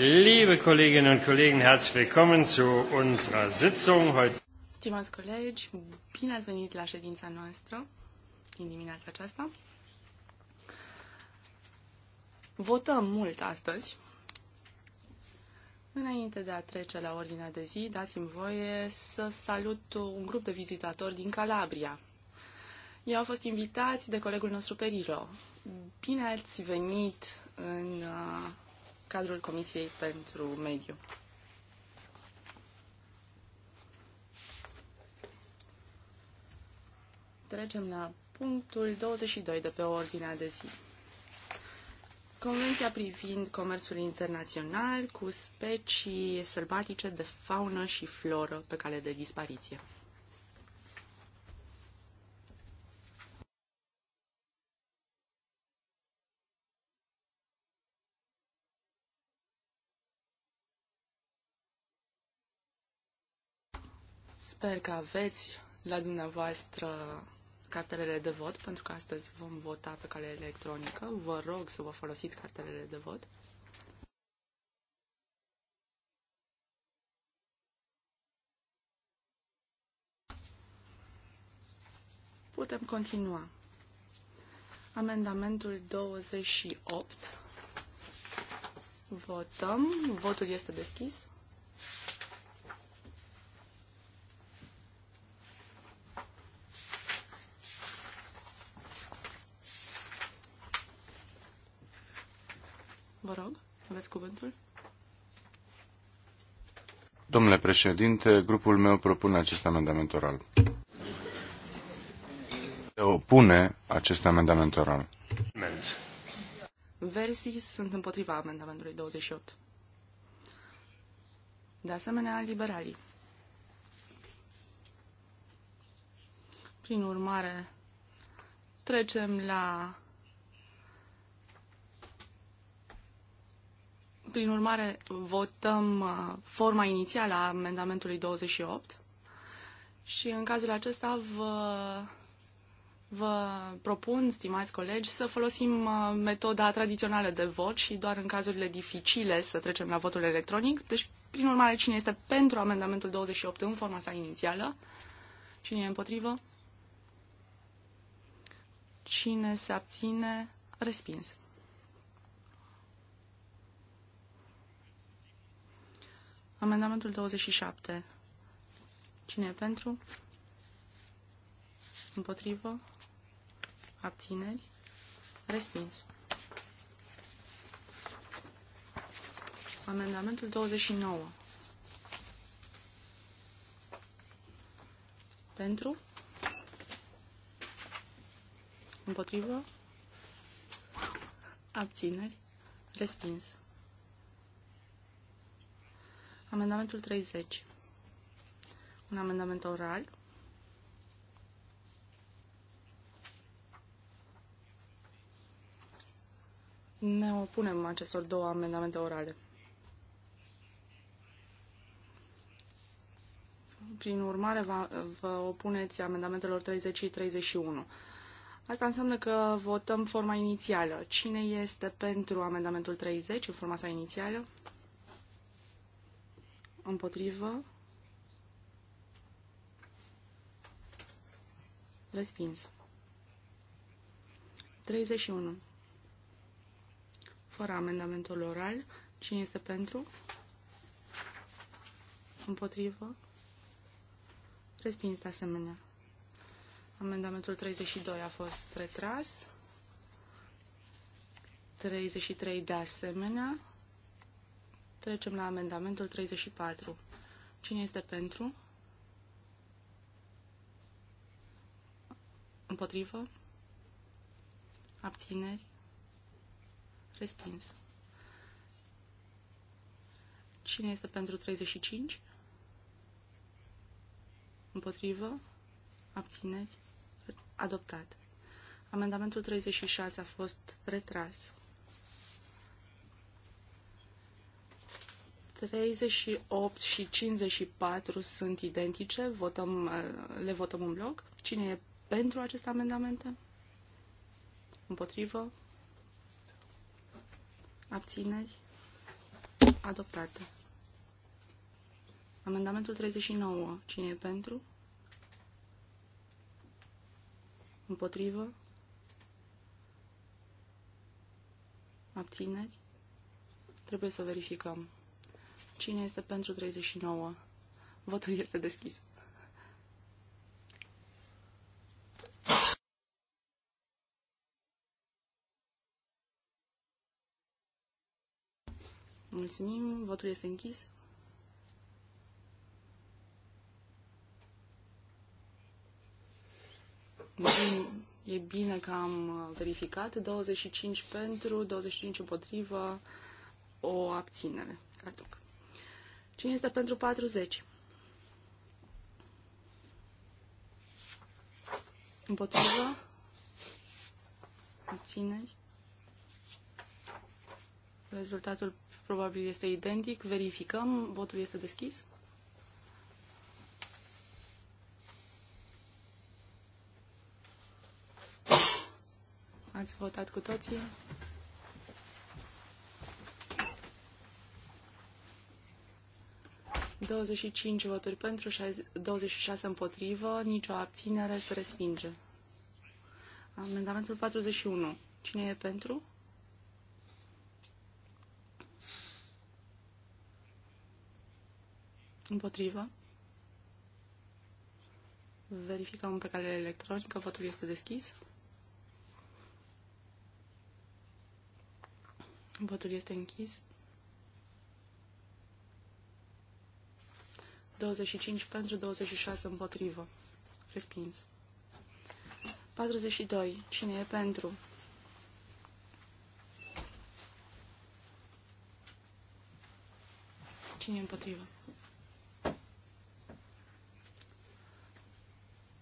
Liebe Kolleginnen und Kollegen, herzlich willkommen zu unserer Sitzung heute. Stimați colegi, bine ați venit la ședința noastră din dimineața aceasta. Votăm mult astăzi. Înainte de a trece la ordinea de zi, dați-mi voie să salut un grup de vizitatori din Calabria. Ei au fost invitați de colegul nostru Periro. Bine ați venit în uh, cadrul Comisiei pentru Mediu. Trecem la punctul 22 de pe ordinea de zi. Convenția privind comerțul internațional cu specii sălbatice de faună și floră pe cale de dispariție. Sper că aveți la dumneavoastră cartelele de vot, pentru că astăzi vom vota pe cale electronică. Vă rog să vă folosiți cartelele de vot. Putem continua. Amendamentul 28. Votăm. Votul este deschis. Vă rog, aveți cuvântul. Domnule președinte, grupul meu propune acest amendament oral. Se opune acest amendament oral. Versii sunt împotriva amendamentului 28. De asemenea, liberalii. Prin urmare, trecem la Prin urmare, votăm uh, forma inițială a amendamentului 28 și în cazul acesta vă, vă propun, stimați colegi, să folosim uh, metoda tradițională de vot și doar în cazurile dificile să trecem la votul electronic. Deci, prin urmare, cine este pentru amendamentul 28 în forma sa inițială? Cine e împotrivă? Cine se abține? Respins. Amendamentul 27. Cine e pentru? Împotrivă? Abțineri? Respins. Amendamentul 29. Pentru? Împotrivă? Abțineri? Respins. Amendamentul 30. Un amendament oral. Ne opunem acestor două amendamente orale. Prin urmare, vă, vă opuneți amendamentelor 30 și 31. Asta înseamnă că votăm forma inițială. Cine este pentru amendamentul 30 în forma sa inițială? Împotrivă. Respins. 31. Fără amendamentul oral. Cine este pentru? Împotrivă. Respins de asemenea. Amendamentul 32 a fost retras. 33 de asemenea. Trecem la amendamentul 34. Cine este pentru? Împotrivă? Abțineri? Respins. Cine este pentru 35? Împotrivă? Abțineri? Adoptat. Amendamentul 36 a fost retras. 38 și 54 sunt identice, votăm, uh, le votăm în bloc. Cine e pentru aceste amendamente? Împotrivă? Abțineri? Adoptate. Amendamentul 39. Cine e pentru? Împotrivă? Abțineri? Trebuie să verificăm. Cine este pentru 39? Votul este deschis. Mulțumim, votul este închis. Bun, e bine că am uh, verificat. 25 pentru, 25 împotrivă, o abținere. Caduc. Cine este pentru 40? Împotrivă? Abțineri? Rezultatul probabil este identic. Verificăm. Votul este deschis. Ați votat cu toții? 25 voturi pentru, 26 împotrivă, nicio abținere, se respinge. Amendamentul 41. Cine e pentru? Împotrivă. Verificăm pe cale electronică. Votul este deschis. Votul este închis. 25 pentru, 26 împotrivă. Respins. 42. Cine e pentru? Cine e împotrivă?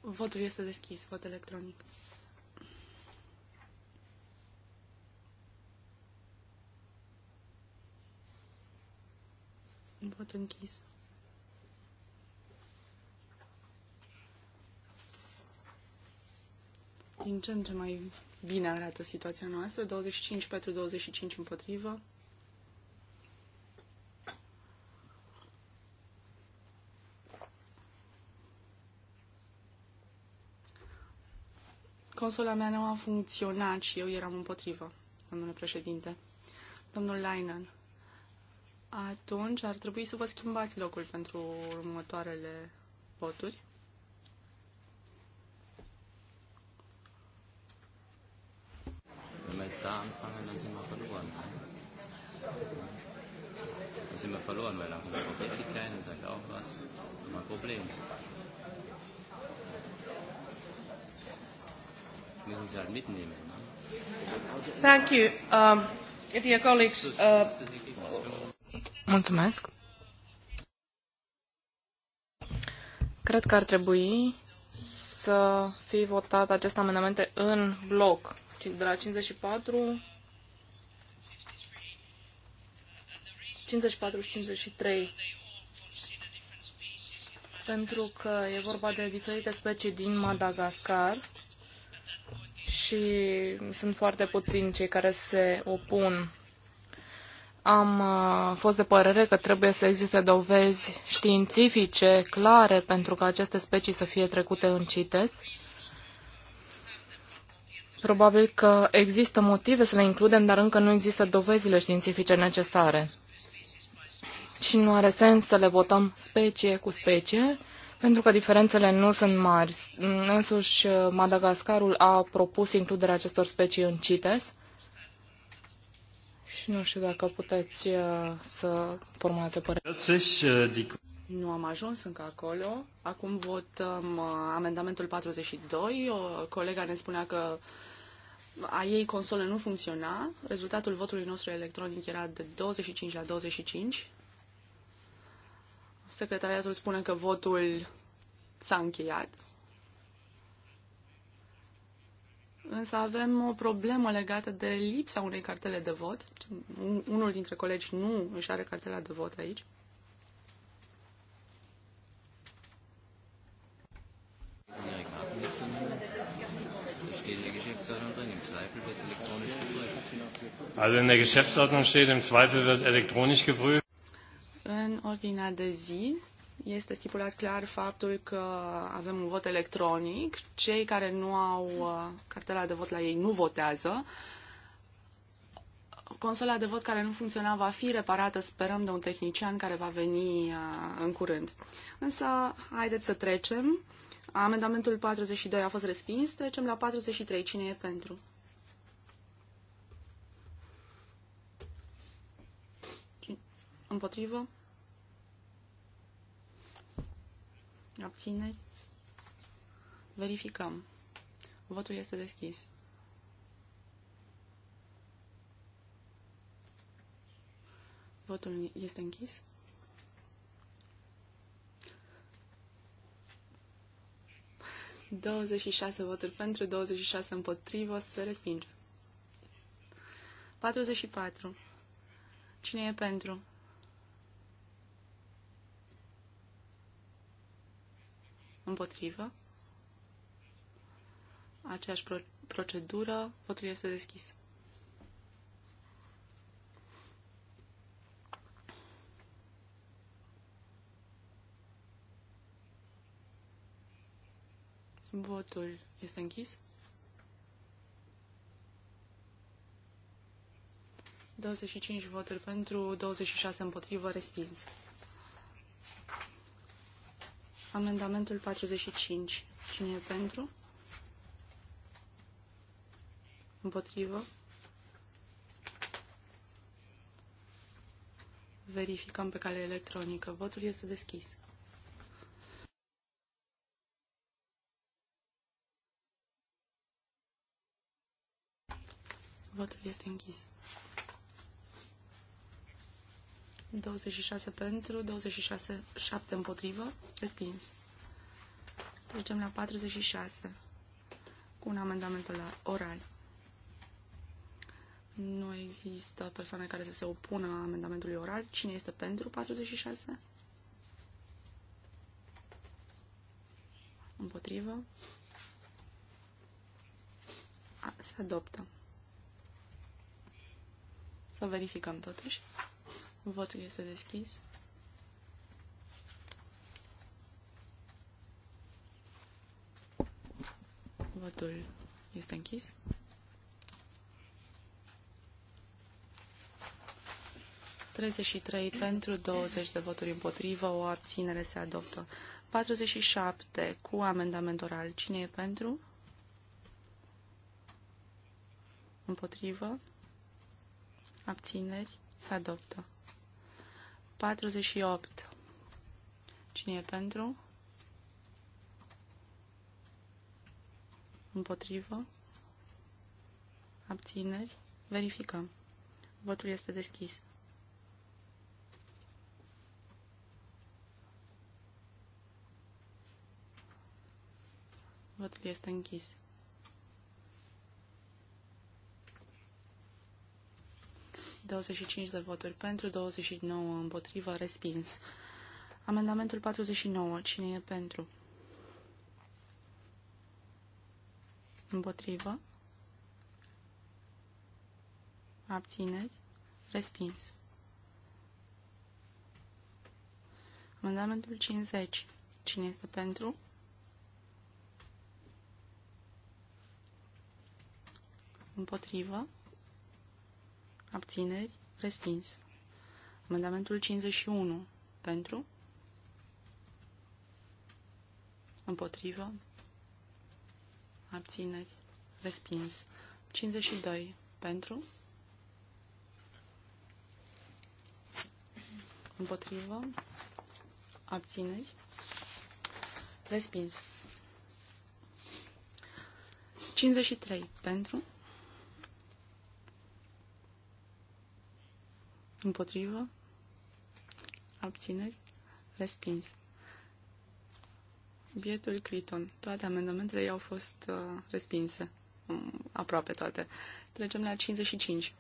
Votul este deschis, vot electronic. Vot închis. Din ce în ce mai bine arată situația noastră. 25 pentru 25 împotrivă. Consola mea nu a funcționat și eu eram împotrivă, domnule președinte. Domnul Leinen, atunci ar trebui să vă schimbați locul pentru următoarele voturi. anfangen, dann sind wir verloren. Dann sind wir verloren, weil dann sagt auch was. Immer ein Problem. müssen Sie halt mitnehmen. Ne? Thank you. Um, dear colleagues, uh, Mulțumesc. Cred că ar trebui să fie votat aceste amendamente în bloc, de la 54, 54 și 53, pentru că e vorba de diferite specii din Madagascar și sunt foarte puțini cei care se opun am uh, fost de părere că trebuie să existe dovezi științifice clare pentru ca aceste specii să fie trecute în CITES. Probabil că există motive să le includem, dar încă nu există dovezile științifice necesare. Și nu are sens să le votăm specie cu specie, pentru că diferențele nu sunt mari. Însuși, Madagascarul a propus includerea acestor specii în CITES, și nu știu dacă puteți uh, să formulați o părere. Nu am ajuns încă acolo. Acum votăm uh, amendamentul 42. O colega ne spunea că a ei consolă nu funcționa. Rezultatul votului nostru electronic era de 25 la 25. Secretariatul spune că votul s-a încheiat. Însă avem o problemă legată de lipsa unei cartele de vot. Unul dintre colegi nu își are cartela de vot aici. Also in der Geschäftsordnung steht, im Zweifel wird elektronisch geprüft. In ordinea de zi este stipulat clar faptul că avem un vot electronic. Cei care nu au uh, cartela de vot la ei nu votează. Consola de vot care nu funcționa va fi reparată, sperăm, de un tehnician care va veni uh, în curând. Însă, haideți să trecem. Amendamentul 42 a fost respins. Trecem la 43. Cine e pentru? Împotrivă? Abțineri? Verificăm. Votul este deschis. Votul este închis. Douăzeci și șase voturi pentru, 26 și șase împotrivă, se respinge. Patruzeci și patru. Cine e pentru? Împotrivă. Aceeași pro procedură. Votul este deschis. Votul este închis. 25 voturi pentru, 26 împotrivă, respins. Amendamentul 45. Cine e pentru? Împotrivă? Verificăm pe cale electronică. Votul este deschis. Votul este închis. 26 pentru, 26, 7 împotrivă, respins. Trecem la 46, cu un amendament la oral. Nu există persoane care să se opună amendamentului oral. Cine este pentru 46? Împotrivă? A, se adoptă. Să verificăm totuși. Votul este deschis. Votul este închis. Treizeci pentru, 20 de voturi împotrivă, o abținere se adoptă. 47 cu amendament oral. Cine e pentru? Împotrivă? Abțineri? Se adoptă. 48. Cine e pentru? Împotrivă? Abțineri? Verificăm. Votul este deschis. Votul este închis. 25 de voturi pentru, 29 împotrivă, respins. Amendamentul 49. Cine e pentru? Împotrivă. Abțineri. Respins. Amendamentul 50. Cine este pentru? Împotrivă abțineri, respins. Amendamentul 51 pentru, împotrivă, abțineri, respins. 52 pentru, împotrivă, abțineri, respins. 53 pentru, Împotrivă. Abțineri. Respins. Bietul Criton. Toate amendamentele i-au fost uh, respinse. Mm, aproape toate. Trecem la 55.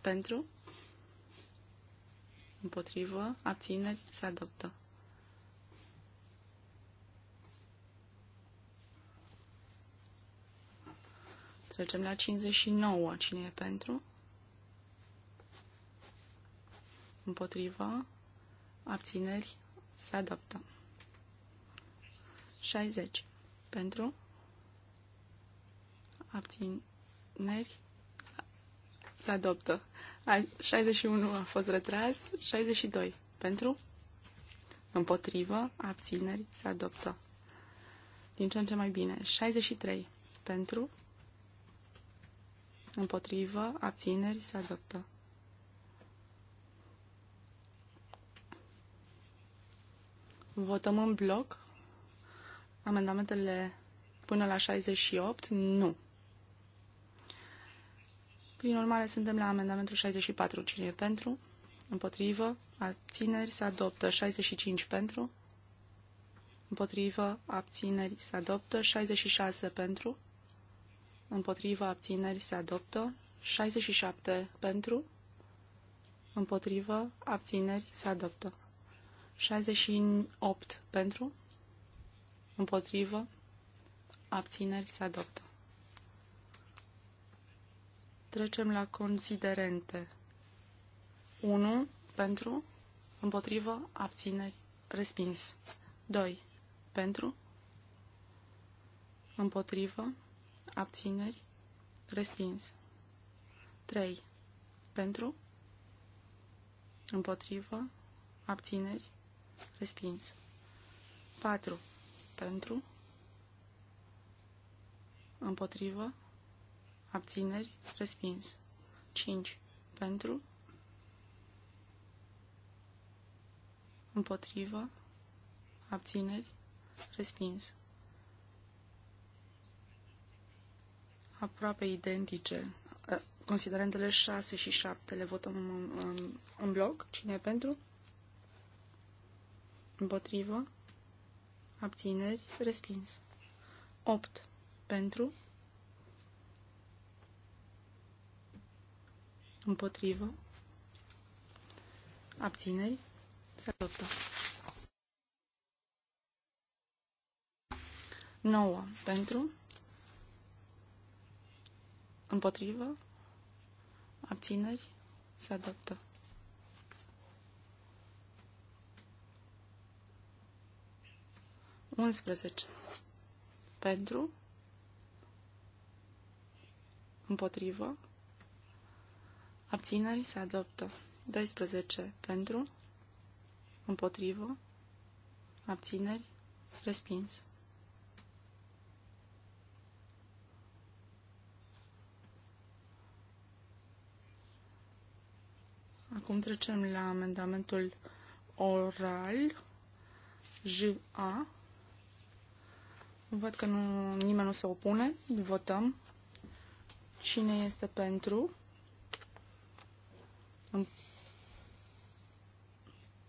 Pentru. Împotrivă. Abțineri. Se adoptă. Trecem la 59. Cine e pentru? împotriva, abțineri, se adoptă. 60 pentru, abțineri, se adoptă. 61 a fost retras, 62 pentru, împotrivă, abțineri, se adoptă. Din ce în ce mai bine. 63 pentru, împotrivă, abțineri, se adoptă. Votăm în bloc amendamentele până la 68? Nu. Prin urmare, suntem la amendamentul 64. Cine e pentru? Împotrivă? Abțineri? Se adoptă. 65 pentru? Împotrivă? Abțineri? Se adoptă. 66 pentru? Împotrivă? Abțineri? Se adoptă. 67 pentru? Împotrivă? Abțineri? Se adoptă. 68 pentru, împotrivă, abțineri se adoptă. Trecem la considerente. 1 pentru, împotrivă, abțineri, respins. 2 pentru, împotrivă, abțineri, respins. 3 pentru, împotrivă, abțineri, Respins. 4. Pentru. Împotrivă. Abțineri. Respins. 5. Pentru. Împotrivă. Abțineri. Respins. Aproape identice. Considerentele 6 și 7 le votăm în, în, în bloc. Cine e pentru? Împotrivă. Abțineri. Respins. 8. Pentru. Împotrivă. Abțineri. Se adoptă. 9. Pentru. Împotrivă. Abțineri. Se adoptă. 11 pentru, împotrivă, abțineri se adoptă. 12 pentru, împotrivă, abțineri, respins. Acum trecem la amendamentul oral JA Văd că nu, nimeni nu se opune. Votăm. Cine este pentru?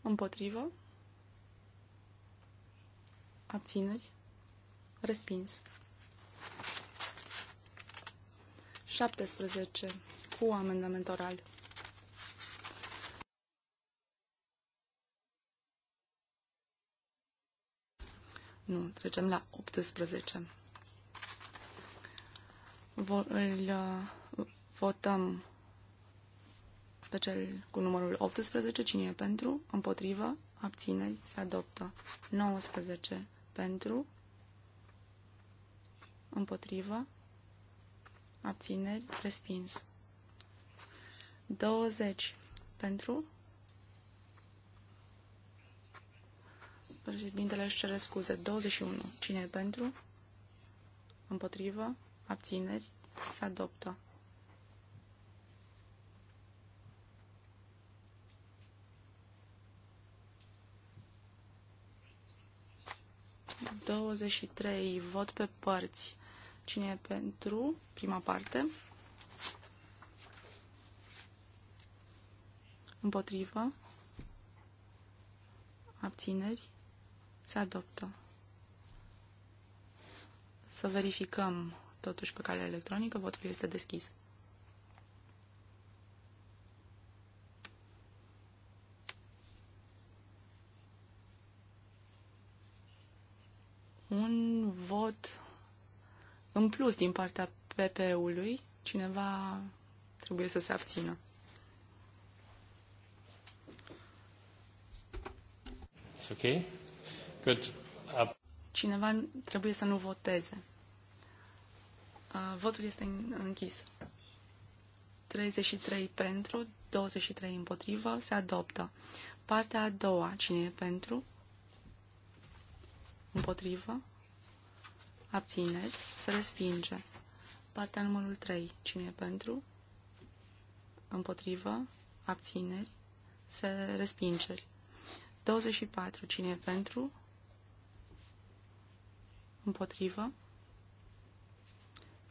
Împotrivă? Abțineri? Respins. 17. Cu amendament oral. Nu, trecem la 18. Vo îl uh, votăm pe cel cu numărul 18. Cine e pentru? Împotrivă? Abțineri? Se adoptă. 19 pentru? Împotrivă? Abțineri? Respins. 20 pentru? Președintele își cere scuze. 21. Cine e pentru? Împotrivă? Abțineri? Se adoptă. Douăzeci trei. Vot pe părți. Cine e pentru? Prima parte. Împotrivă? Abțineri? Se adoptă. Să verificăm totuși pe cale electronică. Votul este deschis. Un vot în plus din partea PP-ului. Cineva trebuie să se abțină. okay have... Cineva trebuie să nu voteze. Votul este închis. 33 pentru, 23 împotrivă, se adoptă. Partea a doua, cine e pentru? Împotrivă? Abțineți, se respinge. Partea numărul 3, cine e pentru? Împotrivă? Abțineri, se respinge. 24, cine e pentru? împotrivă,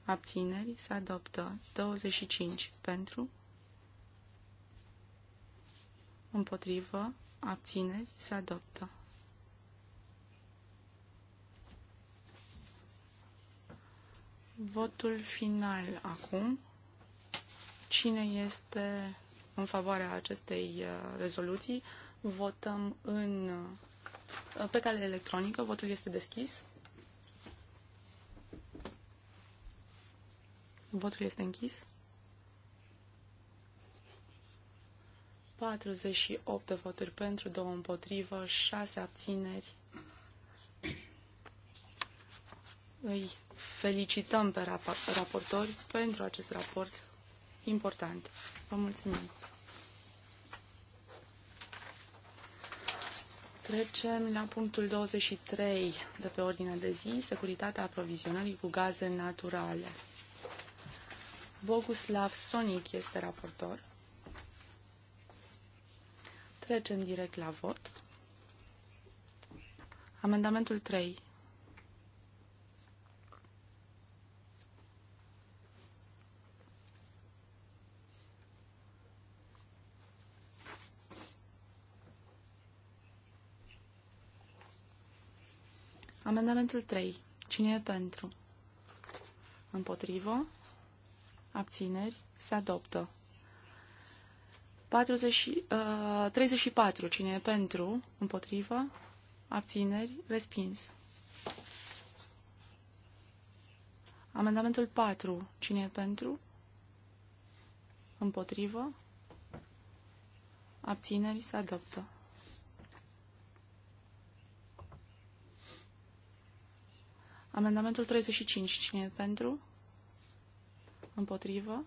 abțineri, se adoptă 25 pentru, împotrivă, abțineri, se adoptă. Votul final acum. Cine este în favoarea acestei uh, rezoluții? Votăm în, uh, pe cale electronică. Votul este deschis. Votul este închis. 48 de voturi pentru, 2 împotrivă, 6 abțineri. Îi felicităm pe rap- raportori pentru acest raport important. Vă mulțumim! Trecem la punctul 23 de pe ordinea de zi, securitatea aprovizionării cu gaze naturale. Boguslav Sonic este raportor. Trecem direct la vot. Amendamentul 3. Amendamentul 3. Cine e pentru? Împotrivă? abțineri, se adoptă. 40, uh, 34. Cine e pentru, împotrivă, abțineri, respins. Amendamentul 4. Cine e pentru, împotrivă, abțineri, se adoptă. Amendamentul 35. Cine e pentru? Împotrivă.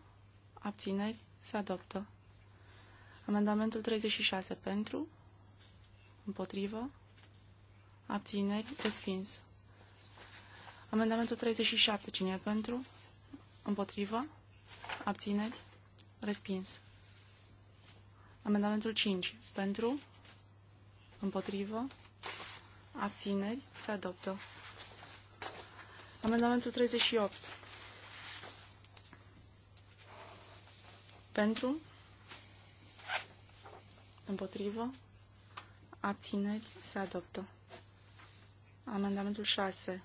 Abțineri. Se adoptă. Amendamentul 36 pentru. Împotrivă. Abțineri. Respins. Amendamentul 37. Cine e pentru? Împotrivă. Abțineri. Respins. Amendamentul 5. Pentru. Împotrivă. Abțineri. Se adoptă. Amendamentul 38. Pentru. Împotrivă. Abțineri. Se adoptă. Amendamentul 6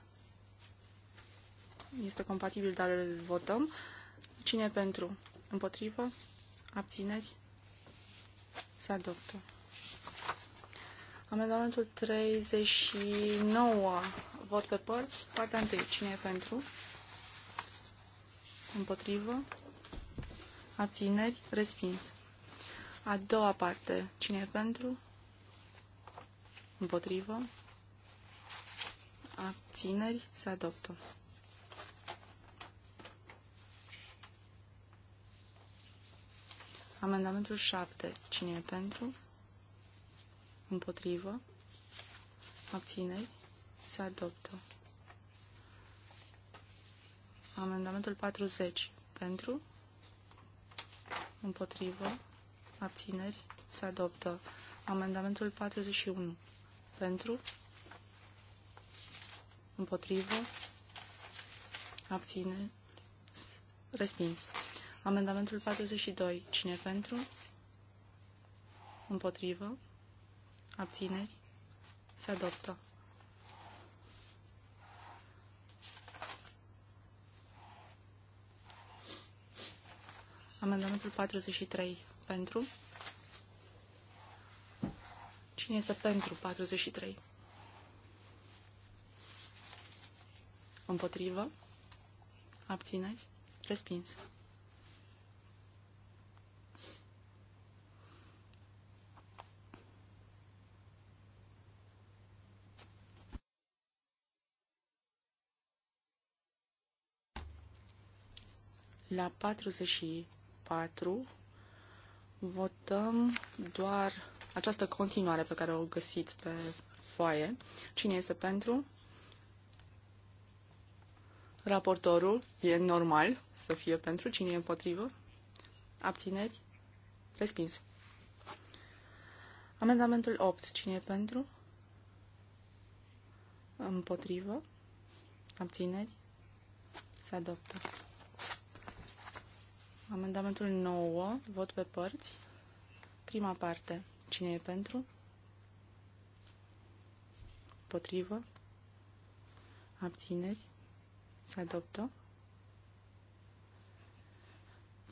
este compatibil, dar îl votăm. Cine pentru? Împotrivă? Abțineri? Se adoptă. Amendamentul 39. Vot pe părți. Partea 1. Cine e pentru? Împotrivă? abțineri, respins. A doua parte, cine e pentru? Împotrivă. Abțineri, se adoptă. Amendamentul 7. Cine e pentru? Împotrivă. Abțineri. Se adoptă. Amendamentul 40. Pentru? împotrivă, abțineri, se adoptă. Amendamentul 41, pentru, împotrivă, abțineri, respins. Amendamentul 42, cine pentru, împotrivă, abțineri, se adoptă. Amendamentul 43 pentru. Cine este pentru 43? Împotrivă? Abțineri? Respins. La 43. 4 votăm doar această continuare pe care o găsiți pe foaie. Cine este pentru? Raportorul e normal să fie pentru. Cine e împotrivă? Abțineri? Respins. Amendamentul 8. Cine e pentru? Împotrivă? Abțineri? Se adoptă. Amendamentul 9, vot pe părți. Prima parte. Cine e pentru? Potrivă? Abțineri? Se adoptă?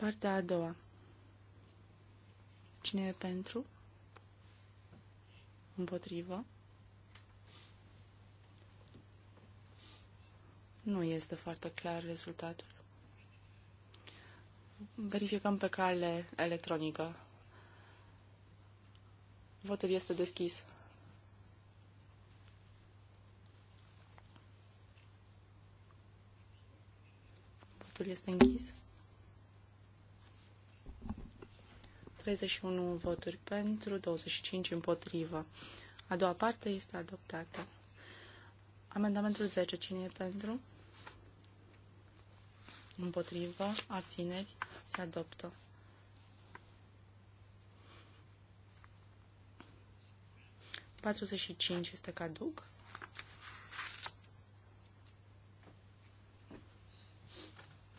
Partea a doua. Cine e pentru? Împotrivă? Nu este foarte clar rezultatul verificăm pe cale electronică. Votul este deschis. Votul este închis. 31 voturi pentru, 25 împotrivă. A doua parte este adoptată. Amendamentul 10. Cine e pentru? împotrivă, abțineri, se adoptă. Patruzeci și cinci este caduc.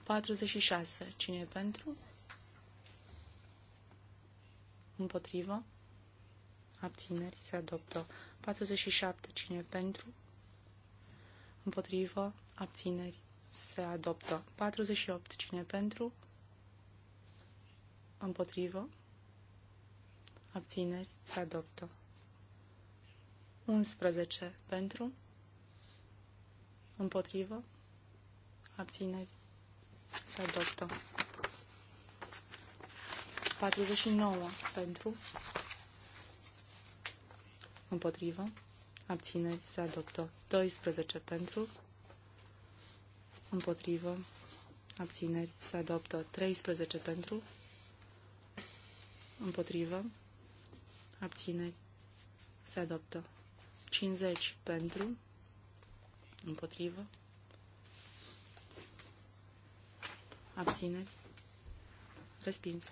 Patruzeci și Cine e pentru? Împotrivă. Abțineri. Se adoptă. 47. Cine e pentru? Împotrivă. Abțineri se adoptă. 48. Cine pentru? Împotrivă. Abțineri. Se adoptă. 11. Pentru. Împotrivă. Abțineri. Se adoptă. 49. Pentru. Împotrivă. Abțineri. Se adoptă. 12. Pentru împotrivă, abțineri, se adoptă 13 pentru, împotrivă, abțineri, se adoptă 50 pentru, împotrivă, abțineri, respins.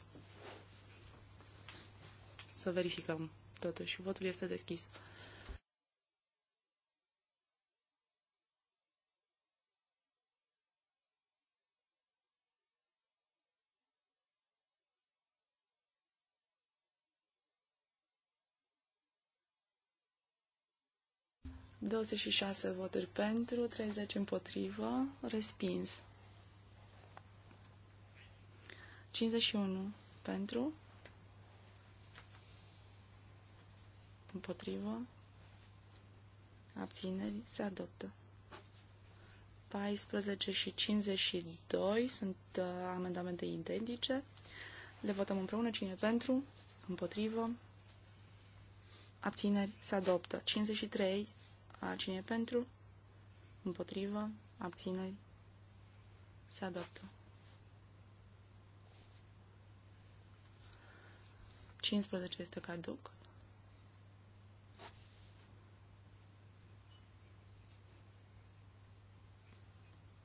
Să verificăm totuși. Votul este deschis. 26 voturi pentru, 30 împotrivă, respins. 51 pentru, împotrivă, abțineri, se adoptă. 14 și 52 sunt uh, amendamente identice. Le votăm împreună. Cine pentru? Împotrivă? Abțineri? Se adoptă. 53 a. Cine e pentru? Împotrivă? Abțineri? Se adoptă. 15 este caduc.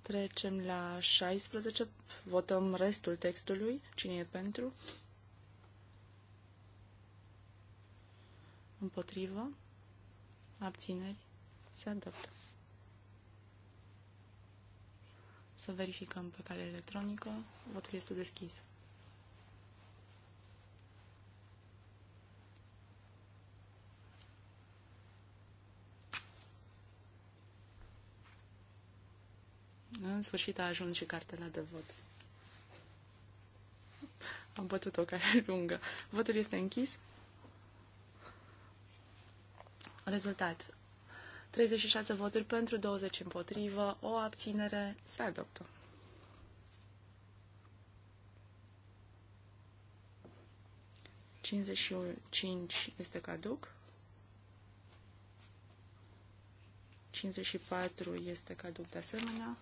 Trecem la 16. Votăm restul textului. Cine e pentru? Împotrivă? Abțineri? Se adaptă. Să verificăm pe cale electronică. Votul este deschis. În sfârșit a ajuns și cartela de vot. Am bătut o care lungă. Votul este închis. Rezultat. 36 voturi pentru, 20 împotrivă, o abținere se adoptă. cinci este caduc. 54 este caduc de asemenea.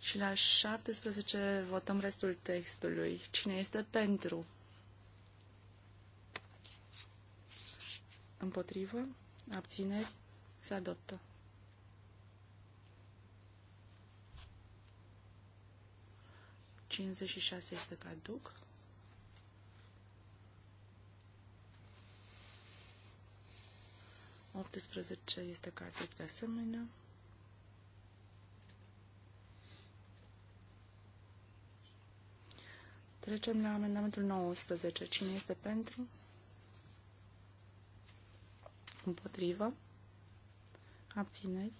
Și la 17 votăm restul textului. Cine este pentru? Împotrivă. Abțineri. Se adoptă. Cincizeci și șase este caduc. Optsprezece este caduc de asemenea. Trecem la amendamentul 19. Cine este pentru? Împotrivă. Abțineri.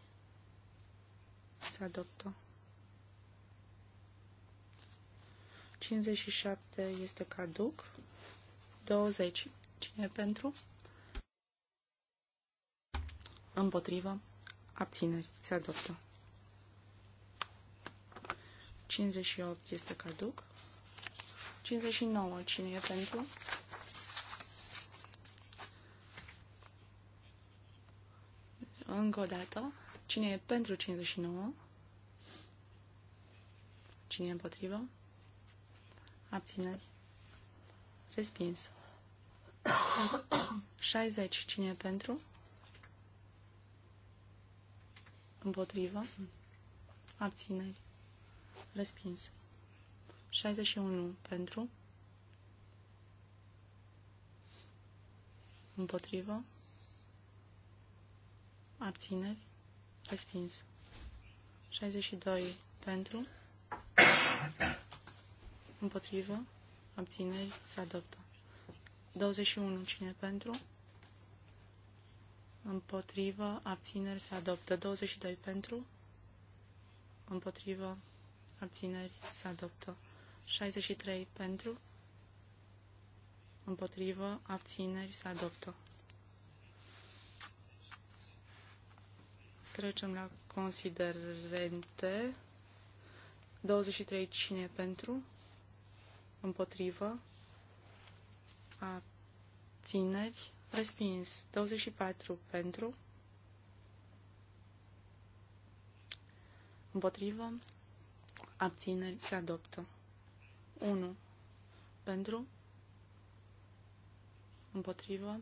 Se adoptă. 57 este caduc. 20. Cine e pentru? Împotrivă. Abțineri. Se adoptă. 58 este caduc. 59. Cine e pentru? Încă o dată. Cine e pentru 59? Cine e împotrivă? Abțineri. Respins. 60. Cine e pentru? Împotrivă. Abțineri. Respins. 61. Pentru. Împotrivă abțineri, respins. 62 pentru, împotrivă, abțineri, se adoptă. 21 cine pentru, împotrivă, abțineri, se adoptă. 22 pentru, împotrivă, abțineri, se adoptă. 63 pentru, împotrivă, abțineri, se adoptă. Trecem la considerente. 23 cine pentru? Împotrivă? Abțineri? Respins. 24 pentru? Împotrivă? Abțineri? Se adoptă. 1 pentru? Împotrivă?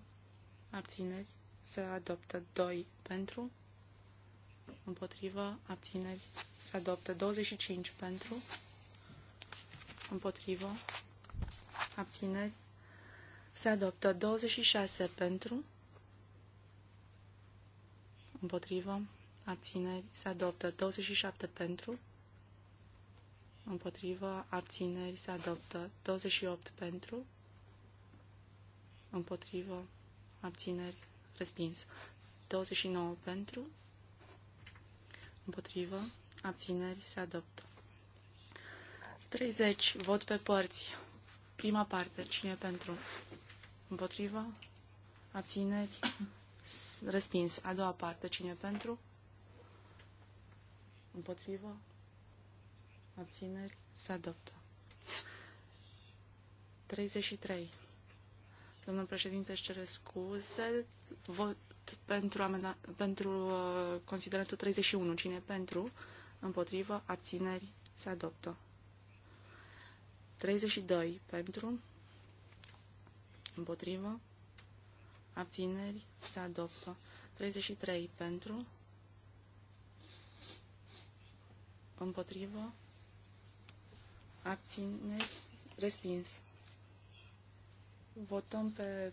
Abțineri? Se adoptă. 2 pentru? împotrivă, abțineri, se adoptă 25 pentru, împotrivă, abțineri, se adoptă 26 pentru, împotrivă, abțineri, se adoptă 27 pentru, împotrivă, abțineri, se adoptă 28 pentru, împotrivă, abțineri, respins, 29 pentru, Împotrivă. Abțineri. Se adoptă. 30. Vot pe părți. Prima parte. Cine pentru? Împotrivă. Abțineri. Respins. A doua parte. Cine pentru? Împotrivă. Abțineri. Se adoptă. 33. Domnul președinte își cere scuze pentru, amenda, pentru uh, considerentul 31. Cine pentru, împotrivă, abțineri, se adoptă. 32 pentru, împotrivă, abțineri, se adoptă. 33 pentru, împotrivă, abțineri, respins. Votăm pe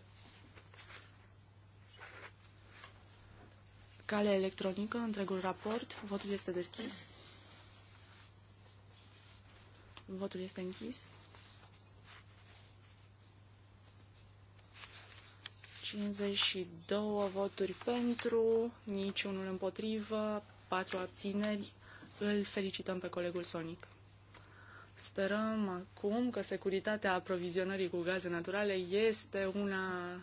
cale electronică întregul raport. Votul este deschis. Votul este închis. 52 voturi pentru, niciunul împotrivă, 4 abțineri. Îl felicităm pe colegul Sonic. Sperăm acum că securitatea aprovizionării cu gaze naturale este una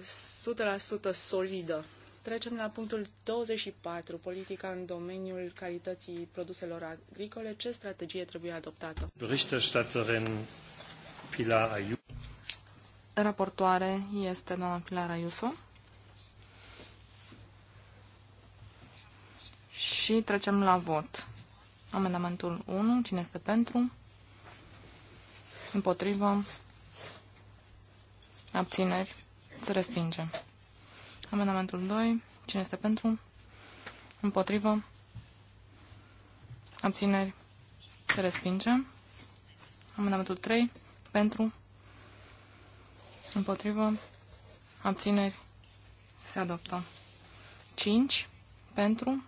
100% uh, solidă. Trecem la punctul 24, politica în domeniul calității produselor agricole. Ce strategie trebuie adoptată? Pilar Ayuso. Raportoare este doamna Pilar Ayuso. Și trecem la vot. Amendamentul 1. Cine este pentru? Împotrivă? Abțineri? Se respinge. Amendamentul 2. Cine este pentru? Împotrivă? Abțineri? Se respinge. Amendamentul 3. Pentru? Împotrivă? Abțineri? Se adoptă. 5. Pentru?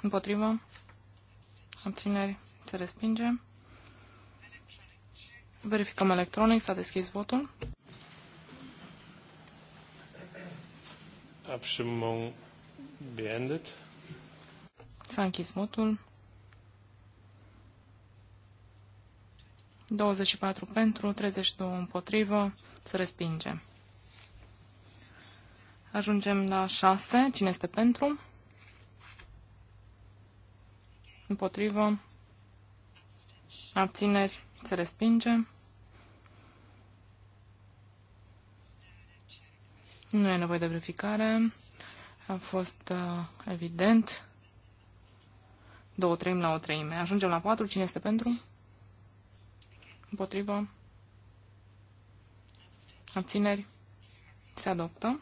Împotrivă? Abțineri? Se respinge. Verificăm electronic. S-a deschis votul. Abstimmung beendet. votul. 24 pentru, 32 împotrivă, se respinge. Ajungem la 6. Cine este pentru? Împotrivă. Abțineri. Se respinge. Nu e nevoie de verificare. A fost uh, evident. Două treimi la o treime. Ajungem la patru. Cine este pentru? Împotrivă. Abțineri. Se adoptă.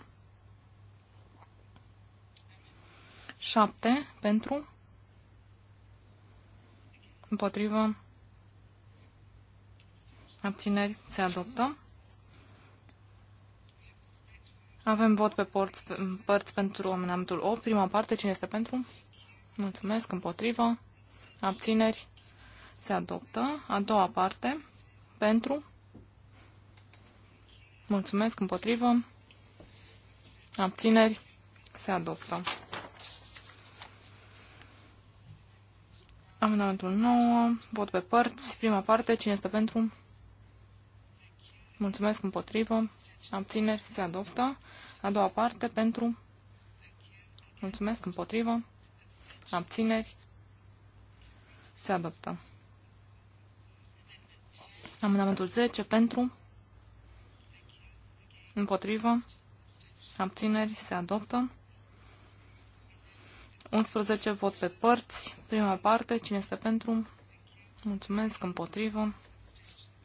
7 pentru, împotrivă, abțineri, se adoptă. Avem vot pe porți, părți pentru amendamentul 8. Prima parte, cine este pentru? Mulțumesc, împotrivă. Abțineri. Se adoptă. A doua parte, pentru. Mulțumesc, împotrivă. Abțineri. Se adoptă. Amendamentul 9. Vot pe părți. Prima parte, cine este pentru? Mulțumesc împotrivă. Abțineri se adoptă. A doua parte pentru. Mulțumesc împotrivă. Abțineri se adoptă. Amendamentul 10 pentru. Împotrivă. Abțineri se adoptă. 11 vot pe părți. Prima parte. Cine este pentru? Mulțumesc. Împotrivă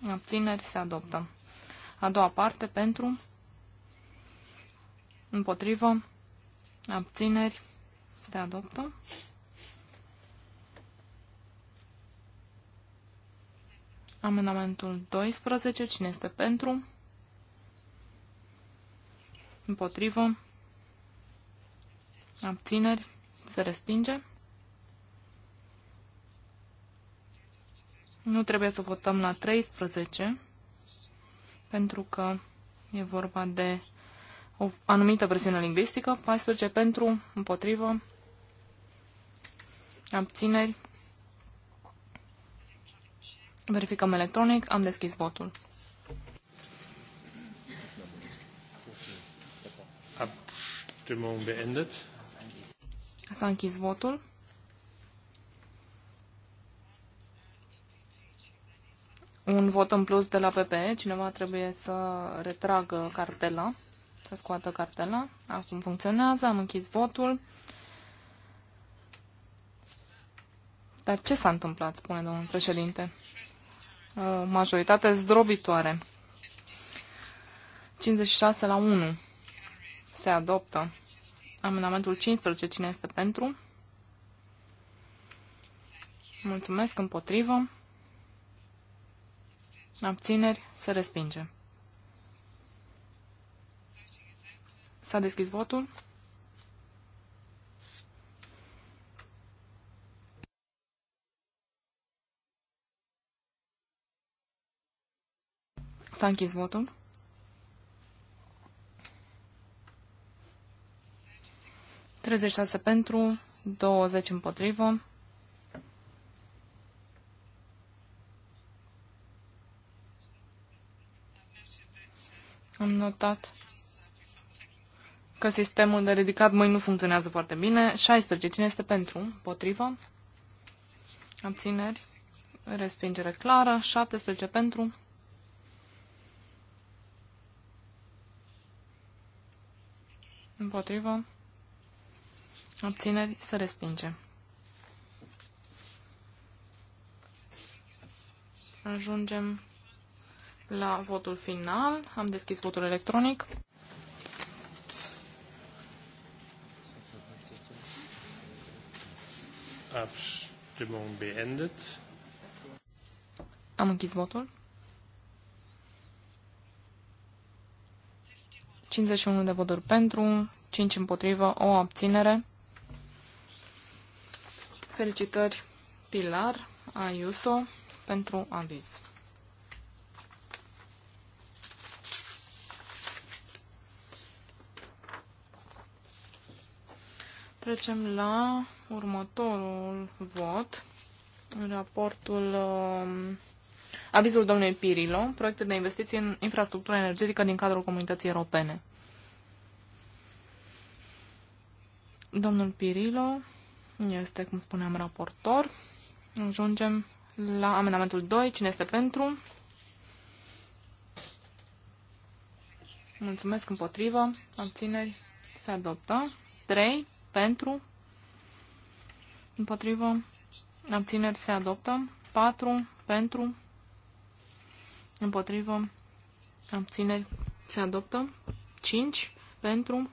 abțineri, se adoptă. A doua parte, pentru, împotrivă, abțineri, se adoptă. Amendamentul 12, cine este pentru? Împotrivă, abțineri, se respinge. Nu trebuie să votăm la 13, pentru că e vorba de o anumită versiune lingvistică. 14 pentru, împotrivă, abțineri. Verificăm electronic, am deschis votul. Abstimmung beendet. S-a închis votul. un vot în plus de la PPE. Cineva trebuie să retragă cartela, să scoată cartela. Acum funcționează, am închis votul. Dar ce s-a întâmplat, spune domnul președinte? Uh, majoritate zdrobitoare. 56 la 1. Se adoptă. Amendamentul 15. Cine este pentru? Mulțumesc. Împotrivă. Abțineri? Se respinge. S-a deschis votul. S-a închis votul. 36 pentru, douăzeci împotrivă. Am notat că sistemul de ridicat mâini nu funcționează foarte bine. 16. Cine este pentru? Potrivă. Abțineri? Respingere clară. 17 pentru. Împotrivă. Abțineri se respinge. Ajungem la votul final. Am deschis votul electronic. Abstimmung beendet. Am închis votul. 51 de voturi pentru, 5 împotrivă, o abținere. Felicitări Pilar Ayuso pentru aviz. Trecem la următorul vot. Raportul, um, avizul domnului Pirilo, proiecte de investiții în infrastructura energetică din cadrul comunității europene. Domnul Pirilo este, cum spuneam, raportor. Ajungem la amendamentul 2. Cine este pentru? Mulțumesc împotrivă. Abțineri. Se adoptă. 3 pentru, împotrivă, abțineri se adoptă, 4 pentru, împotrivă, abțineri se adoptă, 5 pentru,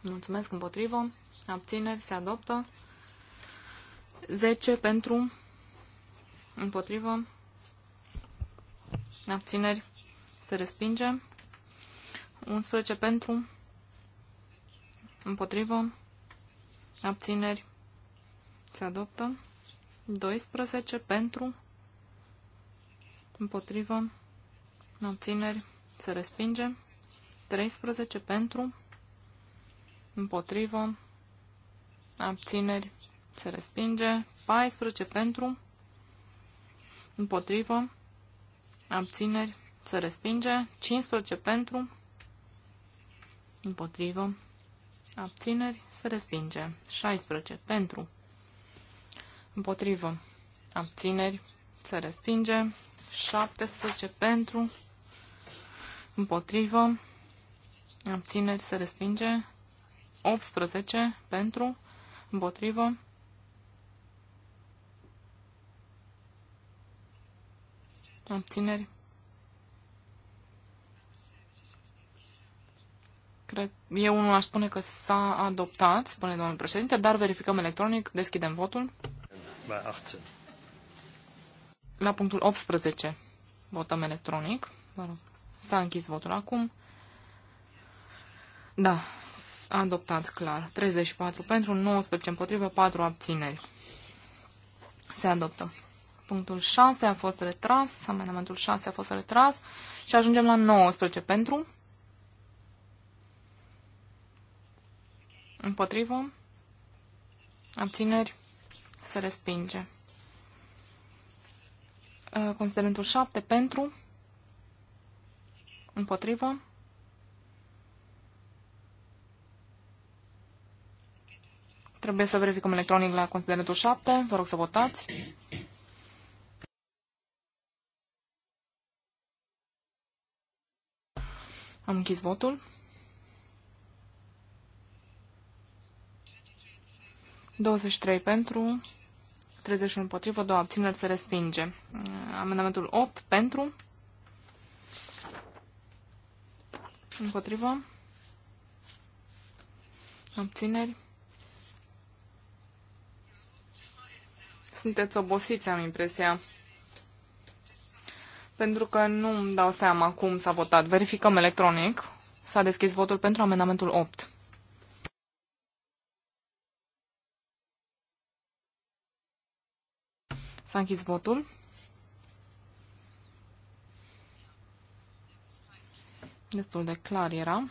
mulțumesc, împotrivă, abțineri se adoptă, 10 pentru, împotrivă, abțineri se respinge, 11 pentru, Împotrivă. Abțineri. Se adoptă. 12 pentru. Împotrivă. Abțineri. Se respinge. 13 pentru. Împotrivă. Abțineri. Se respinge. 14 pentru. Împotrivă. Abțineri. Se respinge. 15 pentru. Împotrivă abțineri, se respinge. 16 pentru, împotrivă, abțineri, se respinge. 17 pentru, împotrivă, abțineri, se respinge. 18 pentru, împotrivă, abțineri, Cred, eu unul aș spune că s-a adoptat, spune domnul președinte, dar verificăm electronic, deschidem votul. La 18. La punctul 18 votăm electronic. S-a închis votul acum. Da, a adoptat clar. 34 pentru, 19 împotrivă, 4 abțineri. Se adoptă. Punctul 6 a fost retras, amendamentul 6 a fost retras și ajungem la 19 pentru, Împotrivă. Abțineri. Se respinge. Uh, considerentul 7 pentru. Împotrivă. Trebuie să verificăm electronic la considerentul 7. Vă rog să votați. Am închis votul. 23 pentru, 31 împotrivă, 2 abțineri se respinge. Amendamentul 8 pentru, împotrivă, abțineri. Sunteți obosiți, am impresia. Pentru că nu îmi dau seama cum s-a votat. Verificăm electronic. S-a deschis votul pentru amendamentul 8. S-a închis votul. Destul de clar era.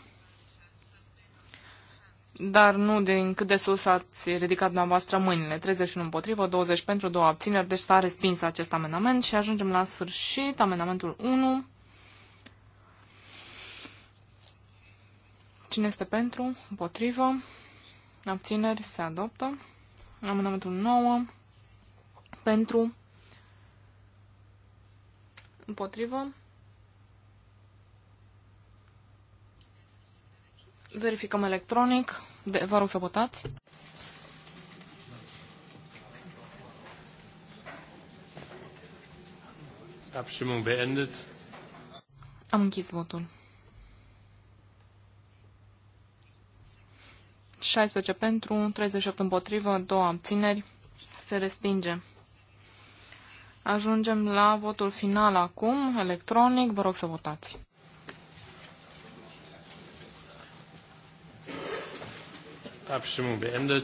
Dar nu din cât de sus ați ridicat dumneavoastră mâinile. 31 împotrivă, 20 pentru, 2 abțineri, deci s-a respins acest amendament și ajungem la sfârșit. Amendamentul 1. Cine este pentru? Împotrivă. Abțineri se adoptă. Amendamentul 9 pentru, împotrivă, verificăm electronic, de, vă rog să votați. Abstimmung beendet. Am închis votul. 16 pentru, 38 împotrivă, 2 abțineri. Se respinge. Ajungem la votul final acum, electronic. Vă rog să votați. Abstimmung beendet.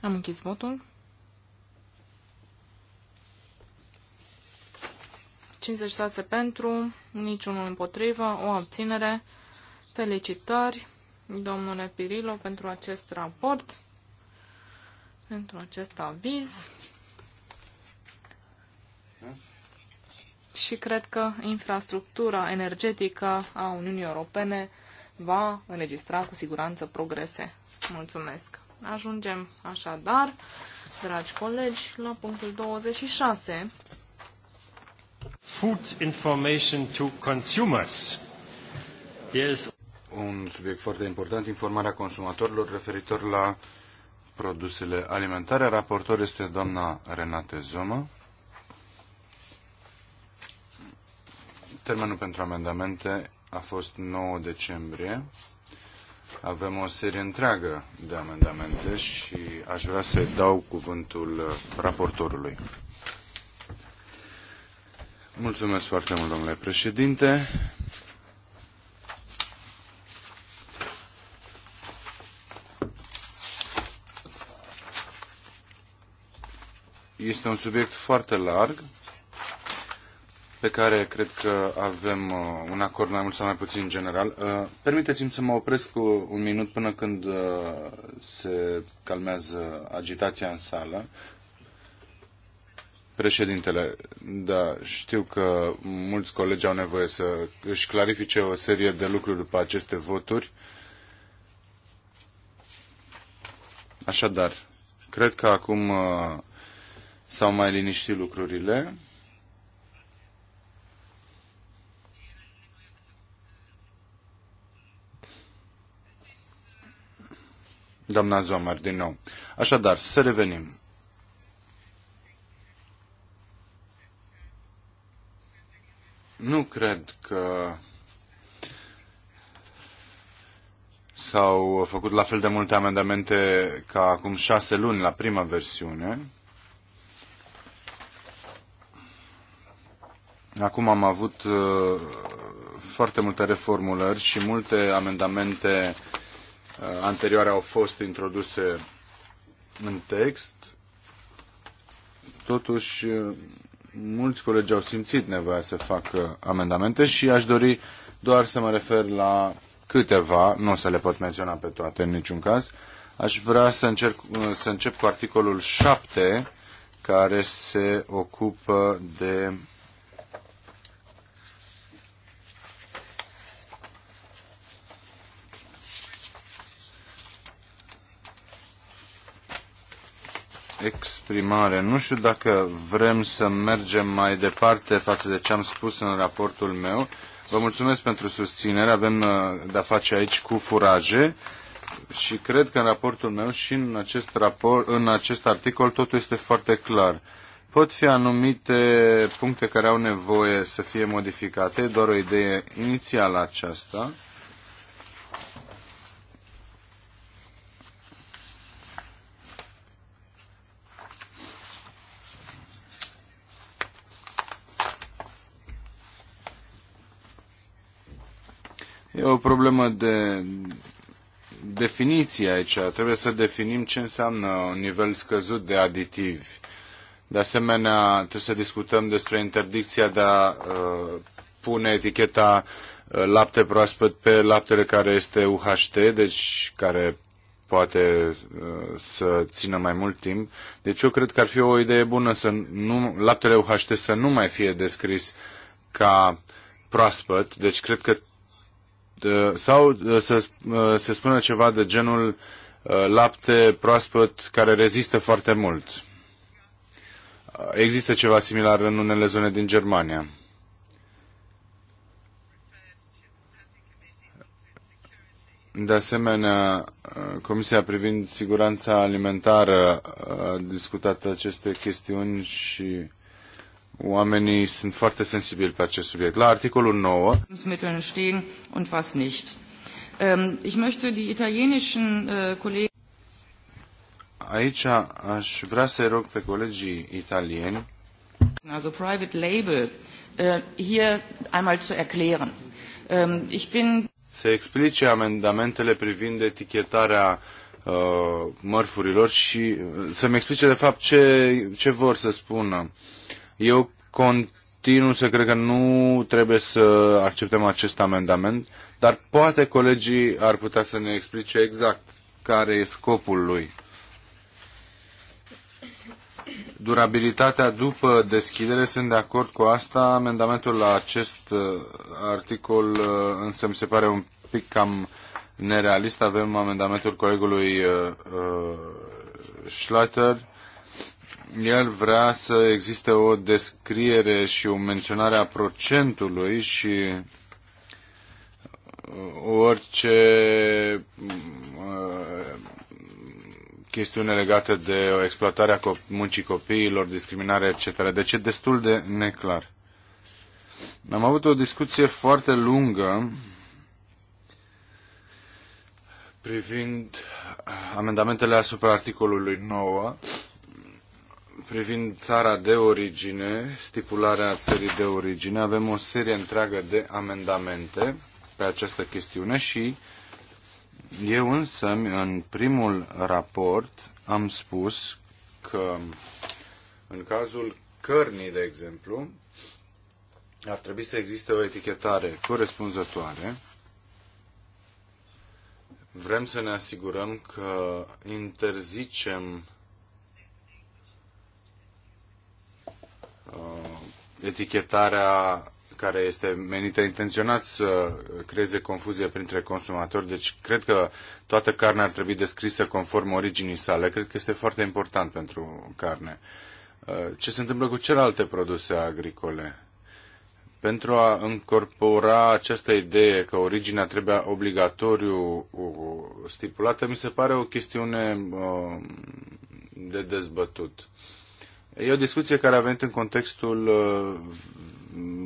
Am închis votul. 56 pentru, niciunul împotrivă, o abținere. Felicitări, domnule Pirilo, pentru acest raport, pentru acest aviz. și cred că infrastructura energetică a Uniunii Europene va înregistra cu siguranță progrese. Mulțumesc! Ajungem așadar, dragi colegi, la punctul 26. Food information to consumers. Yes. Un subiect foarte important, informarea consumatorilor referitor la produsele alimentare. Raportor este doamna Renate Zoma. Termenul pentru amendamente a fost 9 decembrie. Avem o serie întreagă de amendamente și aș vrea să dau cuvântul raportorului. Mulțumesc foarte mult, domnule președinte. Este un subiect foarte larg pe care cred că avem uh, un acord mai mult sau mai puțin general. Uh, permiteți-mi să mă opresc cu un minut până când uh, se calmează agitația în sală. Președintele, da, știu că mulți colegi au nevoie să își clarifice o serie de lucruri după aceste voturi. Așadar, cred că acum s-au mai liniștit lucrurile. Doamna Zomar, din nou. Așadar, să revenim. Nu cred că s-au făcut la fel de multe amendamente ca acum șase luni la prima versiune. Acum am avut uh, foarte multe reformulări și multe amendamente Uh, anterioare au fost introduse în text. Totuși, uh, mulți colegi au simțit nevoia să facă amendamente și aș dori doar să mă refer la câteva, nu o să le pot menționa pe toate în niciun caz. Aș vrea să, încerc, uh, să încep cu articolul 7, care se ocupă de exprimare. Nu știu dacă vrem să mergem mai departe față de ce am spus în raportul meu. Vă mulțumesc pentru susținere. Avem uh, de-a face aici cu furaje și cred că în raportul meu și în acest, raport, în acest articol totul este foarte clar. Pot fi anumite puncte care au nevoie să fie modificate, doar o idee inițială aceasta E o problemă de definiție aici. Trebuie să definim ce înseamnă un nivel scăzut de aditivi. De asemenea, trebuie să discutăm despre interdicția de a uh, pune eticheta uh, lapte proaspăt pe laptele care este UHT, deci care poate uh, să țină mai mult timp. Deci eu cred că ar fi o idee bună să nu, laptele UHT să nu mai fie descris ca proaspăt, deci cred că Uh, sau uh, să uh, se spună ceva de genul lapte proaspăt care rezistă foarte mult. Există ceva similar în unele zone din Germania. De asemenea, Comisia privind siguranța alimentară a discutat aceste chestiuni și Oamenii sunt foarte sensibili pe acest subiect. La articolul 9. Ähm, äh, aici aș vrea să rog pe colegii italieni also private label äh, hier einmal zu erklären. Ähm, ich bin se explice amendamentele privind etichetarea uh, mărfurilor și să-mi explice de fapt ce, ce vor să spună. Uh, eu continu să cred că nu trebuie să acceptăm acest amendament, dar poate colegii ar putea să ne explice exact care e scopul lui. Durabilitatea după deschidere, sunt de acord cu asta. Amendamentul la acest uh, articol uh, însă mi se pare un pic cam nerealist. Avem amendamentul colegului uh, uh Schleiter el vrea să existe o descriere și o menționare a procentului și uh, orice uh, chestiune legată de exploatarea muncii copiilor, discriminare, etc. Deci e destul de neclar. Am avut o discuție foarte lungă privind amendamentele asupra articolului 9 privind țara de origine, stipularea țării de origine, avem o serie întreagă de amendamente pe această chestiune și eu însă, în primul raport, am spus că în cazul cărnii, de exemplu, ar trebui să existe o etichetare corespunzătoare. Vrem să ne asigurăm că interzicem Uh, etichetarea care este menită intenționat să creeze confuzie printre consumatori. Deci cred că toată carnea ar trebui descrisă conform originii sale. Cred că este foarte important pentru carne. Uh, ce se întâmplă cu celelalte produse agricole? Pentru a încorpora această idee că originea trebuie obligatoriu uh, stipulată, mi se pare o chestiune de dezbătut. E o discuție care a venit în contextul uh,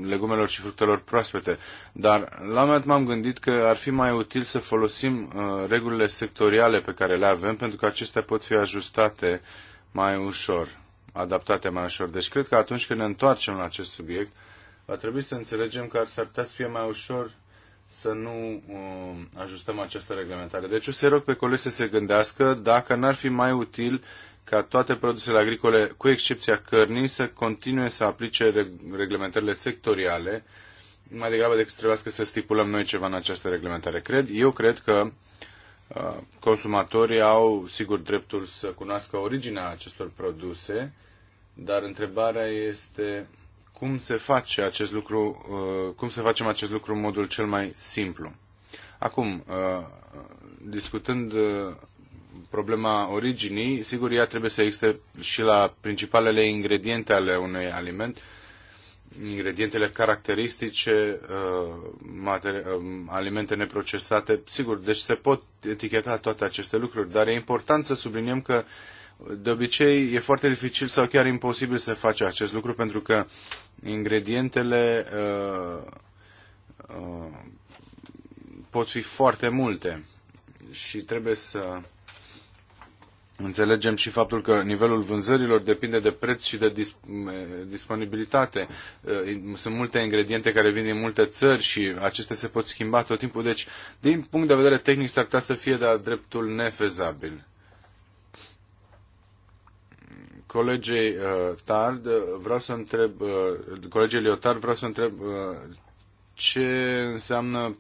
legumelor și fructelor proaspete, dar la un moment m-am gândit că ar fi mai util să folosim uh, regulile sectoriale pe care le avem, pentru că acestea pot fi ajustate mai ușor, adaptate mai ușor. Deci cred că atunci când ne întoarcem la acest subiect, va trebui să înțelegem că ar s-ar putea să fie mai ușor să nu uh, ajustăm această reglementare. Deci o să rog pe colegi să se gândească dacă n-ar fi mai util ca toate produsele agricole, cu excepția cărnii, să continue să aplice reglementările sectoriale, mai degrabă decât să trebuiască să stipulăm noi ceva în această reglementare. Cred, eu cred că uh, consumatorii au, sigur, dreptul să cunoască originea acestor produse, dar întrebarea este cum se face acest lucru, uh, cum să facem acest lucru în modul cel mai simplu. Acum, uh, discutând problema originii, sigur, ea trebuie să existe și la principalele ingrediente ale unui aliment, ingredientele caracteristice, uh, uh, alimente neprocesate, sigur, deci se pot eticheta toate aceste lucruri, dar e important să subliniem că de obicei e foarte dificil sau chiar imposibil să faci acest lucru pentru că ingredientele uh, uh, pot fi foarte multe și trebuie să Înțelegem și faptul că nivelul vânzărilor depinde de preț și de disponibilitate. Sunt multe ingrediente care vin din multe țări și acestea se pot schimba tot timpul. Deci, din punct de vedere tehnic, s-ar putea să fie de-a dreptul nefezabil. Colegei uh, Tard, vreau să întreb, uh, colegii Liotard, vreau să întreb uh, ce înseamnă,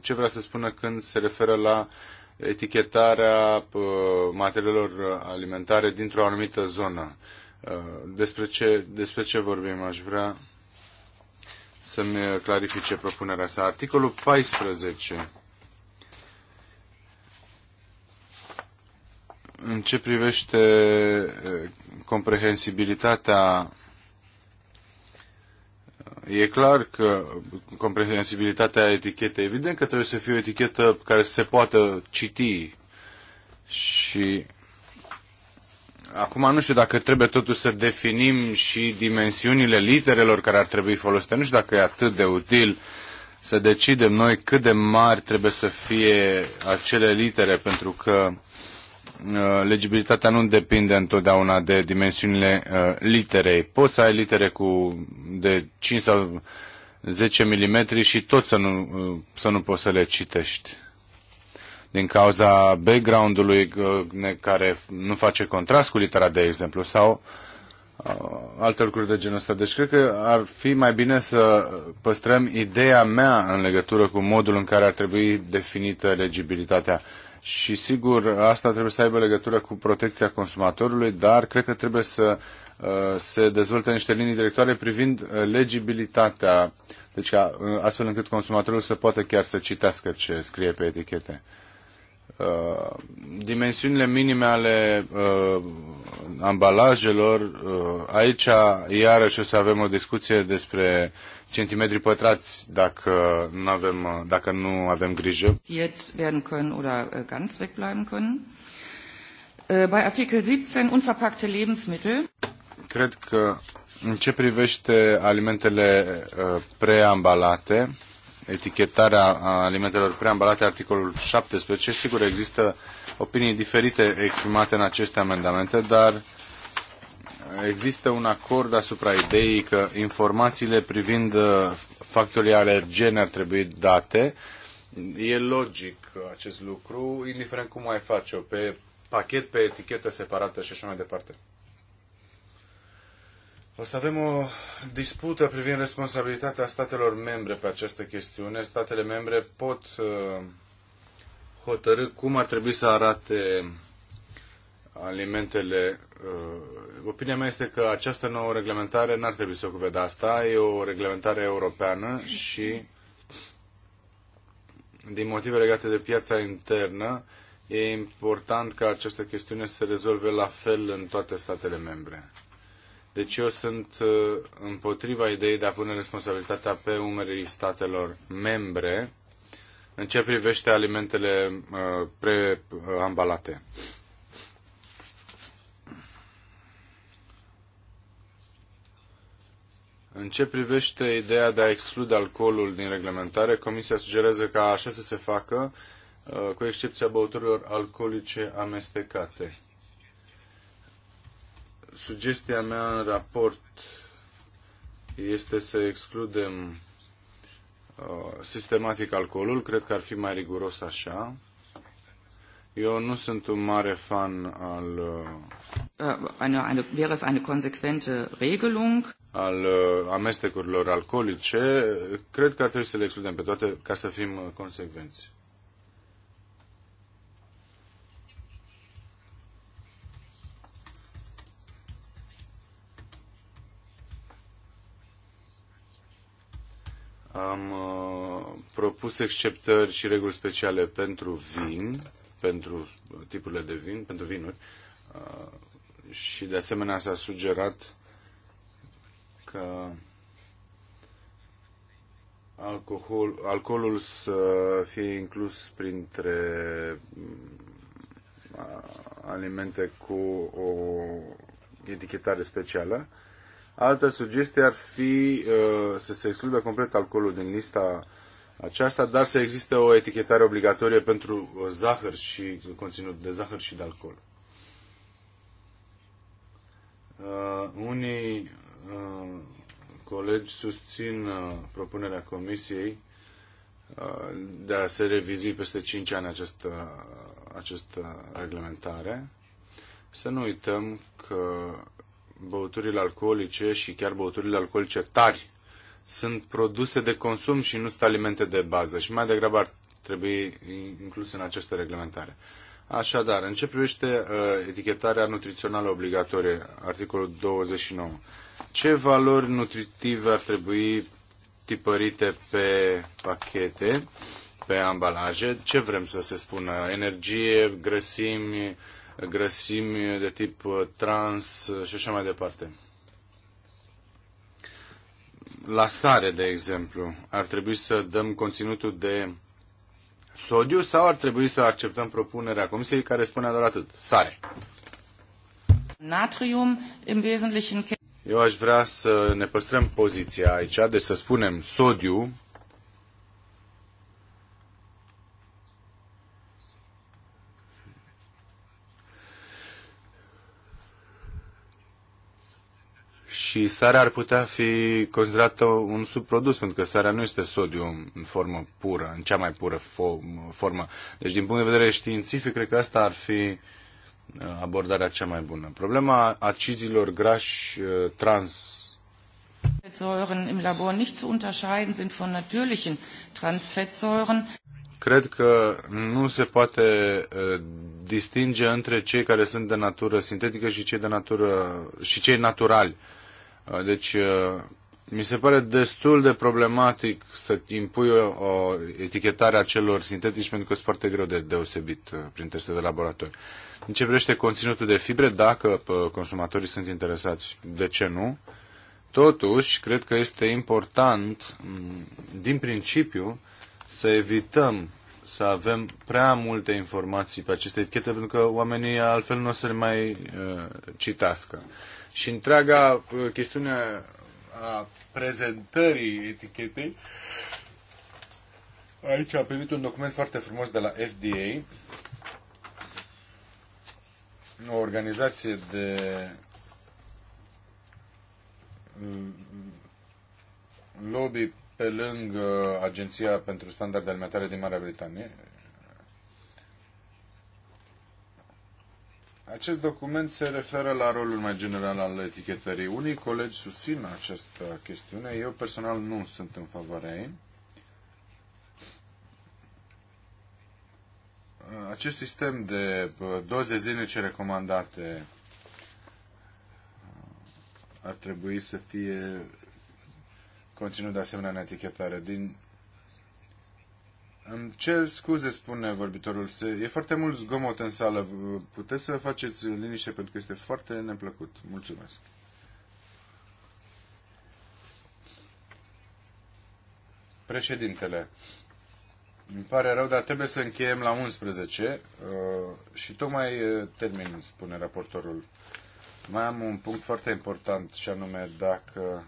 ce vrea să spună când se referă la uh, etichetarea materiilor alimentare dintr-o anumită zonă. Ă, despre ce, despre ce vorbim? Aș vrea să-mi clarifice propunerea sa. Articolul 14. În ce privește ă, comprehensibilitatea E clar că comprehensibilitatea etichetei, evident că trebuie să fie o etichetă care se poată citi și acum nu știu dacă trebuie totuși să definim și dimensiunile literelor care ar trebui folosite. Nu știu dacă e atât de util să decidem noi cât de mari trebuie să fie acele litere, pentru că Uh, legibilitatea nu depinde întotdeauna de dimensiunile uh, literei. Poți să ai litere cu de 5 sau 10 mm și tot să nu, uh, să nu poți să le citești. Din cauza background-ului care nu face contrast cu litera, de exemplu, sau alte lucruri de genul ăsta. Deci cred că ar fi mai bine să păstrăm ideea mea în legătură cu modul în care ar trebui definită legibilitatea și sigur asta trebuie să aibă legătură cu protecția consumatorului, dar cred că trebuie să uh, se dezvolte niște linii directoare privind uh, legibilitatea, deci uh, astfel încât consumatorul să poată chiar să citească ce scrie pe etichete. Dimensiunile minime ale ambalajelor, aici iarăși o să avem o discuție despre uh, centimetri pătrați dacă nu avem, dacă nu avem grijă. Äh, äh, Cred că în ce privește alimentele äh, preambalate, etichetarea alimentelor preambalate, articolul 17, sigur există opinii diferite exprimate în aceste amendamente, dar există un acord asupra ideii că informațiile privind uh, factorii alergene ar trebui date. E logic acest lucru, indiferent cum mai face-o, pe pachet, pe etichetă separată și așa mai departe. O să avem o dispută privind responsabilitatea statelor membre pe această chestiune. Statele membre pot uh, hotărâ cum ar trebui să arate alimentele Uh, opinia mea este că această nouă reglementare n-ar trebui să ocupe de asta. E o reglementare europeană și din motive legate de piața internă, e important ca această chestiune să se rezolve la fel în toate statele membre. Deci eu sunt uh, împotriva ideii de a pune responsabilitatea pe umerii statelor membre în ce privește alimentele uh, preambalate. Uh, În ce privește ideea de a exclude alcoolul din reglementare, Comisia sugerează ca așa să se facă, uh, cu excepția băuturilor alcoolice amestecate. Sugestia mea în raport este să excludem uh, sistematic alcoolul, cred că ar fi mai riguros așa. Eu nu sunt un mare fan al... Uh, äh, eine, eine, wäre es eine konsequente Regelung? al uh, amestecurilor alcoolice, cred că ar trebui să le excludem pe toate ca să fim uh, consecvenți. Am uh, propus exceptări și reguli speciale pentru vin, pentru tipurile de vin, pentru vinuri uh, și de asemenea s-a sugerat că alcohol, alcoolul să fie inclus printre mm, alimente cu o etichetare specială. Altă sugestie ar fi uh, să se excludă complet alcoolul din lista aceasta, dar să existe o etichetare obligatorie pentru zahăr și conținut de zahăr și de alcool. Uh, unii Um, colegi susțin uh, propunerea Comisiei uh, de a se revizui peste 5 ani această, această reglementare. Să nu uităm că băuturile alcoolice și chiar băuturile alcoolice tari sunt produse de consum și nu sunt alimente de bază și mai degrabă ar trebui incluse în această reglementare. Așadar, în ce privește uh, etichetarea nutrițională obligatorie, articolul 29, ce valori nutritive ar trebui tipărite pe pachete, pe ambalaje, ce vrem să se spună, energie, grăsimi, grăsimi de tip uh, trans uh, și așa mai departe. La sare, de exemplu, ar trebui să dăm conținutul de sodiu sau ar trebui să acceptăm propunerea comisiei care spunea doar atât, sare. Natrium, în Wesentlichen eu aș vrea să ne păstrăm poziția aici, deci să spunem sodiu și sarea ar putea fi considerată un subprodus, pentru că sarea nu este sodiu în formă pură, în cea mai pură formă. Deci, din punct de vedere științific, cred că asta ar fi abordarea cea mai bună. Problema acizilor grași uh, trans Fettsäuren im Labor nicht zu unterscheiden sind von natürlichen Transfettsäuren. Cred că nu se poate uh, distinge între cei care sunt de natură sintetică și cei de natură și cei naturali. Uh, deci mi se pare destul de problematic să impui o, o etichetare a celor sintetici pentru că sunt foarte greu de deosebit uh, prin teste de laborator. În ce privește conținutul de fibre, dacă uh, consumatorii sunt interesați, de ce nu? Totuși, cred că este important, mm, din principiu, să evităm să avem prea multe informații pe aceste etichete, pentru că oamenii altfel nu o să le mai uh, citească. Și întreaga uh, chestiune a prezentării etichetei. Aici am primit un document foarte frumos de la FDA, o organizație de mm, lobby pe lângă Agenția pentru Standarde Alimentare din Marea Britanie Acest document se referă la rolul mai general al etichetării. Unii colegi susțin această chestiune, eu personal nu sunt în favoarea ei. Acest sistem de doze zilnice recomandate uh, ar trebui să fie conținut de asemenea în etichetare. Din îmi cer scuze, spune vorbitorul. Se E foarte mult zgomot în sală. Puteți să faceți liniște pentru că este foarte neplăcut. Mulțumesc. Președintele, îmi pare rău, dar trebuie să încheiem la 11 uh, și tocmai uh, termin, spune raportorul. Mai am un punct foarte important și anume dacă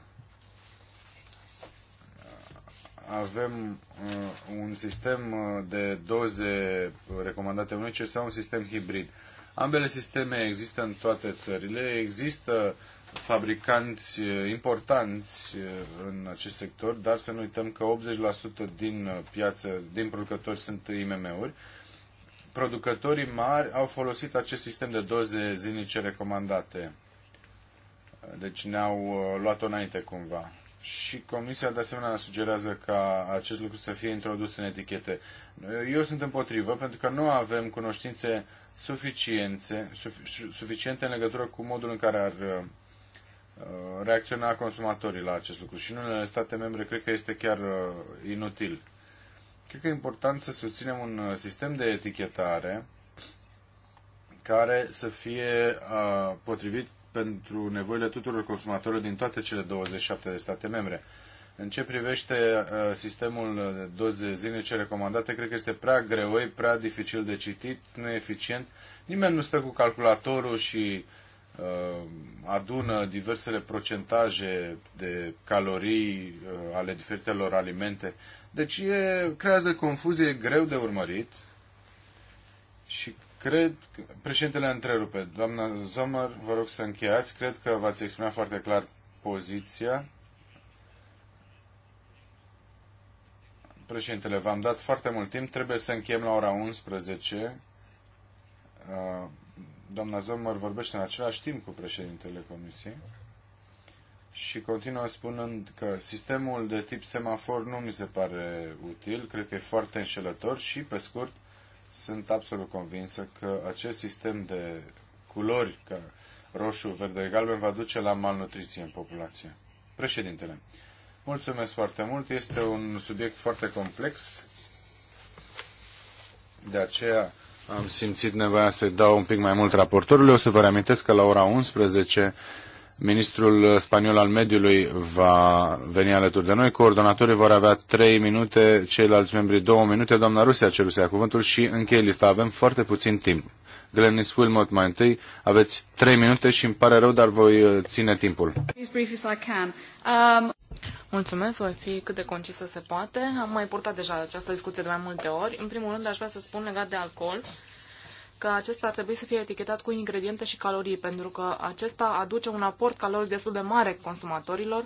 avem uh, un sistem uh, de doze recomandate unice sau un sistem hibrid. Ambele sisteme există în toate țările, există fabricanți uh, importanți în acest sector, dar să nu uităm că 80% din piață, din producători sunt IMM-uri. Producătorii mari au folosit acest sistem de doze zilnice recomandate. Deci ne-au luat-o înainte cumva și Comisia de asemenea sugerează ca acest lucru să fie introdus în etichete. Eu sunt împotrivă pentru că nu avem cunoștințe suficiente, suficiente în legătură cu modul în care ar uh, uh, reacționa consumatorii la acest lucru și în unele state membre cred că este chiar uh, inutil. Cred că e important să susținem un sistem de etichetare care să fie potrivit pentru nevoile tuturor consumatorilor din toate cele 27 de state membre. În ce privește uh, sistemul doze zilnice recomandate, cred că este prea greu, prea dificil de citit, nu e eficient. Nimeni nu stă cu calculatorul și uh, adună diversele procentaje de calorii uh, ale diferitelor alimente. Deci e, creează confuzie, e greu de urmărit și Cred, președintele întrerupe, doamna Zomăr, vă rog să încheiați, cred că v-ați exprimat foarte clar poziția. Președintele, v-am dat foarte mult timp, trebuie să încheiem la ora 11. Uh, doamna Zomăr vorbește în același timp cu președintele Comisiei și continuă spunând că sistemul de tip semafor nu mi se pare util, cred că e foarte înșelător și, pe scurt, sunt absolut convinsă că acest sistem de culori, ca roșu, verde, galben, va duce la malnutriție în populație. Președintele, mulțumesc foarte mult. Este un subiect foarte complex. De aceea am simțit nevoia să-i dau un pic mai mult raportorului. O să vă reamintesc că la ora 11 Ministrul spaniol al mediului va veni alături de noi. Coordonatorii vor avea 3 minute, ceilalți membri 2 minute. Doamna Rusia ceruse ia cuvântul și încheie lista. Avem foarte puțin timp. Glenis Wilmot mai întâi. Aveți 3 minute și îmi pare rău, dar voi uh, ține timpul. Um, Mulțumesc, voi fi cât de concisă se poate. Am mai purtat deja această discuție de mai multe ori. În primul rând aș vrea să spun legat de alcool că acesta ar trebui să fie etichetat cu ingrediente și calorii, pentru că acesta aduce un aport caloric destul de mare consumatorilor,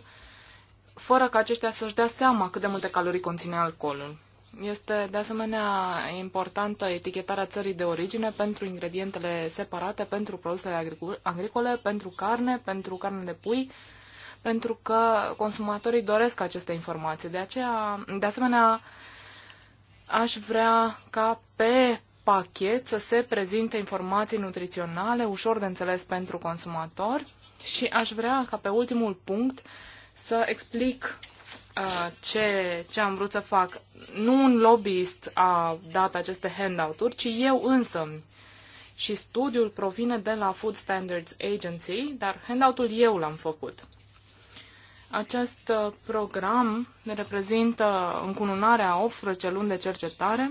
fără ca aceștia să-și dea seama cât de multe calorii conține alcoolul. Este de asemenea importantă etichetarea țării de origine pentru ingredientele separate, pentru produsele agricole, pentru carne, pentru carne de pui, pentru că consumatorii doresc aceste informații. De, aceea, de asemenea, aș vrea ca pe pachet să se prezinte informații nutriționale ușor de înțeles pentru consumator și aș vrea ca pe ultimul punct să explic uh, ce, ce am vrut să fac. Nu un lobbyist a dat aceste handout-uri, ci eu însă. Și studiul provine de la Food Standards Agency, dar handout-ul eu l-am făcut. Acest uh, program ne reprezintă încununarea 18 luni de cercetare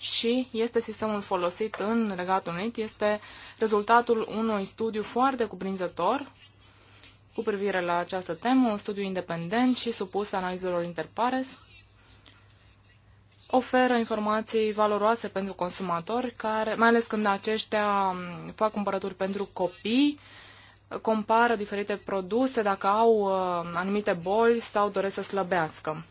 și este sistemul folosit în Regatul Unit, este rezultatul unui studiu foarte cuprinzător cu privire la această temă, un studiu independent și supus analizelor interpares, oferă informații valoroase pentru consumatori, care, mai ales când aceștia fac cumpărături pentru copii, compară diferite produse dacă au uh, anumite boli sau doresc să slăbească.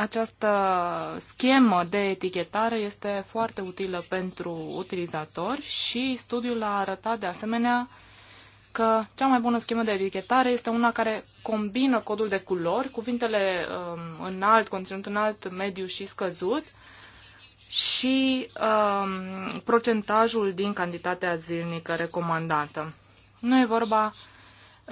această schemă de etichetare este foarte utilă pentru utilizatori și studiul a arătat de asemenea că cea mai bună schemă de etichetare este una care combină codul de culori, cuvintele um, înalt, conținut înalt, mediu și scăzut și um, procentajul din cantitatea zilnică recomandată. Nu e vorba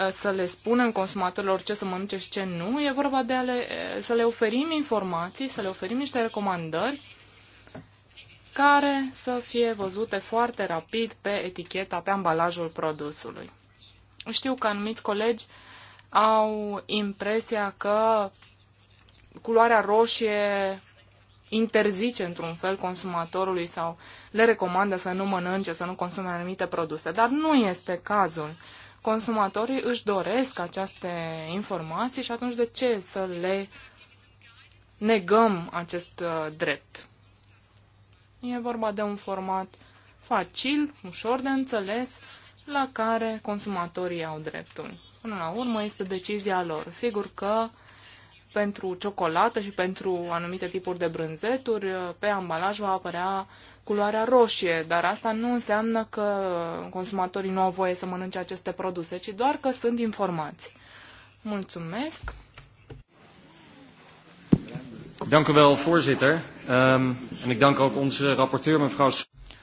Eh, să le spunem consumatorilor ce să mănânce și ce nu, e vorba de a le, eh, să le oferim informații, să le oferim niște recomandări care să fie văzute foarte rapid pe eticheta, pe ambalajul produsului. Știu că anumiți colegi au impresia că culoarea roșie interzice într-un fel consumatorului sau le recomandă să nu mănânce, să nu consume anumite produse, dar nu este cazul consumatorii își doresc aceste informații și atunci de ce să le negăm acest uh, drept? E vorba de un format facil, ușor de înțeles, la care consumatorii au dreptul. Până la urmă este decizia lor. Sigur că pentru ciocolată și pentru anumite tipuri de brânzeturi, uh, pe ambalaj va apărea culoarea roșie, dar asta nu înseamnă că consumatorii nu au voie să mănânce aceste produse, ci doar că sunt informați. Mulțumesc! Dank u wel, voorzitter. Um, en ik dank ook onze rapporteur, mevrouw...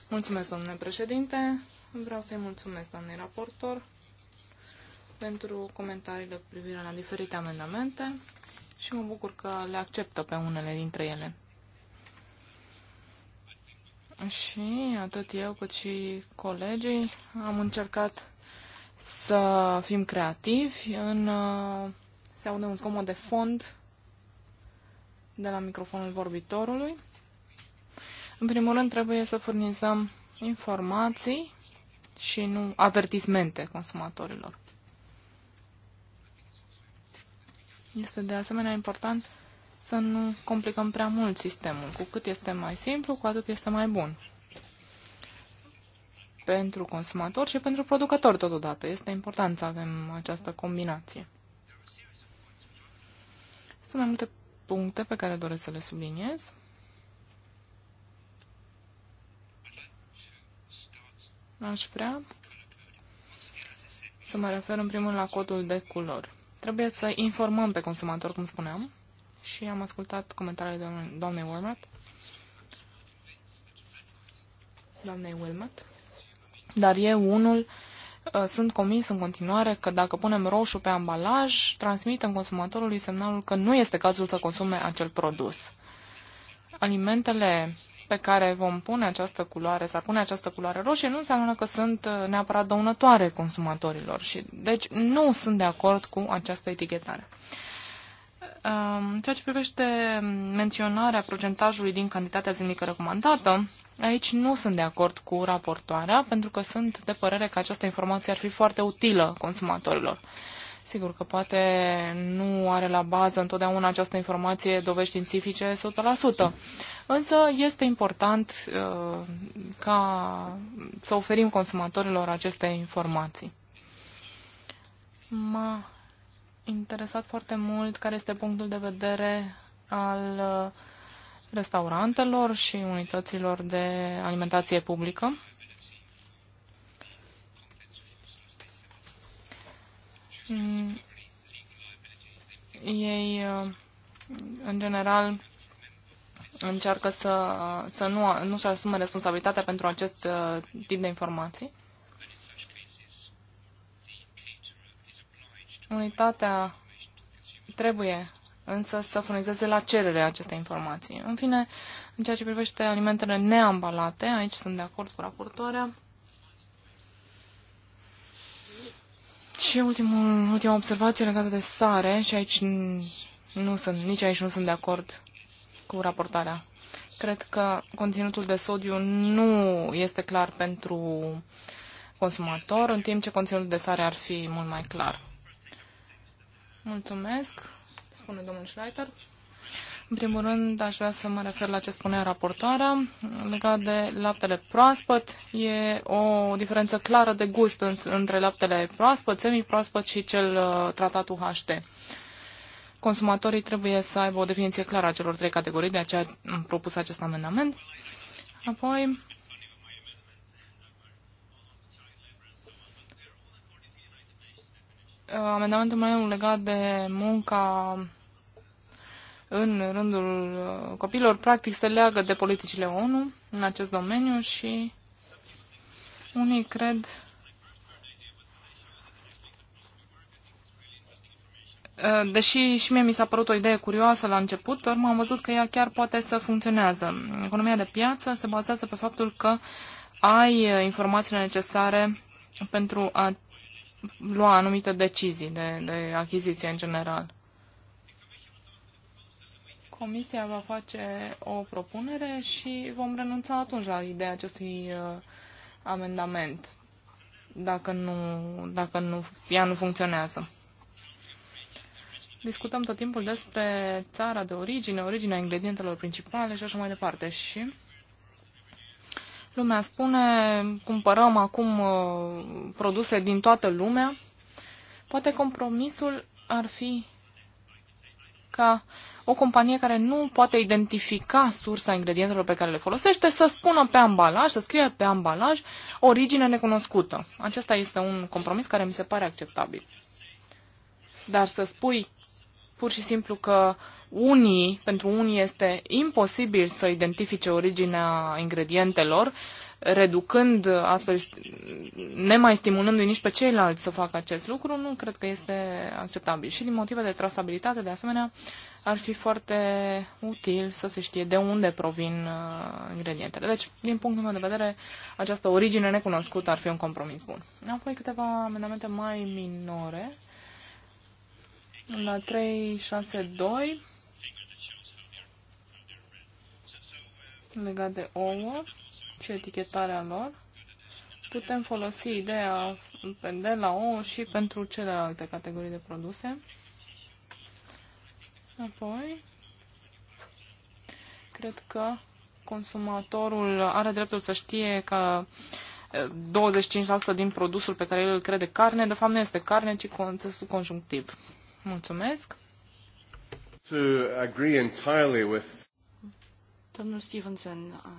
Mulțumesc, domnule președinte. Vreau să-i mulțumesc, doamne raportor, pentru comentariile cu privire la diferite amendamente și mă bucur că le acceptă pe unele dintre ele. Și atât eu cât și colegii am încercat să fim creativi în... Uh, se aude un zgomot de fond de la microfonul vorbitorului. În primul rând trebuie să furnizăm informații și nu avertismente consumatorilor. Este de asemenea important să nu complicăm prea mult sistemul. Cu cât este mai simplu, cu atât este mai bun. Pentru consumator și pentru producător totodată. Este important să avem această combinație. Sunt mai multe puncte pe care doresc să le subliniez. Aș vrea să mă refer în primul la codul de culori. Trebuie să informăm pe consumator, cum spuneam, și am ascultat comentariile doamnei Wilmot. Doamnei Wilmot. Dar eu unul uh, sunt convins în continuare că dacă punem roșu pe ambalaj, transmitem consumatorului semnalul că nu este cazul să consume acel produs. Alimentele pe care vom pune această culoare, s-ar pune această culoare roșie, nu înseamnă că sunt uh, neapărat dăunătoare consumatorilor. Și, deci nu sunt de acord cu această etichetare. În ceea ce privește menționarea procentajului din cantitatea zilnică recomandată, aici nu sunt de acord cu raportoarea, pentru că sunt de părere că această informație ar fi foarte utilă consumatorilor. Sigur că poate nu are la bază întotdeauna această informație dovești științifice 100%. Însă este important uh, ca să oferim consumatorilor aceste informații. Ma interesat foarte mult care este punctul de vedere al uh, restaurantelor și unităților de alimentație publică. Mm. Ei, uh, în general, încearcă să, să nu, nu-și asume responsabilitatea pentru acest uh, tip de informații. Unitatea trebuie însă să furnizeze la cerere aceste informații. În fine, în ceea ce privește alimentele neambalate, aici sunt de acord cu raportoarea. Și ultimul, ultima observație legată de sare, și aici nu sunt, nici aici nu sunt de acord cu raportarea. Cred că conținutul de sodiu nu este clar pentru consumator, în timp ce conținutul de sare ar fi mult mai clar. Mulțumesc, spune domnul Schleiter. În primul rând, aș vrea să mă refer la ce spunea raportoarea. Legat de laptele proaspăt, e o diferență clară de gust între laptele proaspăt, semi-proaspăt și cel uh, tratat UHT. Consumatorii trebuie să aibă o definiție clară a celor trei categorii, de aceea am propus acest amendament. Apoi, Uh, amendamentul meu legat de munca în rândul uh, copiilor, practic se leagă de politicile ONU în acest domeniu și unii cred uh, Deși și mie mi s-a părut o idee curioasă la început, dar urmă am văzut că ea chiar poate să funcționează. Economia de piață se bazează pe faptul că ai informațiile necesare pentru a lua anumite decizii de, de achiziție în general. Comisia va face o propunere și vom renunța atunci la ideea acestui uh, amendament, dacă nu, dacă nu, ea nu funcționează. Discutăm tot timpul despre țara de origine, originea ingredientelor principale și așa mai departe. Și Lumea spune, cumpărăm acum uh, produse din toată lumea. Poate compromisul ar fi ca o companie care nu poate identifica sursa ingredientelor pe care le folosește să spună pe ambalaj, să scrie pe ambalaj origine necunoscută. Acesta este un compromis care mi se pare acceptabil. Dar să spui pur și simplu că unii, pentru unii este imposibil să identifice originea ingredientelor, reducând astfel, nemai stimulându-i nici pe ceilalți să facă acest lucru, nu cred că este acceptabil. Și din motive de trasabilitate, de asemenea, ar fi foarte util să se știe de unde provin uh, ingredientele. Deci, din punctul meu de vedere, această origine necunoscută ar fi un compromis bun. Apoi câteva amendamente mai minore. La 362 legat de ouă și etichetarea lor, putem folosi ideea de la ouă și pentru celelalte categorii de produse. Apoi, cred că consumatorul are dreptul să știe că 25% din produsul pe care el îl crede carne, de fapt nu este carne, ci conțesul conjunctiv. Mulțumesc! To agree entirely with Domnul Stevenson, uh,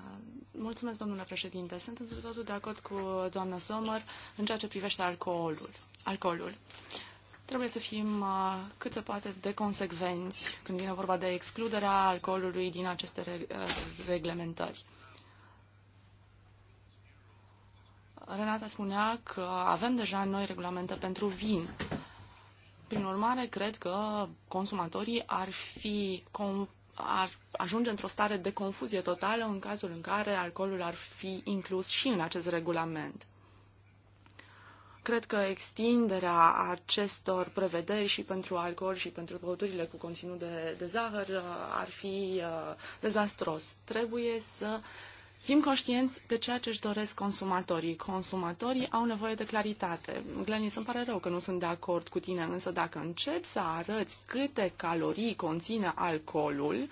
mulțumesc, domnule președinte. Sunt într totul de acord cu doamna Sommer în ceea ce privește alcoolul. alcoolul. Trebuie să fim uh, cât se poate de consecvenți când vine vorba de excluderea alcoolului din aceste uh, reglementări. Renata spunea că avem deja noi regulamente pentru vin. Prin urmare, cred că consumatorii ar fi com- ar ajunge într-o stare de confuzie totală în cazul în care alcoolul ar fi inclus și în acest regulament. Cred că extinderea acestor prevederi și pentru alcool și pentru băuturile cu conținut de, de zahăr uh, ar fi uh, dezastros. Trebuie să uh, Fim conștienți de ceea ce își doresc consumatorii. Consumatorii au nevoie de claritate. Glenis, îmi pare rău că nu sunt de acord cu tine, însă dacă începi să arăți câte calorii conține alcoolul,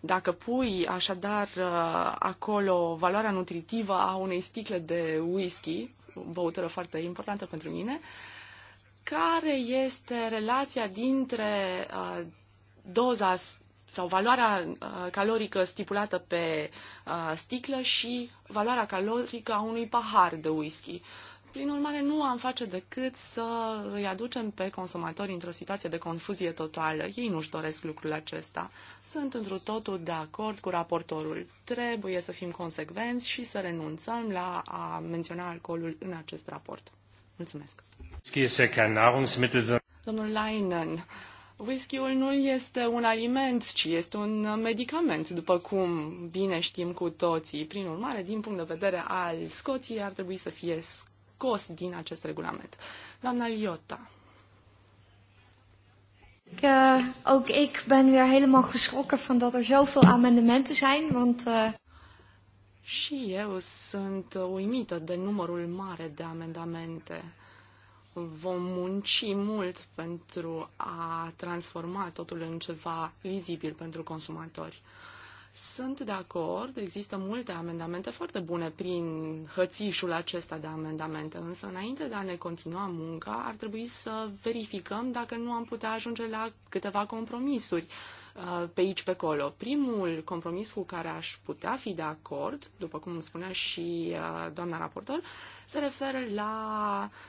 dacă pui așadar uh, acolo valoarea nutritivă a unei sticle de whisky, băutură foarte importantă pentru mine, care este relația dintre uh, doza sau valoarea uh, calorică stipulată pe uh, sticlă și valoarea calorică a unui pahar de whisky. Prin urmare, nu am face decât să îi aducem pe consumatori într-o situație de confuzie totală. Ei nu-și doresc lucrul acesta. Sunt într totul de acord cu raportorul. Trebuie să fim consecvenți și să renunțăm la a menționa alcoolul în acest raport. Mulțumesc. Domnul Leinen, Whisky-ul nu este un aliment, ci este un medicament, după cum bine știm cu toții. Prin urmare, din punct de vedere al Scoției, ar trebui să fie scos din acest regulament. Doamna Iota. Ik, uh, ook ik ben weer helemaal geschrokken van dat er zoveel amendementen zijn, want... Uh... eu sunt uimită de numărul mare de amendamente vom munci mult pentru a transforma totul în ceva vizibil pentru consumatori. Sunt de acord, există multe amendamente foarte bune prin hățișul acesta de amendamente, însă înainte de a ne continua munca, ar trebui să verificăm dacă nu am putea ajunge la câteva compromisuri uh, pe aici, pe acolo. Primul compromis cu care aș putea fi de acord, după cum spunea și uh, doamna raportor, se referă la uh,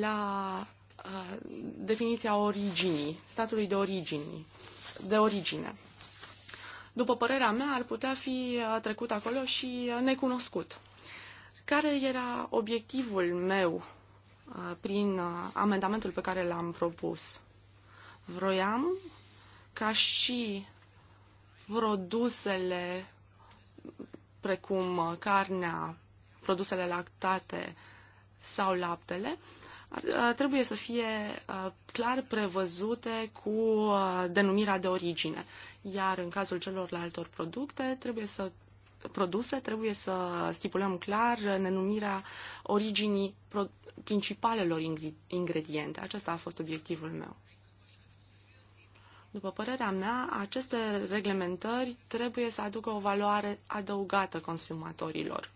la uh, definiția originii, statului de origini, de origine. După părerea mea, ar putea fi trecut acolo și necunoscut. Care era obiectivul meu uh, prin amendamentul pe care l-am propus? Vroiam ca și produsele precum carnea, produsele lactate sau laptele, trebuie să fie clar prevăzute cu denumirea de origine. Iar în cazul celorlalte produse trebuie să produse, trebuie să stipulăm clar denumirea originii principalelor ingrediente. Acesta a fost obiectivul meu. După părerea mea, aceste reglementări trebuie să aducă o valoare adăugată consumatorilor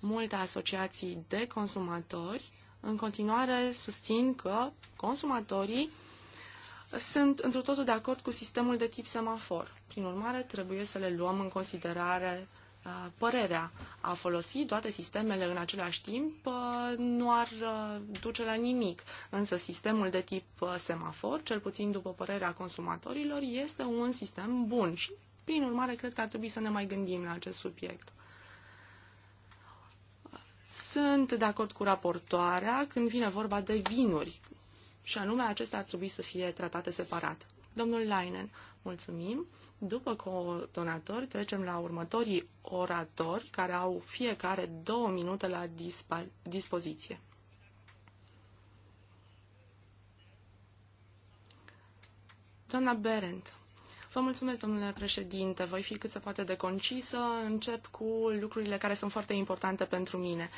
multe asociații de consumatori în continuare susțin că consumatorii sunt într totul de acord cu sistemul de tip semafor. Prin urmare, trebuie să le luăm în considerare uh, părerea. A folosi toate sistemele în același timp uh, nu ar uh, duce la nimic, însă sistemul de tip semafor, cel puțin după părerea consumatorilor, este un sistem bun și, prin urmare, cred că ar trebui să ne mai gândim la acest subiect. Sunt de acord cu raportoarea când vine vorba de vinuri și anume acestea ar trebui să fie tratate separat. Domnul Leinen, mulțumim. După coordonatori trecem la următorii oratori care au fiecare două minute la dispoziție. Doamna Berendt. Vă mulțumesc, domnule președinte. Voi fi cât se poate de concisă. Încep cu lucrurile care sunt foarte importante pentru mine.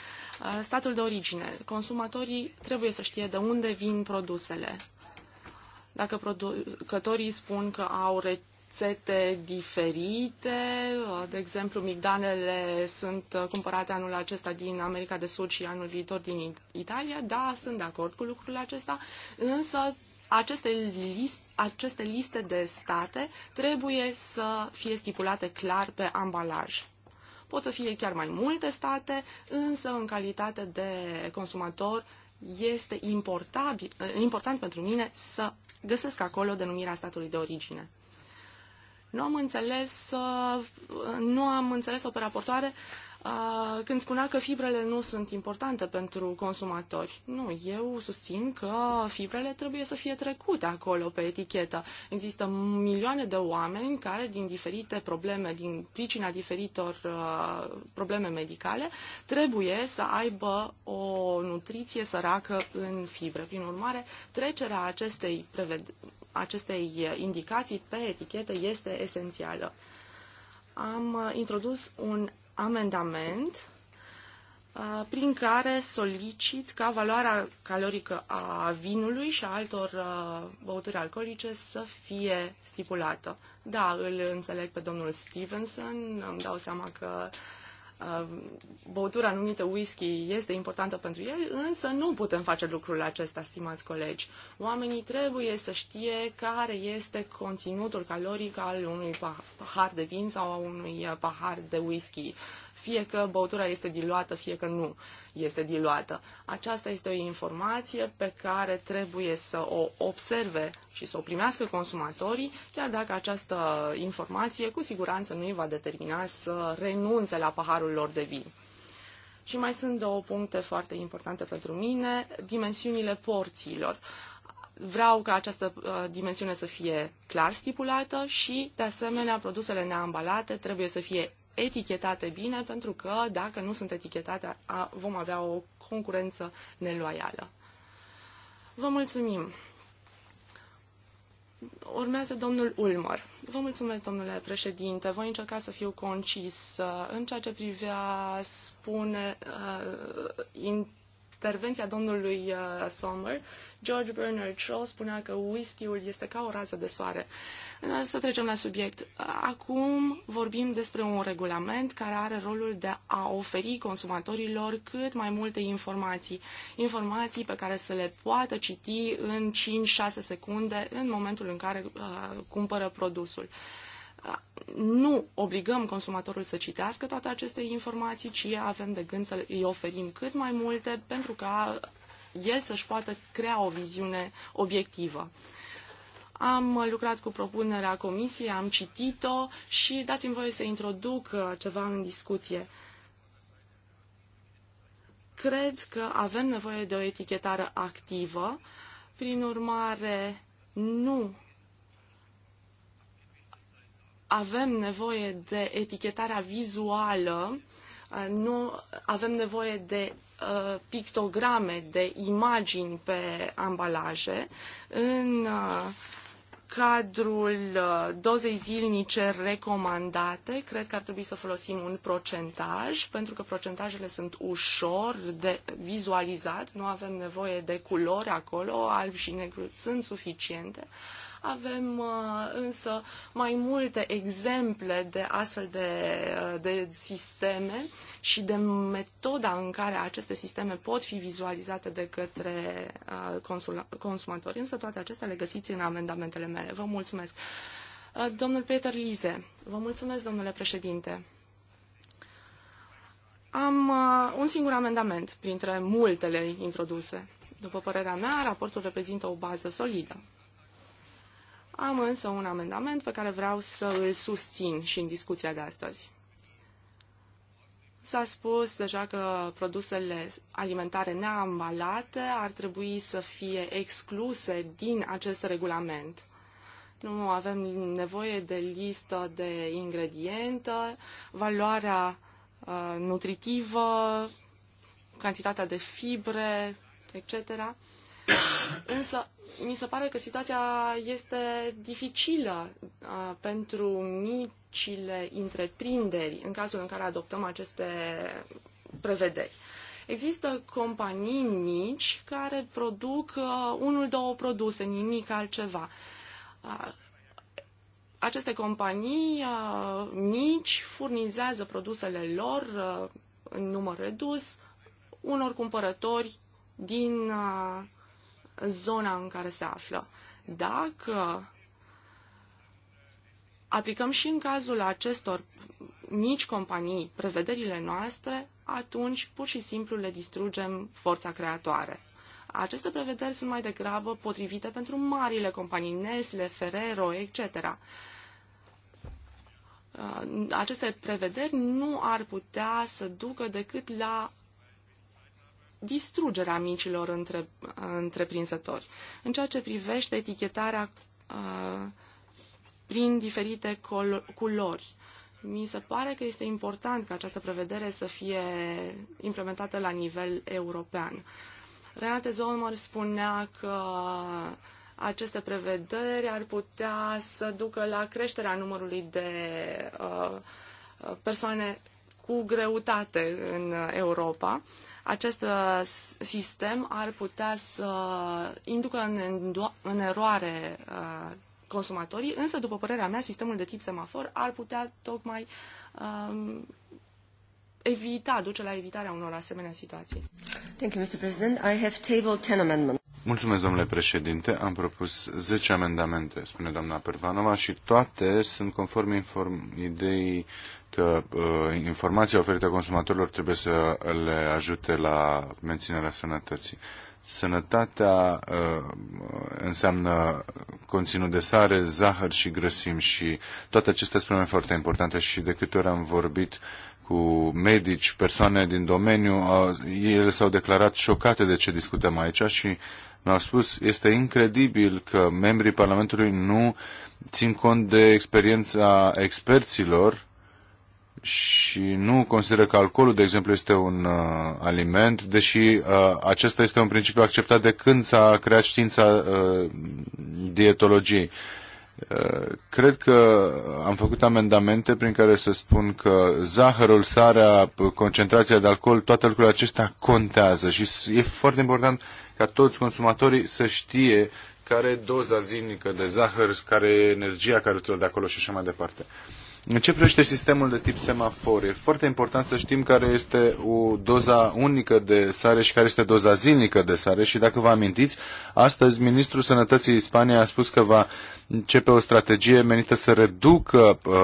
Uh, statul de origine. Consumatorii trebuie să știe de unde vin produsele. Dacă producătorii spun că au rețete diferite, uh, de exemplu, migdalele sunt uh, cumpărate anul acesta din America de Sud și anul viitor din Italia, da, sunt de acord cu lucrul acesta, însă aceste liste aceste liste de state trebuie să fie stipulate clar pe ambalaj. Pot să fie chiar mai multe state, însă în calitate de consumator este important pentru mine să găsesc acolo denumirea statului de origine. Nu am înțeles, uh, nu am înțeles o pe raportoare când spunea că fibrele nu sunt importante pentru consumatori. Nu, eu susțin că fibrele trebuie să fie trecute acolo pe etichetă. Există milioane de oameni care din diferite probleme, din pricina diferitor uh, probleme medicale, trebuie să aibă o nutriție săracă în fibre. Prin urmare, trecerea acestei, preved- acestei indicații pe etichetă este esențială am introdus un amendament uh, prin care solicit ca valoarea calorică a vinului și a altor uh, băuturi alcoolice să fie stipulată. Da, îl înțeleg pe domnul Stevenson, îmi dau seama că Uh, băutură anumită whisky este importantă pentru el, însă nu putem face lucrurile acesta, stimați colegi. Oamenii trebuie să știe care este conținutul caloric al unui pahar de vin sau a unui uh, pahar de whisky fie că băutura este diluată, fie că nu este diluată. Aceasta este o informație pe care trebuie să o observe și să o primească consumatorii, chiar dacă această informație cu siguranță nu îi va determina să renunțe la paharul lor de vin. Și mai sunt două puncte foarte importante pentru mine, dimensiunile porțiilor vreau ca această uh, dimensiune să fie clar stipulată și, de asemenea, produsele neambalate trebuie să fie etichetate bine, pentru că dacă nu sunt etichetate, vom avea o concurență neloială. Vă mulțumim! Urmează domnul Ulmer. Vă mulțumesc, domnule președinte. Voi încerca să fiu concis în ceea ce privea spune, uh, in, intervenția domnului uh, Sommer, George Bernard Shaw spunea că whisky-ul este ca o rază de soare. Să trecem la subiect. Acum vorbim despre un regulament care are rolul de a oferi consumatorilor cât mai multe informații. Informații pe care să le poată citi în 5-6 secunde în momentul în care uh, cumpără produsul nu obligăm consumatorul să citească toate aceste informații, ci avem de gând să îi oferim cât mai multe pentru ca el să-și poată crea o viziune obiectivă. Am lucrat cu propunerea comisiei, am citit-o și dați-mi voie să introduc uh, ceva în discuție. Cred că avem nevoie de o etichetare activă, prin urmare nu avem nevoie de etichetarea vizuală, uh, nu avem nevoie de uh, pictograme, de imagini pe ambalaje. În uh, cadrul dozei zilnice recomandate, cred că ar trebui să folosim un procentaj, pentru că procentajele sunt ușor de vizualizat, nu avem nevoie de culori acolo, alb și negru sunt suficiente. Uh, avem uh, însă mai multe exemple de astfel de, uh, de sisteme și de metoda în care aceste sisteme pot fi vizualizate de către uh, consumatori. Însă toate acestea le găsiți în amendamentele mele. Vă mulțumesc. Domnul Peter Lize, vă mulțumesc, domnule președinte. Am un singur amendament printre multele introduse. După părerea mea, raportul reprezintă o bază solidă. Am însă un amendament pe care vreau să îl susțin și în discuția de astăzi. S-a spus deja că produsele alimentare neambalate ar trebui să fie excluse din acest regulament. Nu avem nevoie de listă de ingrediente, valoarea uh, nutritivă, cantitatea de fibre, etc. Însă, mi se pare că situația este dificilă uh, pentru micile întreprinderi în cazul în care adoptăm aceste prevederi. Există companii mici care produc uh, unul, două produse, nimic altceva. Uh, aceste companii uh, mici furnizează produsele lor uh, în număr redus unor cumpărători din uh, zona în care se află. Dacă aplicăm și în cazul acestor mici companii prevederile noastre, atunci pur și simplu le distrugem forța creatoare. Aceste prevederi sunt mai degrabă potrivite pentru marile companii, Nestle, Ferrero, etc. Uh, aceste prevederi nu ar putea să ducă decât la distrugerea micilor între, întreprinzători. În ceea ce privește etichetarea uh, prin diferite culori, mi se pare că este important ca această prevedere să fie implementată la nivel european. Renate Zolmer spunea că aceste prevederi ar putea să ducă la creșterea numărului de uh, persoane cu greutate în Europa acest uh, sistem ar putea să inducă în, în eroare uh, consumatorii, însă, după părerea mea, sistemul de tip semafor ar putea tocmai um, evita, duce la evitarea unor asemenea situații. Thank you, Mr. President. I have tabled 10 amendments. Mulțumesc, domnule președinte. Am propus 10 amendamente, spune doamna Pervanova, și toate sunt conform inform ideii că uh, informația oferită consumatorilor trebuie să le ajute la menținerea sănătății. Sănătatea uh, înseamnă conținut de sare, zahăr și grăsimi și toate acestea sunt foarte importante și de câte ori am vorbit uh, cu medici, persoane din domeniu, ele s-au declarat șocate de ce discutăm aici și mi-au spus, este incredibil că membrii Parlamentului nu țin cont de experiența experților și nu consideră că alcoolul, de exemplu, este un uh, aliment, deși uh, acesta este un principiu acceptat de când s-a creat știința uh, dietologiei. Uh, Cred că am făcut amendamente prin care să spun că zahărul, sarea, concentrația de alcool, toate lucrurile acestea contează și e foarte important ca toți consumatorii să știe care e doza zilnică de zahăr, care e energia care ți-o de acolo și așa mai departe. În ce privește sistemul de tip semafor, e foarte important să știm care este o doza unică de sare și care este doza zilnică de sare și dacă vă amintiți, astăzi Ministrul Sănătății Spaniei a spus că va începe o strategie menită să reducă uh,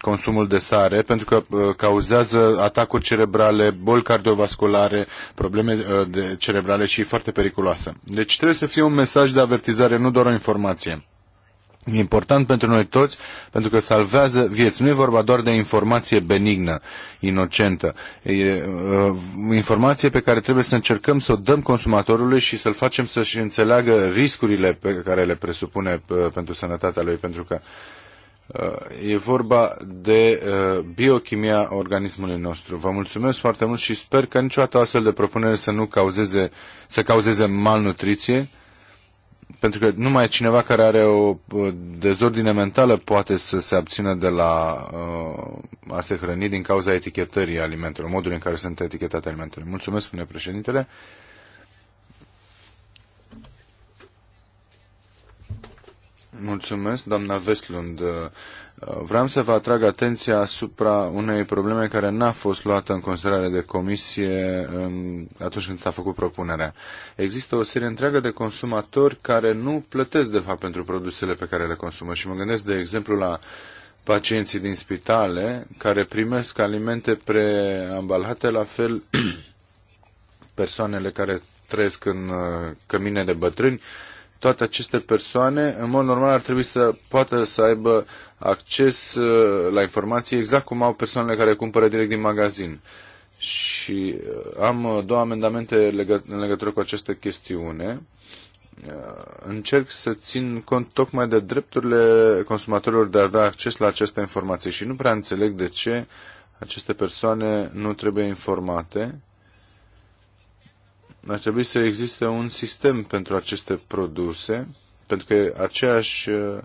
consumul de sare pentru că uh, cauzează atacuri cerebrale, boli cardiovasculare, probleme uh, de cerebrale și e foarte periculoasă. Deci trebuie să fie un mesaj de avertizare, nu doar o informație. E important pentru noi toți, pentru că salvează vieți. Nu e vorba doar de informație benignă, inocentă. E uh, informație pe care trebuie să încercăm să o dăm consumatorului și să-l facem să-și înțeleagă riscurile pe care le presupune uh, pentru sănătatea lui, pentru că uh, e vorba de uh, biochimia organismului nostru. Vă mulțumesc foarte mult și sper că niciodată astfel de propunere să nu cauzeze, să cauzeze malnutriție pentru că numai cineva care are o dezordine mentală poate să se abțină de la uh, a se hrăni din cauza etichetării alimentelor, modul în care sunt etichetate alimentele. Mulțumesc, spune președintele. Mulțumesc, doamna Vestlund. Uh, vreau să vă atrag atenția asupra unei probleme care n-a fost luată în considerare de comisie um, atunci când s-a făcut propunerea. Există o serie întreagă de consumatori care nu plătesc, de fapt, pentru produsele pe care le consumă. Și mă gândesc, de exemplu, la pacienții din spitale care primesc alimente preambalate, la fel persoanele care trăiesc în uh, cămine de bătrâni, toate aceste persoane, în mod normal, ar trebui să poată să aibă acces uh, la informații exact cum au persoanele care cumpără direct din magazin. Și uh, am uh, două amendamente în legătură cu această chestiune. Încerc să țin cont tocmai de drepturile consumatorilor de a avea acces la aceste informații și nu prea înțeleg de ce aceste persoane nu trebuie informate ar trebui să existe un sistem pentru aceste produse, pentru că aceeași uh,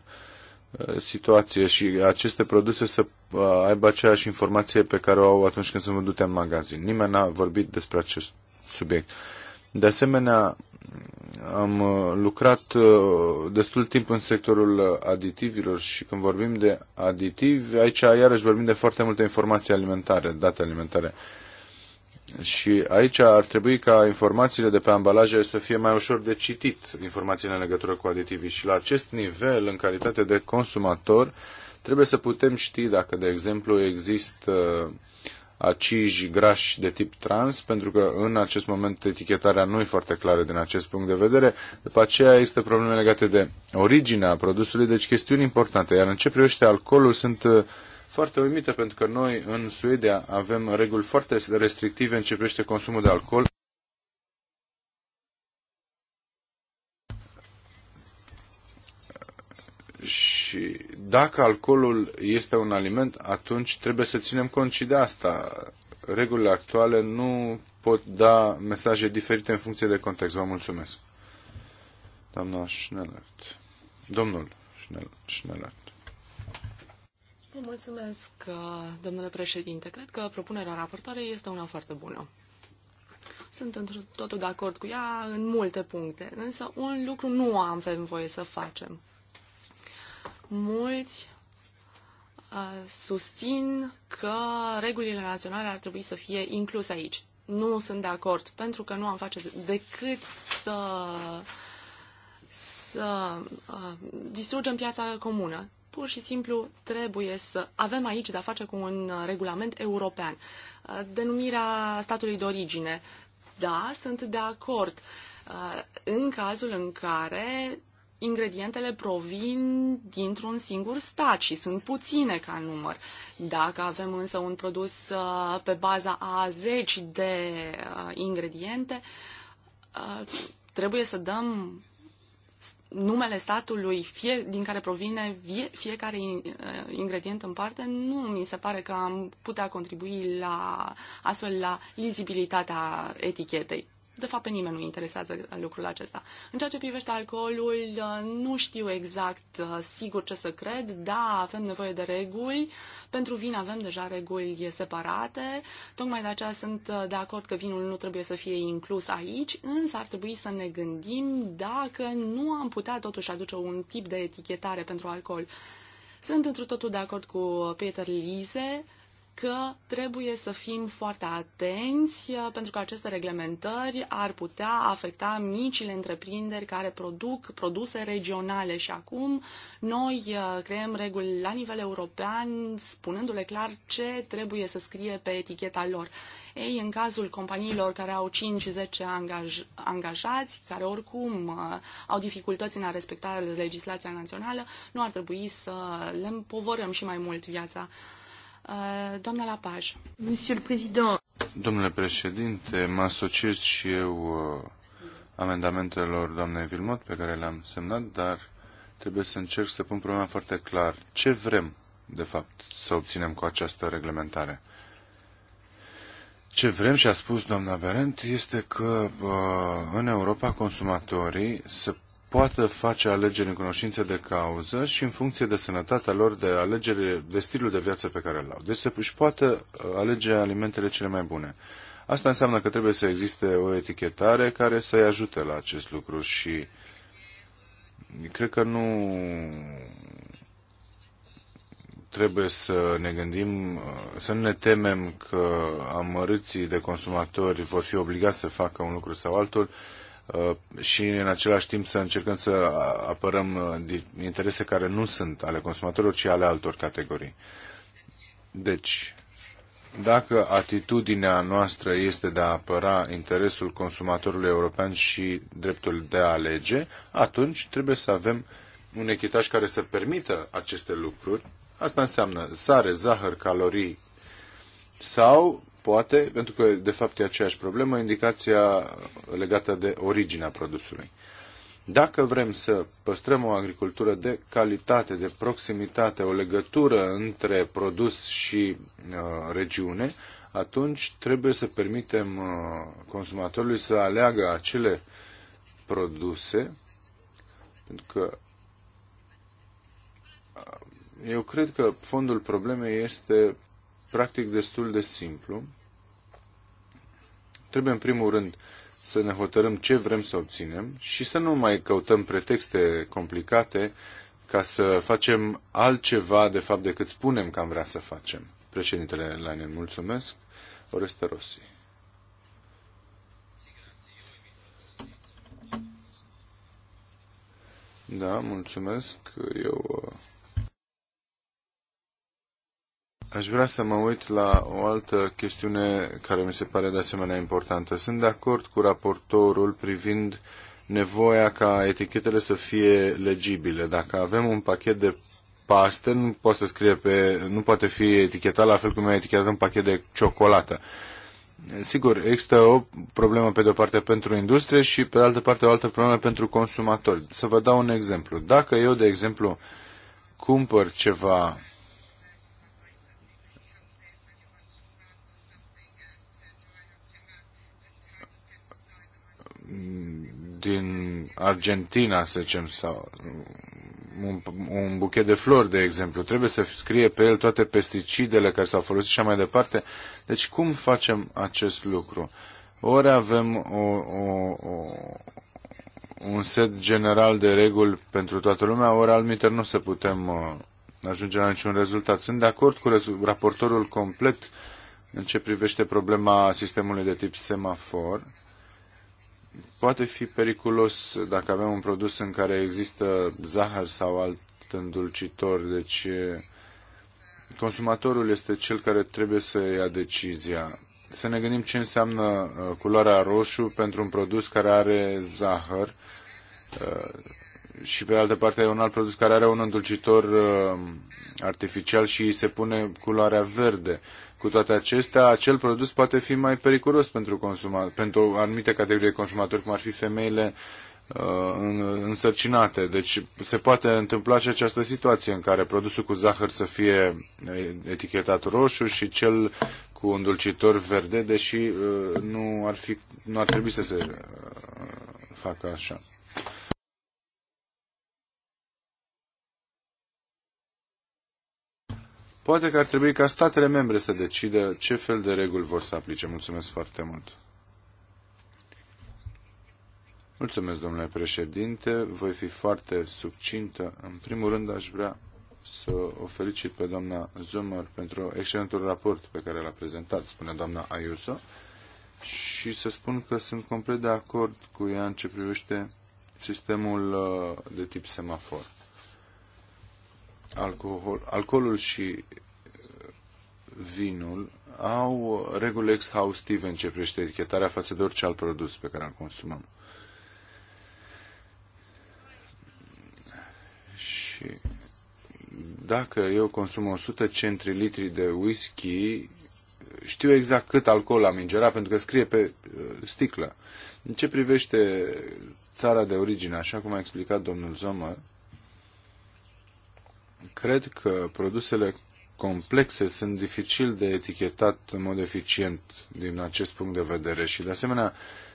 situație și aceste produse să uh, aibă aceeași informație pe care o au atunci când sunt vândute în magazin. Nimeni n-a vorbit despre acest subiect. De asemenea, am uh, lucrat destul timp în sectorul aditivilor și când vorbim de aditivi, aici iarăși vorbim de foarte multe informații alimentare, date alimentare. Și aici ar trebui ca informațiile de pe ambalaje să fie mai ușor de citit, informațiile în legătură cu aditivii. Și la acest nivel, în calitate de consumator, trebuie să putem ști dacă, de exemplu, există acizi grași de tip trans, pentru că în acest moment etichetarea nu e foarte clară din acest punct de vedere. După aceea există probleme legate de originea produsului, deci chestiuni importante. Iar în ce privește alcoolul, sunt foarte uimită pentru că noi în Suedia avem reguli foarte restrictive în ce privește consumul de alcool. Și dacă alcoolul este un aliment, atunci trebuie să ținem cont și de asta. Regulile actuale nu pot da mesaje diferite în funcție de context. Vă mulțumesc. Doamna Schnellert. Domnul Schnellert. Vă mulțumesc, uh, domnule președinte. Cred că propunerea raportoarei este una foarte bună. Sunt într totul de acord cu ea în multe puncte, însă un lucru nu am voie să facem. Mulți uh, susțin că regulile naționale ar trebui să fie incluse aici. Nu sunt de acord, pentru că nu am face decât să să uh, distrugem piața comună. Pur și simplu trebuie să avem aici de-a face cu un uh, regulament european. Uh, denumirea statului de origine. Da, sunt de acord. Uh, în cazul în care ingredientele provin dintr-un singur stat și sunt puține ca număr. Dacă avem însă un produs pe baza a zeci de ingrediente, trebuie să dăm numele statului fie din care provine fiecare uh, ingredient în parte, nu mi se pare că am putea contribui la, astfel la lizibilitatea etichetei. De fapt, pe nimeni nu interesează lucrul acesta. În ceea ce privește alcoolul, nu știu exact uh, sigur ce să cred. Da, avem nevoie de reguli. Pentru vin avem deja reguli separate. Tocmai de aceea sunt uh, de acord că vinul nu trebuie să fie inclus aici, însă ar trebui să ne gândim dacă nu am putea totuși aduce un tip de etichetare pentru alcool. Sunt într totul de acord cu Peter Lise că trebuie să fim foarte atenți uh, pentru că aceste reglementări ar putea afecta micile întreprinderi care produc produse regionale și acum noi uh, creăm reguli la nivel european spunându-le clar ce trebuie să scrie pe eticheta lor. Ei, în cazul companiilor care au 5-10 angaj, angajați, care oricum uh, au dificultăți în a respecta legislația națională, nu ar trebui să le împovărăm și mai mult viața uh, Eh, doamna Lapaj. Monsieur le Président. Domnule președinte, mă asociez și eu eh, amendamentelor doamnei Vilmot pe care le-am semnat, dar trebuie să încerc să pun problema foarte clar. Ce vrem, de fapt, să obținem cu această reglementare? Ce vrem și a spus doamna Berent este că eh, în Europa consumatorii să poată face alegeri în cunoștință de cauză și în funcție de sănătatea lor, de alegere, de stilul de viață pe care îl au. Deci se, își poată uh, alege alimentele cele mai bune. Asta înseamnă că trebuie să existe o etichetare care să-i ajute la acest lucru și cred că nu trebuie să ne gândim, uh, să nu ne temem că amărâții de consumatori vor fi obligați să facă un lucru sau altul, Uh, și în același timp să încercăm să apărăm uh, interese care nu sunt ale consumatorilor, ci ale altor categorii. Deci, dacă atitudinea noastră este de a apăra interesul consumatorului european și dreptul de a alege, atunci trebuie să avem un echitaj care să permită aceste lucruri. Asta înseamnă sare, zahăr, calorii sau poate, pentru că de fapt e aceeași problemă, indicația legată de originea produsului. Dacă vrem să păstrăm o agricultură de calitate, de proximitate, o legătură între produs și uh, regiune, atunci trebuie să permitem uh, consumatorului să aleagă acele produse, pentru că uh, eu cred că fondul problemei este practic destul de simplu. Trebuie în primul rând să ne hotărâm ce vrem să obținem și să nu mai căutăm pretexte complicate ca să facem altceva, de fapt, decât spunem că am vrea să facem. Președintele Lainen, mulțumesc. Oreste Rossi. Da, mulțumesc. Eu uh, Aș vrea să mă uit la o altă chestiune care mi se pare de asemenea importantă. Sunt de acord cu raportorul privind nevoia ca etichetele să fie legibile. Dacă avem un pachet de paste, nu poate să scrie pe, nu poate fi etichetat la fel cum e etichetat un pachet de ciocolată. Sigur, există o problemă pe de o parte pentru industrie și pe de altă parte o altă problemă pentru consumatori. Să vă dau un exemplu. Dacă eu, de exemplu, cumpăr ceva din Argentina, să zicem, sau un, un buchet de flori, de exemplu. Trebuie să scrie pe el toate pesticidele care s-au folosit și mai departe. Deci cum facem acest lucru? Ori avem o, o, o, un set general de reguli pentru toată lumea, ori almiter nu se putem uh, ajunge la niciun rezultat. Sunt de acord cu raportorul complet în ce privește problema sistemului de tip semafor poate fi periculos dacă avem un produs în care există zahăr sau alt îndulcitor. Deci consumatorul este cel care trebuie să ia decizia. Să ne gândim ce înseamnă uh, culoarea roșu pentru un produs care are zahăr uh, și pe de altă parte e un alt produs care are un îndulcitor uh, artificial și îi se pune culoarea verde. Cu toate acestea, acel produs poate fi mai periculos pentru, pentru anumite categorii de consumatori, cum ar fi femeile uh, însărcinate. Deci se poate întâmpla și această situație în care produsul cu zahăr să fie uh, etichetat roșu și cel cu îndulcitor verde, deși uh, nu ar, fi, nu ar trebui să se facă așa. Poate că ar trebui ca statele membre să decidă ce fel de reguli vor să aplice. Mulțumesc foarte mult. Mulțumesc, domnule președinte. Voi fi foarte succintă. În primul rând, aș vrea să o felicit pe doamna Zumăr pentru excelentul raport pe care l-a prezentat, spune doamna Ayuso, și să spun că sunt complet de acord cu ea în ce privește sistemul uh, de tip semafor alcohol, alcoolul și uh, vinul au reguli exhaustive în ce privește etichetarea față de orice alt produs pe care îl consumăm. Și dacă eu consum 100 centilitri de whisky, știu exact cât alcool am ingerat, pentru că scrie pe uh, sticlă. În ce privește țara de origine, așa cum a explicat domnul Zomăr, cred că produsele complexe sunt dificil de etichetat în mod eficient din acest punct de vedere și, de asemenea,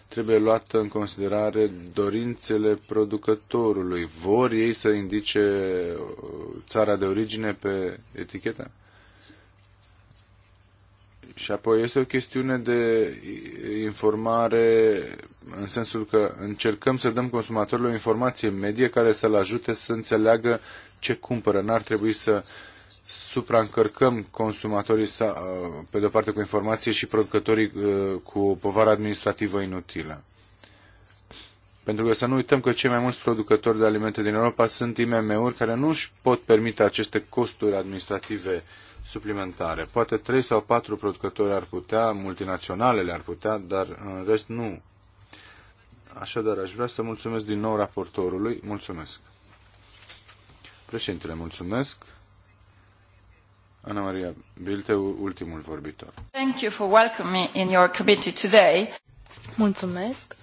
trebuie luată în considerare dorințele producătorului. Vor ei să indice uh, țara de origine pe etichetă? Și apoi este o chestiune de informare în sensul că încercăm să dăm consumatorilor informație medie care să-l ajute să înțeleagă ce cumpără. N-ar trebui să supraîncărcăm consumatorii să, uh, pe de-o parte cu informație și producătorii uh, cu o povară administrativă inutilă. Pentru că să nu uităm că cei mai mulți producători de alimente din Europa sunt IMM-uri care nu își pot permite aceste costuri administrative uh, suplimentare. Poate trei sau patru producători ar putea, multinaționalele ar putea, dar în rest nu. Așadar, aș vrea să mulțumesc din nou raportorului. Mulțumesc. Președintele, mulțumesc. Ana Maria Bilte, ultimul vorbitor. Thank you for welcoming me in your committee today. Mulțumesc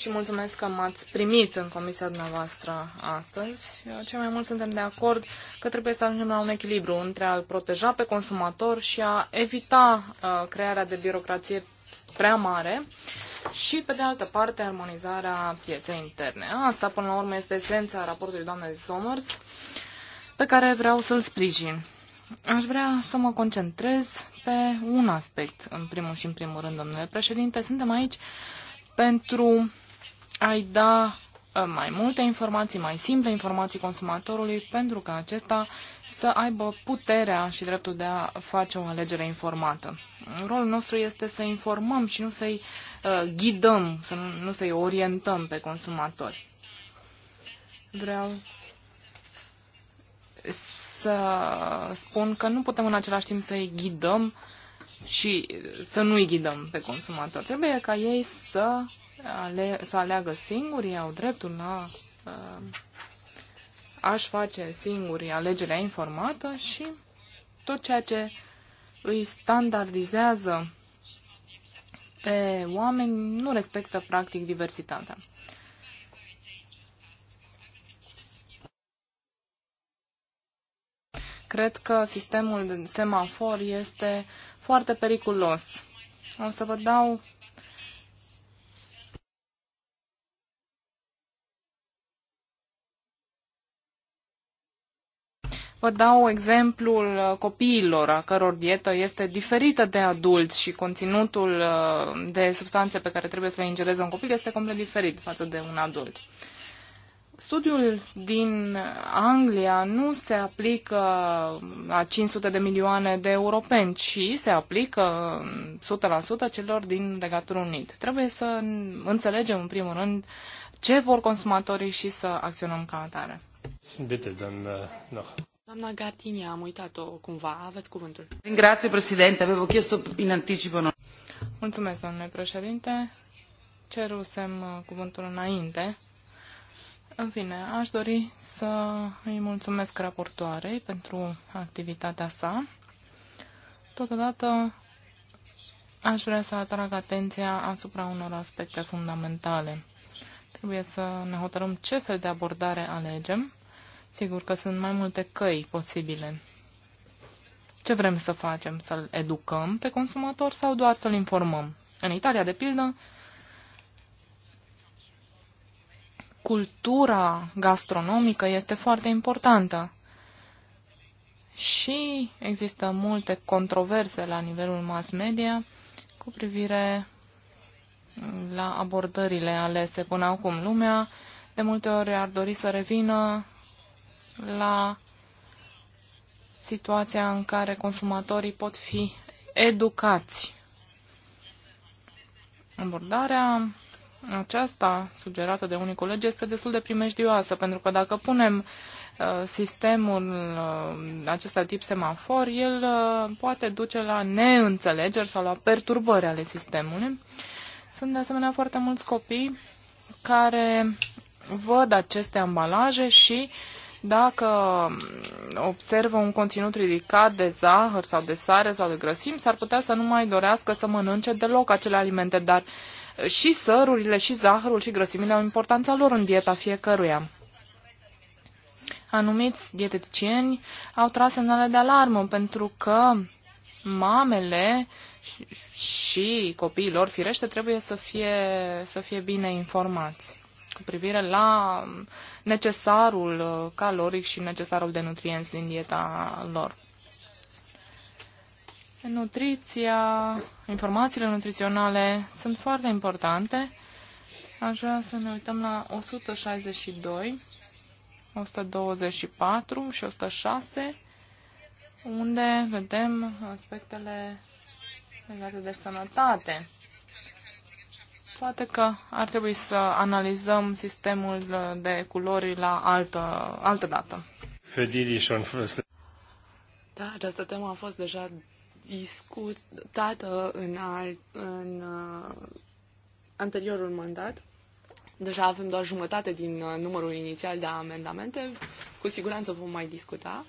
și mulțumesc că m-ați primit în comisia dumneavoastră astăzi. Cel mai mult suntem de acord că trebuie să ajungem la un echilibru între a-l proteja pe consumator și a evita uh, crearea de birocrație prea mare și, pe de altă parte, armonizarea pieței interne. Asta, până la urmă, este esența raportului doamnei Somers, pe care vreau să-l sprijin. Aș vrea să mă concentrez pe un aspect, în primul și în primul rând, domnule președinte. Suntem aici pentru ai da uh, mai multe informații, mai simple informații consumatorului pentru ca acesta să aibă puterea și dreptul de a face o alegere informată. Rolul nostru este să informăm și nu să-i uh, ghidăm, să nu, nu să-i orientăm pe consumatori. Vreau să spun că nu putem în același timp să-i ghidăm și să nu-i ghidăm pe consumator Trebuie ca ei să ale, să aleagă singuri, au dreptul la uh, aș face singuri alegerea informată și tot ceea ce îi standardizează pe oameni nu respectă practic diversitatea. Cred că sistemul de semafor este foarte periculos. O să vă dau Vă dau exemplul uh, copiilor, a căror dietă este diferită de adulți și conținutul uh, de substanțe pe care trebuie să le ingereze un copil este complet diferit față de un adult. Studiul din Anglia nu se aplică la 500 de milioane de europeni, ci se aplică 100% uh, celor din Regatul Unit. Trebuie să înțelegem, în primul rând, ce vor consumatorii și să acționăm ca atare. Bitte, dann, uh, noch. Doamna Gardini, am uitat-o cumva. Aveți cuvântul. Grazie, președinte. Avevo chiesto in anticipo. Mulțumesc, domnule președinte. Cerusem uh, cuvântul înainte. În fine, aș dori să îi mulțumesc raportoarei pentru activitatea sa. Totodată, aș vrea să atrag atenția asupra unor aspecte fundamentale. Trebuie să ne hotărâm ce fel de abordare alegem Sigur că sunt mai multe căi posibile. Ce vrem să facem? Să-l educăm pe consumator sau doar să-l informăm? În Italia, de pildă, cultura gastronomică este foarte importantă. Și există multe controverse la nivelul mass media cu privire la abordările alese până acum. Lumea de multe ori ar dori să revină la situația în care consumatorii pot fi educați. Abordarea aceasta sugerată de unii colegi este destul de primejdioasă, pentru că dacă punem uh, sistemul uh, acesta tip semafor, el uh, poate duce la neînțelegeri sau la perturbări ale sistemului. Sunt de asemenea foarte mulți copii care văd aceste ambalaje și uh, dacă observă un conținut ridicat de zahăr sau de sare sau de grăsimi, s-ar putea să nu mai dorească să mănânce deloc acele alimente, dar și sărurile, și zahărul, și grăsimile au importanța lor în dieta fiecăruia. Anumiți dieteticieni au tras semnale de alarmă pentru că mamele și, și copiilor, firește, trebuie să fie, să fie bine informați cu privire la necesarul caloric și necesarul de nutrienți din dieta lor. Nutriția, informațiile nutriționale sunt foarte importante. Aș vrea să ne uităm la 162, 124 și 106, unde vedem aspectele legate de sănătate. Poate că ar trebui să analizăm sistemul de culori la altă, altă dată. Da, această temă a fost deja discutată în, al, în uh, anteriorul mandat. Deja avem doar jumătate din uh, numărul inițial de amendamente. Cu siguranță vom mai discuta.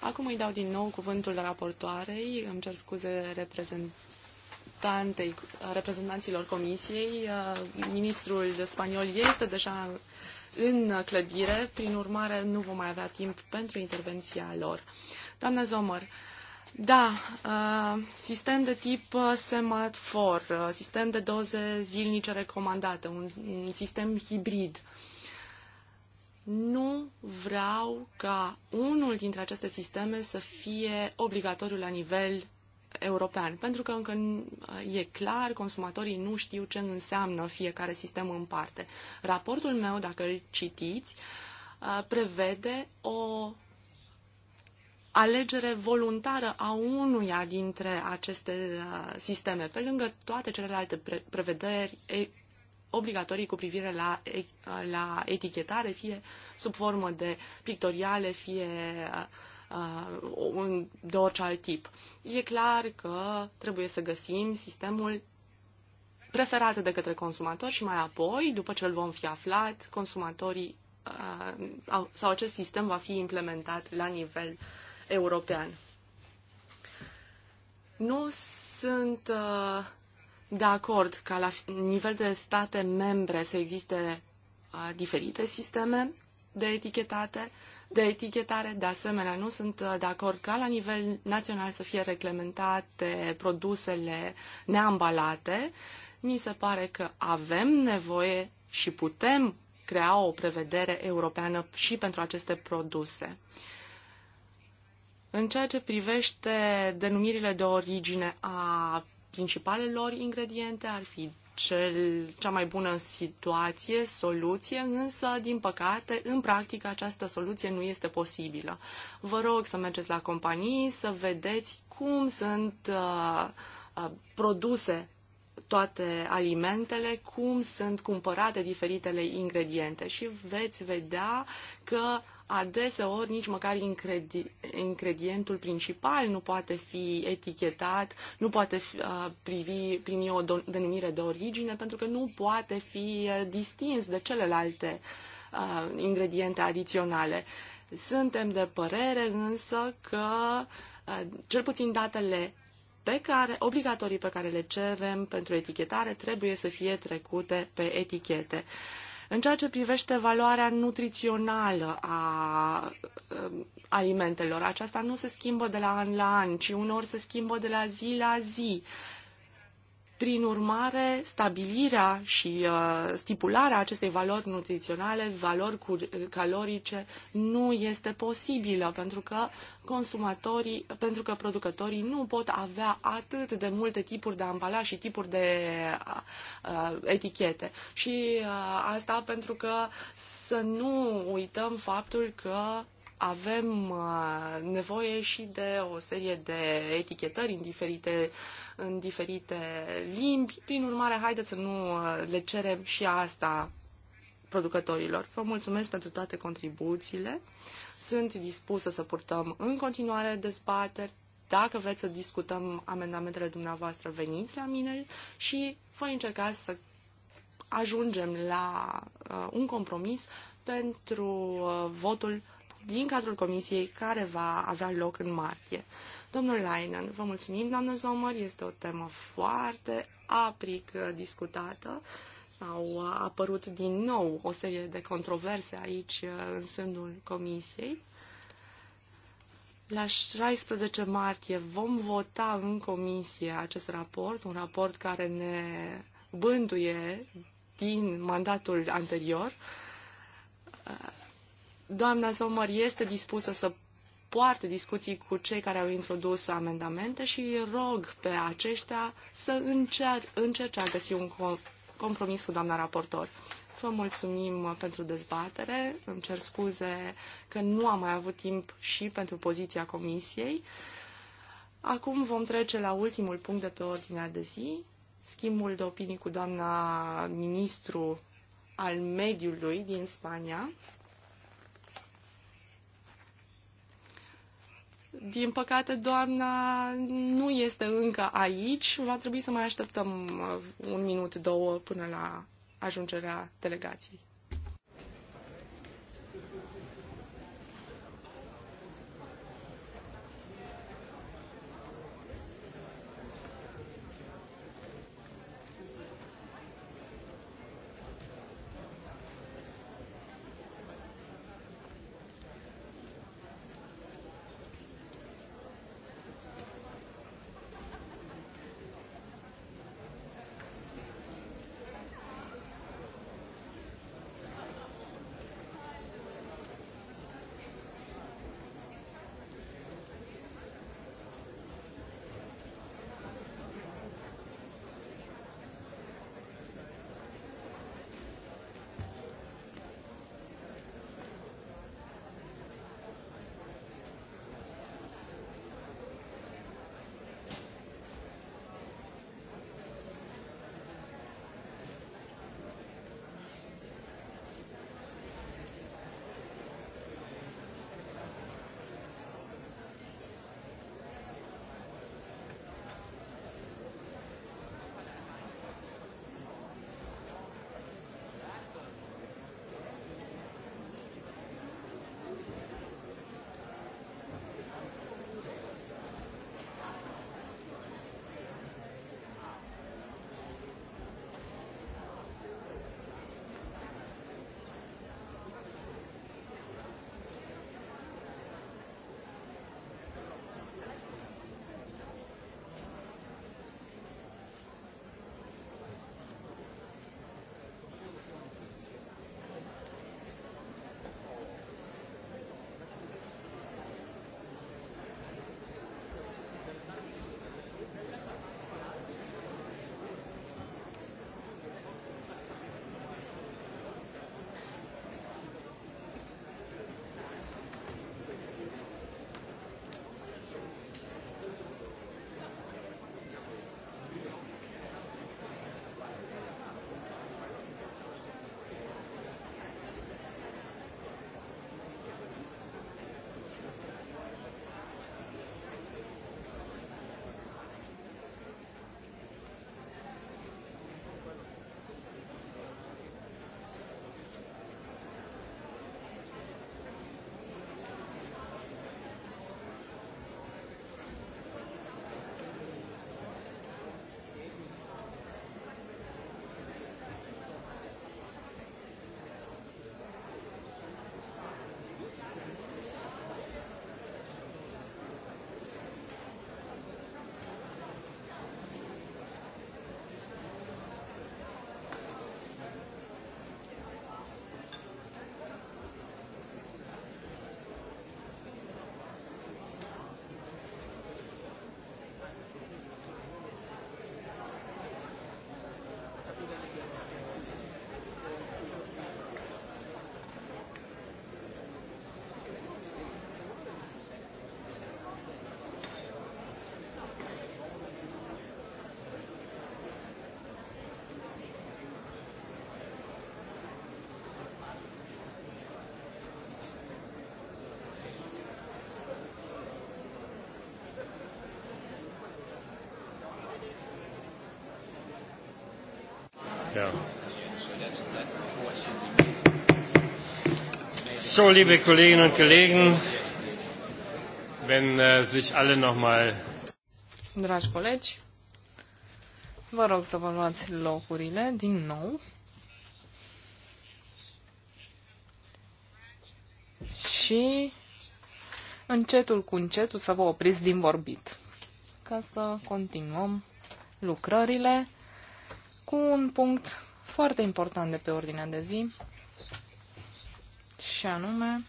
Acum îi dau din nou cuvântul raportoarei. Îmi cer scuze reprezent reprezentantei, reprezentanților comisiei. Uh, ministrul spaniol este deja în clădire, prin urmare nu vom mai avea timp pentru intervenția lor. Doamna Zomăr, da, uh, sistem de tip uh, semafor, sistem de doze zilnice recomandate, un sistem hibrid. Nu vreau ca unul dintre aceste sisteme să fie obligatoriu la nivel european, pentru că încă e clar, consumatorii nu știu ce înseamnă fiecare sistem în parte. Raportul meu, dacă îl citiți, uh, prevede o alegere voluntară a unuia dintre aceste uh, sisteme, pe lângă toate celelalte prevederi obligatorii cu privire la, uh, la etichetare, fie sub formă de pictoriale, fie uh, Uh, de orice alt tip. E clar că trebuie să găsim sistemul preferat de către consumator și mai apoi, după ce îl vom fi aflat, consumatorii uh, sau acest sistem va fi implementat la nivel european. Nu sunt uh, de acord ca la nivel de state membre să existe diferite sisteme de etichetate, de etichetare. De asemenea, nu sunt de acord ca la nivel național să fie reglementate produsele neambalate. Mi se pare că avem nevoie și putem crea o prevedere europeană și pentru aceste produse. În ceea ce privește denumirile de origine a principalelor ingrediente ar fi cel, cea mai bună situație, soluție, însă, din păcate, în practică, această soluție nu este posibilă. Vă rog să mergeți la companii, să vedeți cum sunt uh, uh, produse toate alimentele, cum sunt cumpărate diferitele ingrediente și veți vedea că adeseori nici măcar ingredientul principal nu poate fi etichetat, nu poate fi, uh, privi prin o denumire de origine, pentru că nu poate fi uh, distins de celelalte uh, ingrediente adiționale. Suntem de părere însă că uh, cel puțin datele pe care, obligatorii pe care le cerem pentru etichetare trebuie să fie trecute pe etichete. Uh, în ceea ce privește valoarea nutrițională a um, alimentelor, aceasta nu se schimbă de la an la an, ci uneori se schimbă de la zi la zi prin urmare, stabilirea și uh, stipularea acestei valori nutriționale, valori uh, calorice, nu este posibilă pentru că consumatorii, pentru că producătorii nu pot avea atât de multe tipuri de ambalaj și tipuri de uh, uh, etichete. Și uh, asta pentru că să nu uităm faptul că avem uh, nevoie și de o serie de etichetări în diferite, în diferite limbi. Prin urmare, haideți să nu uh, le cerem și asta producătorilor. Vă mulțumesc pentru toate contribuțiile. Sunt dispusă să purtăm în continuare dezbateri. Dacă vreți să discutăm amendamentele dumneavoastră, veniți la mine și voi încerca să ajungem la uh, un compromis pentru uh, votul din cadrul comisiei care va avea loc în martie. Domnul Leinen, vă mulțumim, doamnă Zomăr, este o temă foarte apric discutată. Au apărut din nou o serie de controverse aici în sânul comisiei. La 16 martie vom vota în comisie acest raport, un raport care ne bântuie din mandatul anterior doamna Sommer este dispusă să poartă discuții cu cei care au introdus amendamente și rog pe aceștia să încer- încerce a găsi un compromis cu doamna raportor. Vă mulțumim pentru dezbatere, îmi cer scuze că nu am mai avut timp și pentru poziția comisiei. Acum vom trece la ultimul punct de pe ordinea de zi, schimbul de opinii cu doamna ministru al mediului din Spania, Din păcate, doamna nu este încă aici. Va trebui să mai așteptăm uh, un minut, două, până la ajungerea delegației. So, liebe Kolleginnen und Kollegen, wenn äh, sich alle noch mal Dragi colegi, vă rog să vă luați locurile din nou. Și încetul cu încetul să vă opriți din vorbit. Ca să continuăm lucrările cu un punct foarte important de pe ordinea de zi, și anume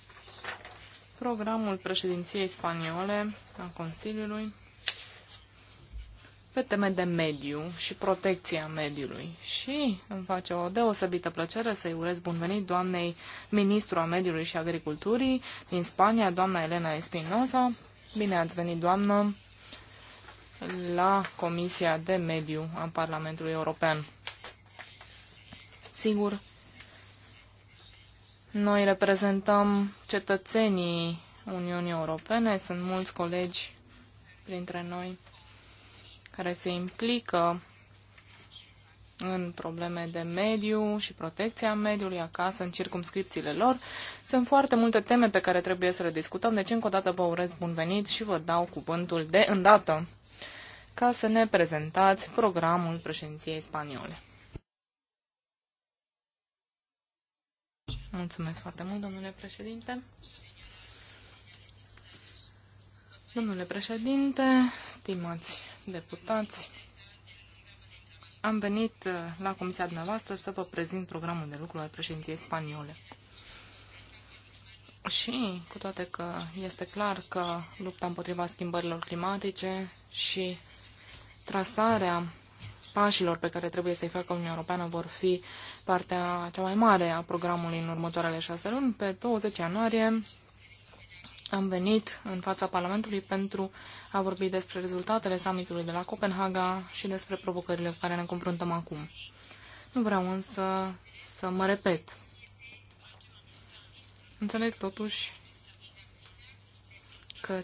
programul președinției spaniole a Consiliului pe teme de mediu și protecția mediului. Și îmi face o deosebită plăcere să-i urez bun venit doamnei ministru a mediului și agriculturii din Spania, doamna Elena Espinosa. Bine ați venit, doamnă! la Comisia de Mediu a Parlamentului European. Sigur, noi reprezentăm cetățenii Uniunii Europene, sunt mulți colegi printre noi care se implică în probleme de mediu și protecția mediului acasă, în circumscripțiile lor. Sunt foarte multe teme pe care trebuie să le discutăm, deci încă o dată vă urez bun venit și vă dau cuvântul de îndată ca să ne prezentați programul președinției spaniole. Mulțumesc foarte mult, domnule președinte. Domnule președinte, stimați deputați, am venit la comisia dumneavoastră să vă prezint programul de lucru al președinției spaniole. Și, cu toate că este clar că lupta împotriva schimbărilor climatice și trasarea pașilor pe care trebuie să-i facă Uniunea Europeană vor fi partea cea mai mare a programului în următoarele șase luni. Pe 20 ianuarie am venit în fața Parlamentului pentru a vorbi despre rezultatele summitului de la Copenhaga și despre provocările cu care ne confruntăm acum. Nu vreau însă să mă repet. Înțeleg totuși că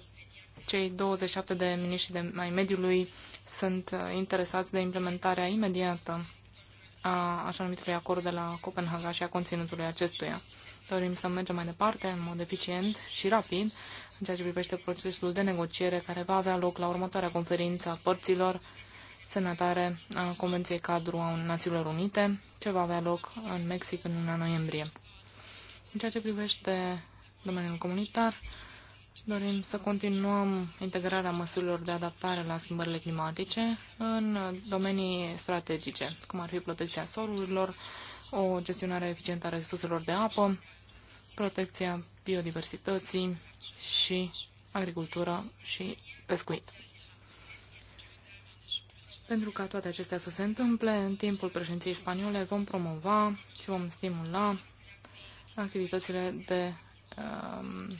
cei 27 de miniștri de mai mediului sunt uh, interesați de implementarea imediată a așa numitului acord de la Copenhaga și a conținutului acestuia. Dorim să mergem mai departe, în mod eficient și rapid, în ceea ce privește procesul de negociere care va avea loc la următoarea conferință a părților semnatare a Convenției Cadru a Națiunilor Unite, ce va avea loc în Mexic în luna noiembrie. În ceea ce privește domeniul comunitar, Dorim să continuăm integrarea măsurilor de adaptare la schimbările climatice în domenii strategice, cum ar fi protecția solurilor, o gestionare eficientă a resurselor de apă, protecția biodiversității și agricultură și pescuit. Pentru ca toate acestea să se întâmple, în timpul președinției spaniole vom promova și vom stimula activitățile de um,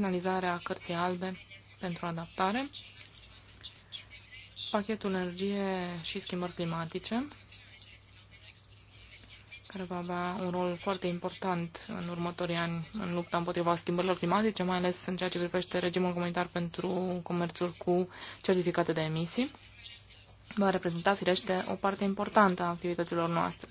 finalizarea cărții albe pentru adaptare, pachetul energie și schimbări climatice, care va avea un rol foarte important în următorii ani în lupta împotriva schimbărilor climatice, mai ales în ceea ce privește regimul comunitar pentru comerțul cu certificate de emisii. Va reprezenta, firește, o parte importantă a activităților noastre.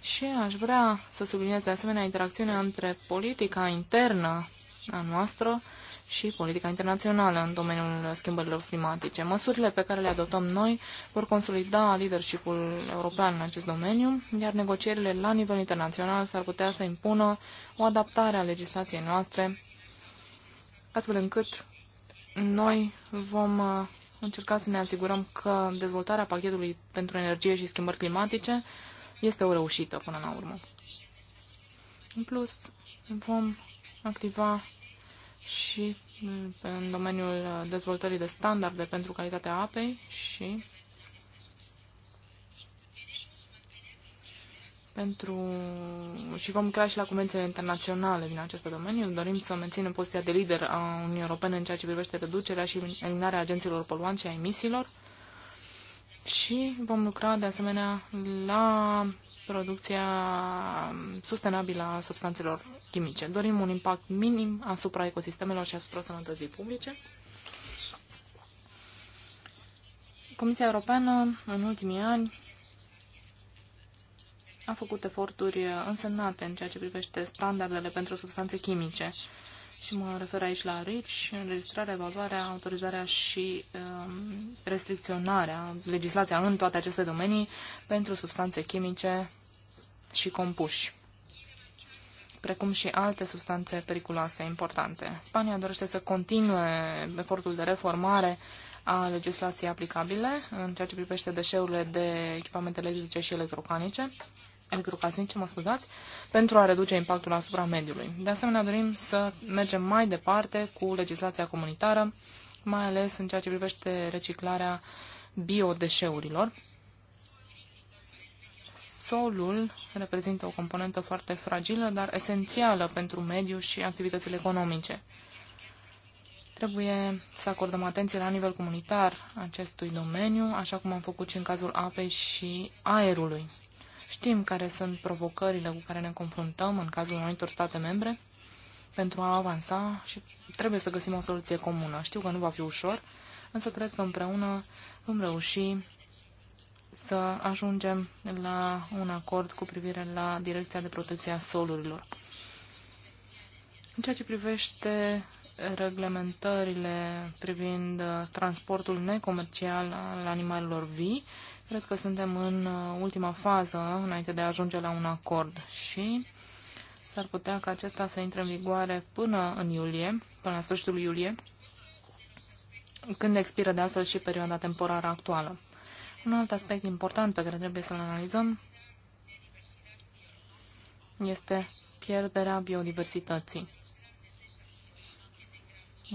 Și aș vrea să subliniez de asemenea interacțiunea între politica internă a noastră și politica internațională în domeniul schimbărilor climatice. Măsurile pe care le adoptăm noi vor consolida leadership-ul european în acest domeniu, iar negocierile la nivel internațional s-ar putea să impună o adaptare a legislației noastre, astfel încât noi vom uh, încerca să ne asigurăm că dezvoltarea pachetului pentru energie și schimbări climatice este o reușită până la urmă. În plus, vom activa și în domeniul dezvoltării de standarde pentru calitatea apei și pentru și vom crea și la convențiile internaționale din acest domeniu. Dorim să menținem poziția de lider a Uniunii Europene în ceea ce privește reducerea și eliminarea agenților poluanți și a emisiilor și vom lucra de asemenea la producția sustenabilă a substanțelor chimice. Dorim un impact minim asupra ecosistemelor și asupra sănătății publice. Comisia Europeană, în ultimii ani, a făcut eforturi însemnate în ceea ce privește standardele pentru substanțe chimice și mă refer aici la RICI, înregistrarea, evaluarea, autorizarea și um, restricționarea, legislația în toate aceste domenii pentru substanțe chimice și compuși precum și alte substanțe periculoase importante. Spania dorește să continue efortul de reformare a legislației aplicabile în ceea ce privește deșeurile de echipamente electrice și electrocanice electrocasnice, mă scuzați, pentru a reduce impactul asupra mediului. De asemenea, dorim să mergem mai departe cu legislația comunitară, mai ales în ceea ce privește reciclarea biodeșeurilor. Solul reprezintă o componentă foarte fragilă, dar esențială pentru mediu și activitățile economice. Trebuie să acordăm atenție la nivel comunitar acestui domeniu, așa cum am făcut și în cazul apei și aerului. Știm care sunt provocările cu care ne confruntăm în cazul anumitor state membre pentru a avansa și trebuie să găsim o soluție comună. Știu că nu va fi ușor, însă cred că împreună vom reuși să ajungem la un acord cu privire la direcția de protecție a solurilor. În ceea ce privește reglementările privind transportul necomercial al animalelor vii, Cred că suntem în uh, ultima fază înainte de a ajunge la un acord și s-ar putea ca acesta să intre în vigoare până în iulie, până la sfârșitul iulie, când expiră de altfel și perioada temporară actuală. Un alt aspect important pe care trebuie să-l analizăm este pierderea biodiversității.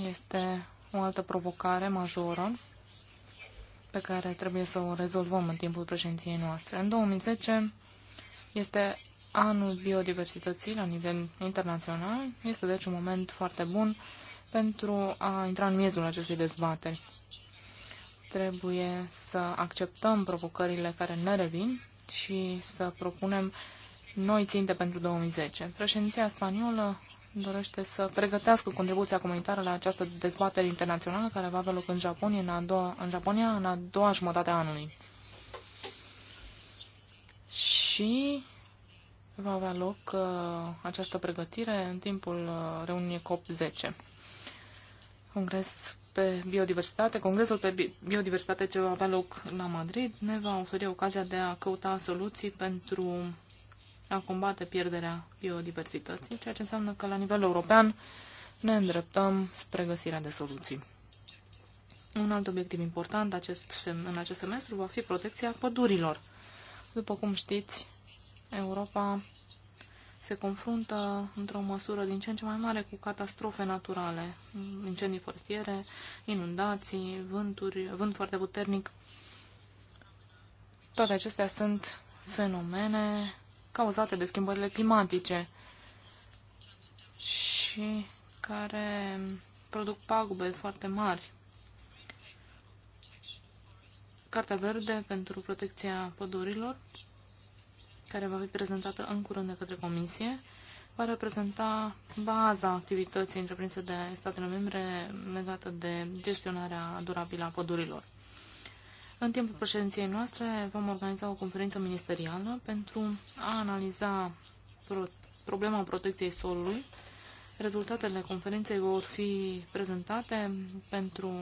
Este o altă provocare majoră pe care trebuie să o rezolvăm în timpul președinției noastre. În 2010 este anul biodiversității la nivel internațional. Este deci un moment foarte bun pentru a intra în miezul acestei dezbateri. Trebuie să acceptăm provocările care ne revin și să propunem noi ținte pentru 2010. Președinția spaniolă dorește să pregătească contribuția comunitară la această dezbatere internațională care va avea loc în Japonia în, a doua, în Japonia în a doua jumătate a anului. Și va avea loc uh, această pregătire în timpul uh, reuniunii COP10. Congres pe biodiversitate, Congresul pe biodiversitate ce va avea loc la Madrid ne va oferi ocazia de a căuta soluții pentru a combate pierderea biodiversității, ceea ce înseamnă că la nivel european ne îndreptăm spre găsirea de soluții. Un alt obiectiv important acest, în acest semestru va fi protecția pădurilor. După cum știți, Europa se confruntă într-o măsură din ce în ce mai mare cu catastrofe naturale, incendii forestiere, inundații, vânturi, vânt foarte puternic. Toate acestea sunt fenomene cauzate de schimbările climatice și care produc pagube foarte mari. Cartea verde pentru protecția pădurilor, care va fi prezentată în curând de către Comisie, va reprezenta baza activității întreprinse de statele membre legată de gestionarea durabilă a pădurilor. În timpul președinției noastre vom organiza o conferință ministerială pentru a analiza pro problema protecției solului. Rezultatele conferinței vor fi prezentate pentru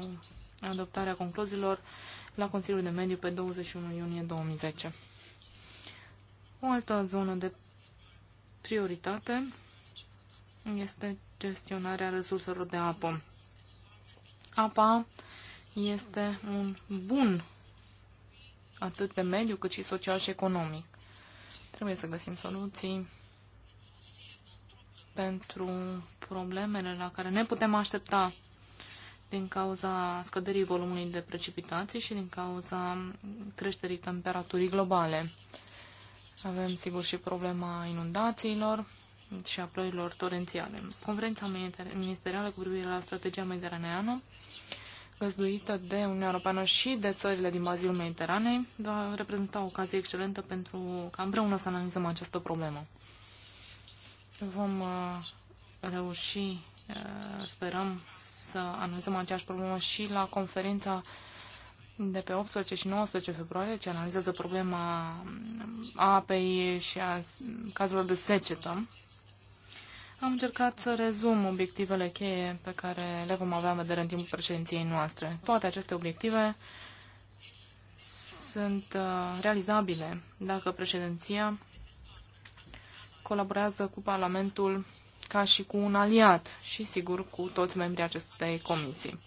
adoptarea concluziilor la Consiliul de Mediu pe 21 iunie 2010. O altă zonă de prioritate este gestionarea resurselor de apă. Apa este un bun atât de mediu cât și social și economic. Trebuie să găsim soluții pentru problemele la care ne putem aștepta din cauza scăderii volumului de precipitații și din cauza creșterii temperaturii globale. Avem, sigur, și problema inundațiilor și a plăilor torențiale. Conferința ministerială cu privire la strategia mediteraneană găzduită de Uniunea Europeană și de țările din bazilul Mediteranei va reprezenta o ocazie excelentă pentru ca împreună să analizăm această problemă. Vom uh, reuși, uh, sperăm, să analizăm aceeași problemă și la conferința de pe 18 și 19 februarie, ce analizează problema um, apei și a cazurilor de secetă am încercat să rezum obiectivele cheie pe care le vom avea în vedere în timpul președinției noastre. Toate aceste obiective sunt uh, realizabile dacă președinția colaborează cu Parlamentul ca și cu un aliat și, sigur, cu toți membrii acestei comisii.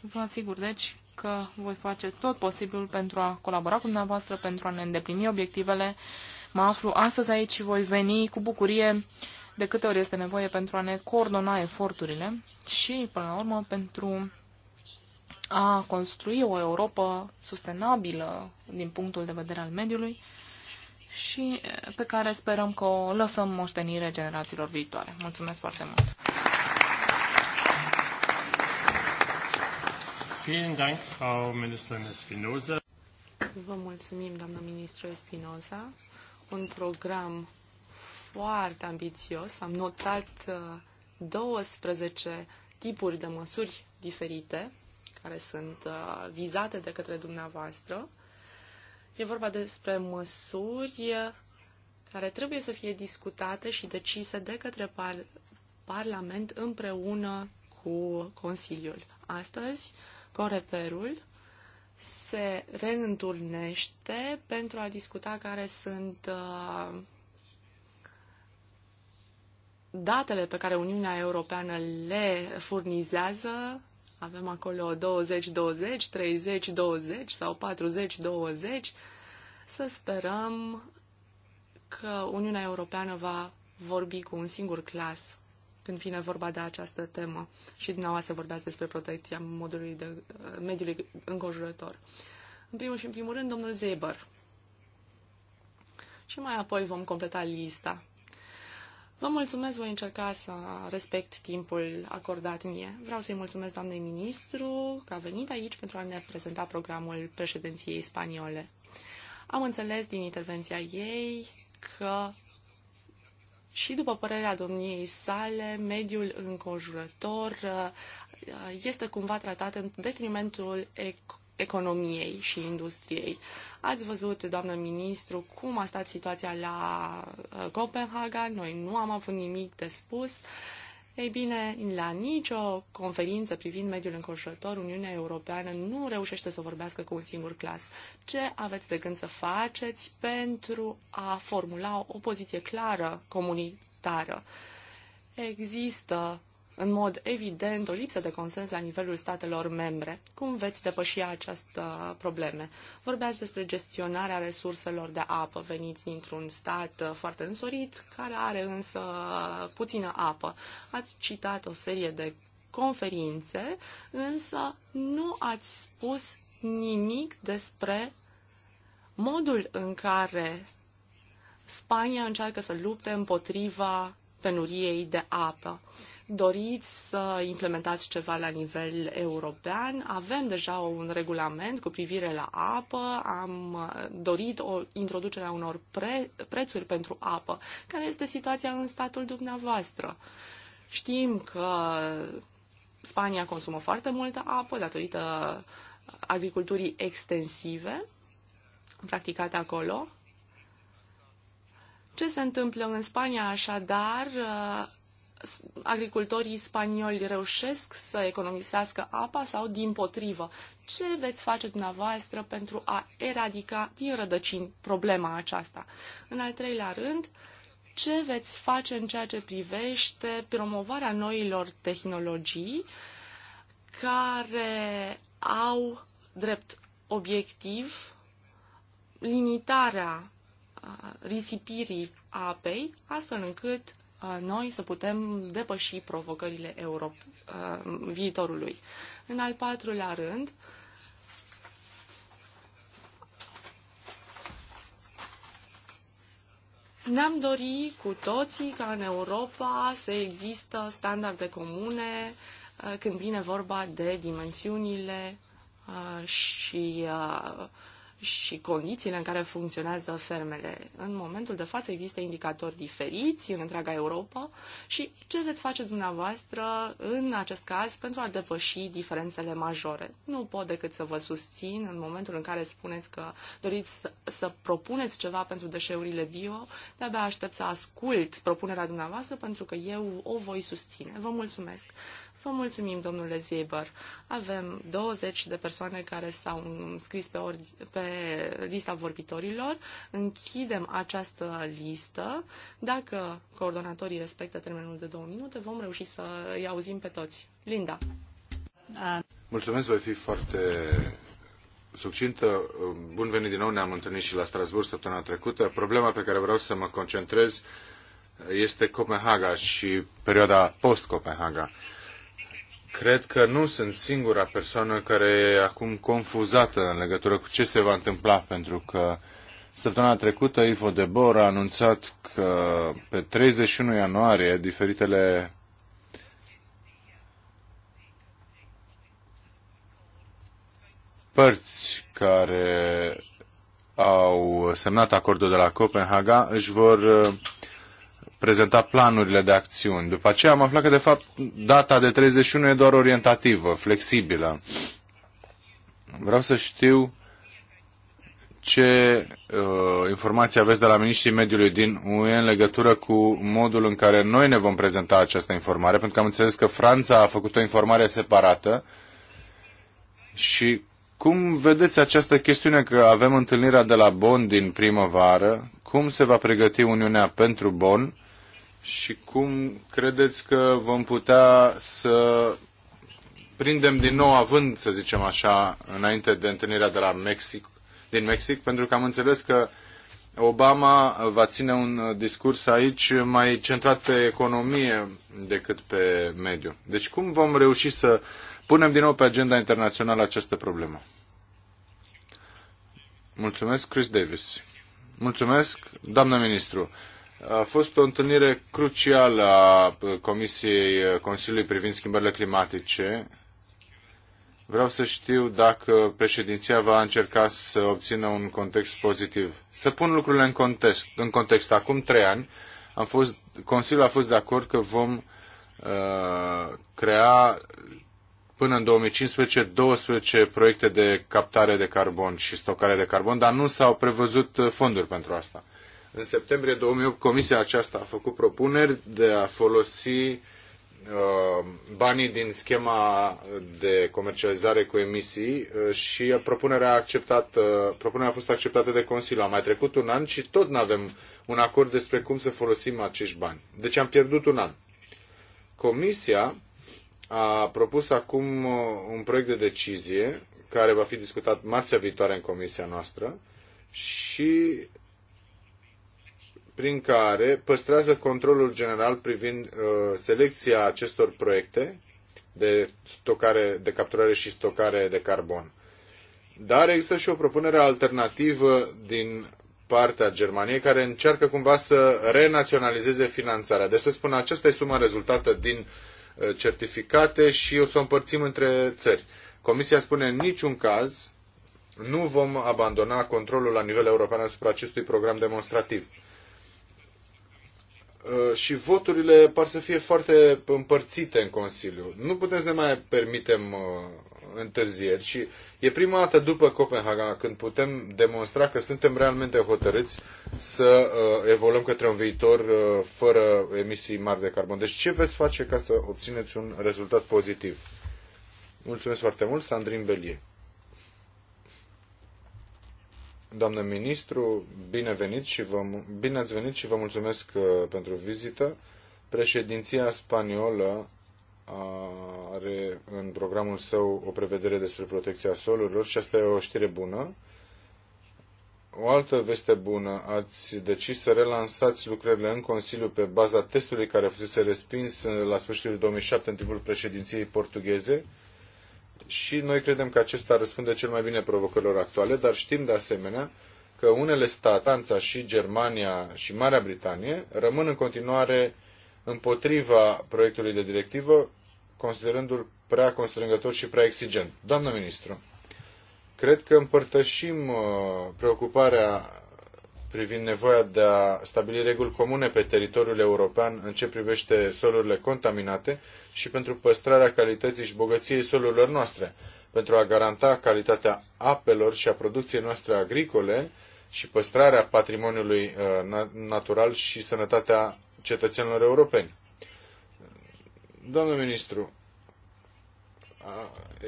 Vă asigur, deci, că voi face tot posibilul pentru a colabora cu dumneavoastră, pentru a ne îndeplini obiectivele. Mă aflu astăzi aici și voi veni cu bucurie de câte ori este nevoie pentru a ne coordona eforturile și, până la urmă, pentru a construi o Europa sustenabilă din punctul de vedere al mediului și pe care sperăm că o lăsăm moștenire generațiilor viitoare. Mulțumesc foarte mult! Vă mulțumim, doamnă ministru Espinoza. Un program foarte ambițios. Am notat 12 uh, tipuri de măsuri diferite care sunt uh, vizate de către dumneavoastră. E vorba despre măsuri uh, care trebuie să fie discutate și decise de către par Parlament împreună cu Consiliul. Astăzi, Coreperul se reînturnește pentru a discuta care sunt uh, datele pe care Uniunea Europeană le furnizează, avem acolo 20-20, 30-20 sau 40-20, să sperăm că Uniunea Europeană va vorbi cu un singur clas când vine vorba de această temă și din nou se vorbeați despre protecția modului de, mediului înconjurător. În primul și în primul rând, domnul Zeber. Și mai apoi vom completa lista. Vă mulțumesc, voi încerca să respect timpul acordat mie. Vreau să-i mulțumesc doamnei ministru că a venit aici pentru a ne prezenta programul președinției spaniole. Am înțeles din intervenția ei că și după părerea domniei sale, mediul înconjurător uh, este cumva tratat în detrimentul ec- economiei și industriei. Ați văzut, doamnă ministru, cum a stat situația la uh, Copenhaga. Noi nu am avut nimic de spus. Ei bine, la nicio conferință privind mediul înconjurător, Uniunea Europeană nu reușește să vorbească cu un singur clas. Ce aveți de gând să faceți pentru a formula o poziție clară comunitară? Există în mod evident o lipsă de consens la nivelul statelor membre. Cum veți depăși această probleme? Vorbeați despre gestionarea resurselor de apă. Veniți dintr-un stat foarte însorit, care are însă puțină apă. Ați citat o serie de conferințe, însă nu ați spus nimic despre modul în care Spania încearcă să lupte împotriva penuriei de apă doriți să implementați ceva la nivel european. Avem deja un regulament cu privire la apă, am uh, dorit o introducere a unor pre- prețuri pentru apă. Care este situația în statul dumneavoastră? Știm că Spania consumă foarte multă apă datorită agriculturii extensive practicate acolo. Ce se întâmplă în Spania așadar uh, agricultorii spanioli reușesc să economisească apa sau din potrivă? Ce veți face dumneavoastră pentru a eradica din rădăcini problema aceasta? În al treilea rând, ce veți face în ceea ce privește promovarea noilor tehnologii care au drept obiectiv limitarea risipirii apei, astfel încât noi să putem depăși provocările Europe, uh, viitorului. În al patrulea rând, ne-am dorit cu toții ca în Europa să există standarde comune uh, când vine vorba de dimensiunile uh, și și condițiile în care funcționează fermele. În momentul de față există indicatori diferiți în întreaga Europa și ce veți face dumneavoastră în acest caz pentru a depăși diferențele majore? Nu pot decât să vă susțin în momentul în care spuneți că doriți să, propuneți ceva pentru deșeurile bio, de-abia aștept să ascult propunerea dumneavoastră pentru că eu o voi susține. Vă mulțumesc! Vă mulțumim, domnule Zieber. Avem 20 de persoane care s-au înscris pe, ori, pe lista vorbitorilor. Închidem această listă. Dacă coordonatorii respectă termenul de două minute, vom reuși să îi auzim pe toți. Linda. Mulțumesc, voi fi foarte succintă. Bun venit din nou, ne-am întâlnit și la Strasbourg săptămâna trecută. Problema pe care vreau să mă concentrez este Copenhaga și perioada post-Copenhaga. Cred că nu sunt singura persoană care e acum confuzată în legătură cu ce se va întâmpla, pentru că săptămâna trecută Ivo Debor a anunțat că pe 31 ianuarie diferitele părți care au semnat acordul de la Copenhaga își vor prezenta planurile de acțiuni. După aceea am aflat că, de fapt, data de 31 e doar orientativă, flexibilă. Vreau să știu ce uh, informații aveți de la Ministrii Mediului din UE în legătură cu modul în care noi ne vom prezenta această informare, pentru că am înțeles că Franța a făcut o informare separată și cum vedeți această chestiune că avem întâlnirea de la Bonn din primăvară? Cum se va pregăti Uniunea pentru Bonn? și cum credeți că vom putea să prindem din nou având, să zicem așa, înainte de întâlnirea de la Mexic, din Mexic, pentru că am înțeles că Obama va ține un discurs aici mai centrat pe economie decât pe mediu. Deci cum vom reuși să punem din nou pe agenda internațională această problemă? Mulțumesc, Chris Davis. Mulțumesc, doamnă ministru. A fost o întâlnire crucială a uh, Comisiei uh, Consiliului privind schimbările climatice. Vreau să știu dacă președinția va încerca să obțină un context pozitiv. Să pun lucrurile în context. În context. Acum trei ani, am fost, Consiliul a fost de acord că vom uh, crea până în 2015 12 proiecte de captare de carbon și stocare de carbon, dar nu s-au prevăzut uh, fonduri pentru asta. În septembrie 2008, comisia aceasta a făcut propuneri de a folosi uh, banii din schema de comercializare cu emisii uh, și propunerea, acceptat, uh, propunerea a fost acceptată de Consiliu. A mai trecut un an și tot nu avem un acord despre cum să folosim acești bani. Deci am pierdut un an. Comisia a propus acum un proiect de decizie care va fi discutat marțea viitoare în comisia noastră și prin care păstrează controlul general privind uh, selecția acestor proiecte de, stocare, de capturare și stocare de carbon. Dar există și o propunere alternativă din partea Germaniei care încearcă cumva să renaționalizeze finanțarea. Deci să spun, aceasta e suma rezultată din uh, certificate și o să o împărțim între țări. Comisia spune în niciun caz nu vom abandona controlul la nivel european asupra acestui program demonstrativ. Uh, și voturile par să fie foarte împărțite în Consiliu. Nu putem să ne mai permitem uh, întârzieri și e prima dată după Copenhaga când putem demonstra că suntem realmente hotărâți să uh, evoluăm către un viitor fără emisii mari de carbon. Deci ce veți face ca să obțineți un rezultat pozitiv? Mulțumesc foarte mult, Sandrin Belie. Doamnă ministru, bine, venit și vă, bine ați venit și vă mulțumesc uh, pentru vizită. Președinția spaniolă are în programul său o prevedere despre protecția solurilor și asta e o știre bună. O altă veste bună, ați decis să relansați lucrările în Consiliu pe baza testului care fusese respins la sfârșitul 2007 în timpul președinției portugheze și noi credem că acesta răspunde cel mai bine provocărilor actuale, dar știm de asemenea că unele state, Franța și Germania și Marea Britanie, rămân în continuare împotriva proiectului de directivă, considerându-l prea constrângător și prea exigent. Doamnă ministru, cred că împărtășim uh, preocuparea privind nevoia de a stabili reguli comune pe teritoriul european în ce privește solurile contaminate și pentru păstrarea calității și bogăției solurilor noastre, pentru a garanta calitatea apelor și a producției noastre agricole și păstrarea patrimoniului uh, natural și sănătatea cetățenilor europeni. Domnul ministru,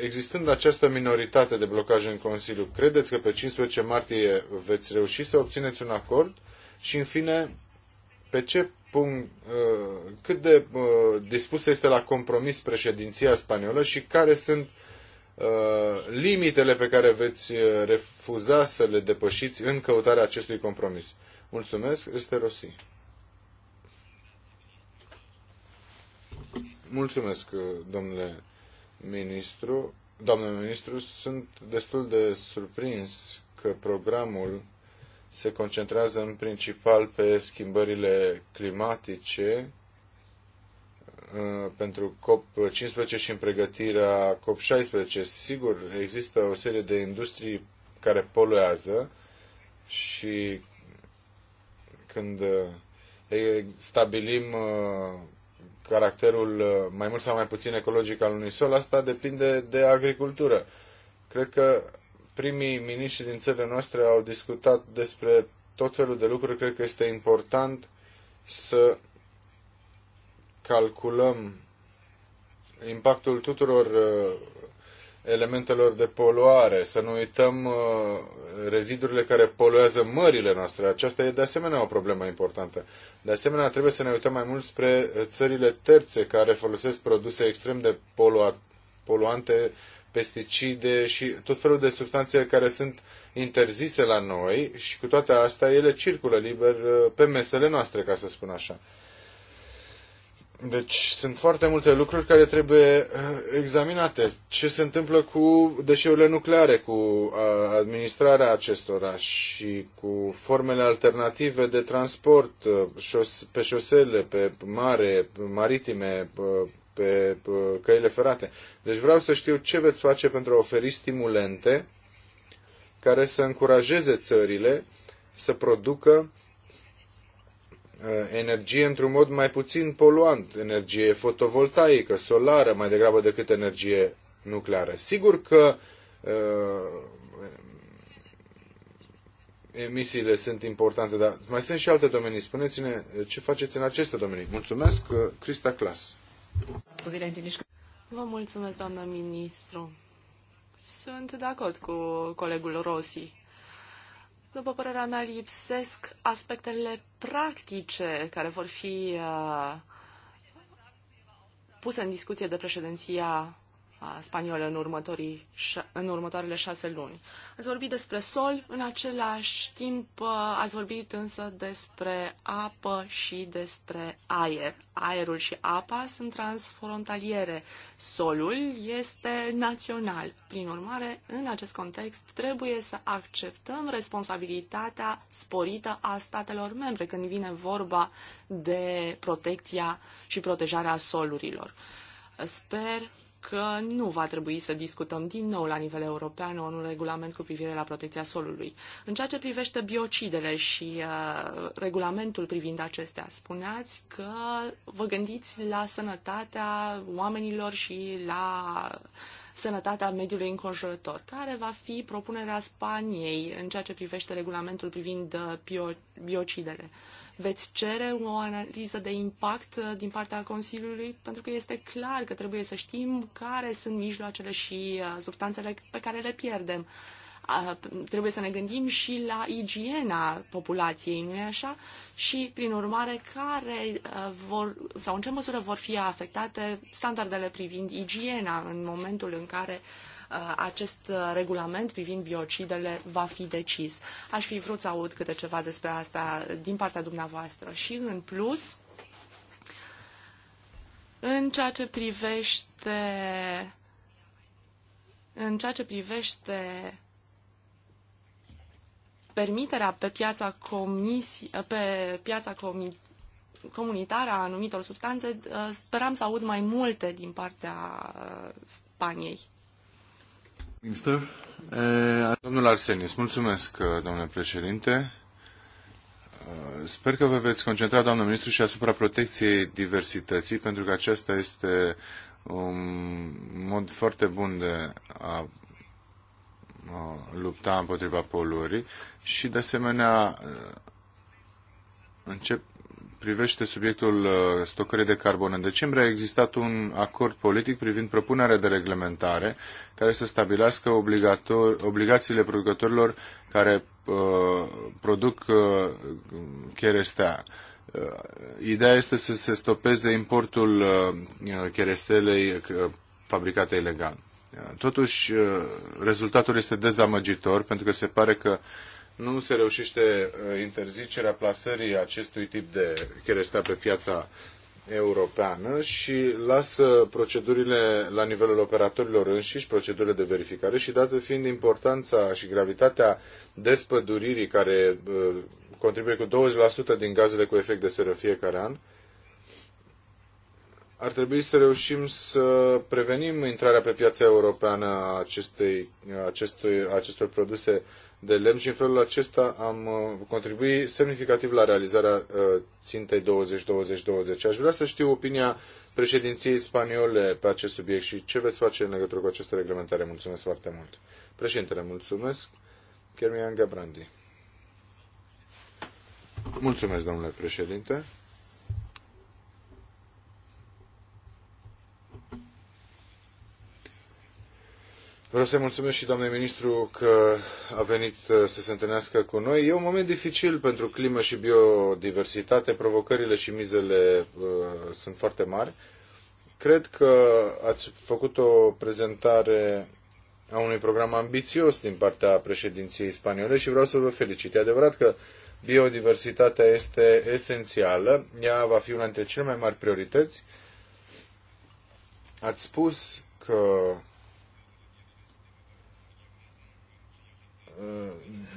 existând această minoritate de blocaj în Consiliu, credeți că pe 15 martie veți reuși să obțineți un acord? Și, în fine, pe ce punct, uh, cât de uh, dispusă este la compromis președinția spaniolă și care sunt uh, limitele pe care veți refuza să le depășiți în căutarea acestui compromis? Mulțumesc, este Rossi. Mulțumesc, domnule ministru, doamnă ministru, sunt destul de surprins că programul se concentrează în principal pe schimbările climatice uh, pentru COP15 și în pregătirea COP16. Sigur, există o serie de industrii care poluează și când uh, stabilim uh, caracterul uh, mai mult sau mai puțin ecologic al unui sol, asta depinde de agricultură. Cred că primii miniștri din țările noastre au discutat despre tot felul de lucruri. Cred că este important să calculăm impactul tuturor uh, elementelor de poluare, să nu uităm uh, rezidurile care poluează mările noastre. Aceasta e de asemenea o problemă importantă. De asemenea, trebuie să ne uităm mai mult spre uh, țările terțe care folosesc produse extrem de poluante, pesticide și tot felul de substanțe care sunt interzise la noi și cu toate astea ele circulă liber uh, pe mesele noastre, ca să spun așa. Deci sunt foarte multe lucruri care trebuie eh, examinate. Ce se întâmplă cu deșeurile nucleare, cu eh, administrarea acestora și cu formele alternative de transport eh, pe șosele, pe mare, maritime, pe căile ferate. Deci vreau să știu ce veți face pentru a oferi stimulente care să încurajeze țările să producă Uh, energie într-un mod mai puțin poluant, energie fotovoltaică, solară, mai degrabă decât energie nucleară. Sigur că uh, emisiile sunt importante, dar mai sunt și alte domenii. Spuneți-ne uh, ce faceți în aceste domenii. Mulțumesc, uh, Crista Clas. Vă mulțumesc, doamnă ministru. Sunt de acord cu colegul Rossi după părerea mea, lipsesc aspectele practice care vor fi uh, puse în discuție de președinția spaniolă în, următorii, în următoarele șase luni. Ați vorbit despre sol, în același timp uh, ați vorbit însă despre apă și despre aer. Aerul și apa sunt transfrontaliere. Solul este național. Prin urmare, în acest context, trebuie să acceptăm responsabilitatea sporită a statelor membre când vine vorba de protecția și protejarea solurilor. Sper că nu va trebui să discutăm din nou la nivel european un regulament cu privire la protecția solului. În ceea ce privește biocidele și uh, regulamentul privind acestea, spuneați că vă gândiți la sănătatea oamenilor și la sănătatea mediului înconjurător. Care va fi propunerea Spaniei în ceea ce privește regulamentul privind uh, bio- biocidele? Uh, Veți cere o analiză de impact uh, din partea Consiliului? Pentru că este clar că trebuie să știm care sunt mijloacele și uh, substanțele pe care le pierdem. Uh, trebuie să ne gândim și la igiena populației, nu-i așa? Și, prin urmare, care vor, sau în ce măsură vor fi afectate standardele privind igiena în momentul în care uh, Uh, acest uh, regulament privind biocidele va fi decis. Aș fi vrut să aud câte ceva despre asta din partea dumneavoastră. Și în plus, în ceea ce privește în ceea ce privește permiterea pe piața, comisi, pe piața comi, comunitară a anumitor substanțe, uh, speram să aud mai multe din partea Spaniei. Eh, Domnul Arsenis, mulțumesc, eh, domnule președinte. Eh, sper că vă veți concentra, doamnă ministru, și asupra protecției diversității, pentru că aceasta este un mod foarte bun de a lupta împotriva poluării și, de asemenea, încep privește subiectul uh, stocării de carbon. În decembrie a existat un acord politic privind propunerea de reglementare care să stabilească obligațiile producătorilor care uh, produc uh, cherestea. Uh, ideea este să se stopeze importul uh, cherestelei uh, fabricate ilegal. Totuși, uh, rezultatul este dezamăgitor pentru că se pare că uh, nu se reușește uh, interzicerea plasării acestui tip de cherestea pe piața europeană și lasă procedurile la nivelul operatorilor înșiși, procedurile de verificare și dată fiind importanța și gravitatea despăduririi care uh, contribuie cu 20% din gazele cu efect de seră fiecare an, ar trebui să reușim să prevenim intrarea pe piața europeană a acestui acestui, acestor produse de lemn și în felul acesta am uh, contribuit semnificativ la realizarea uh, țintei 20-20-20. Aș vrea să știu opinia președinției spaniole pe acest subiect și ce veți face în legătură cu această reglementare. Mulțumesc foarte mult. Președintele, mulțumesc. Kermian Gabrandi. Mulțumesc, domnule președinte. Vreau să-i mulțumesc și doamnei ministru că a venit uh, să se întâlnească cu noi. E un moment dificil pentru climă și biodiversitate, provocările și mizele uh, sunt foarte mari. Cred că ați făcut o prezentare a unui program ambițios din partea președinției spaniole și vreau să vă felicit. E adevărat că biodiversitatea este esențială, ea va fi una dintre cele mai mari priorități. Ați spus că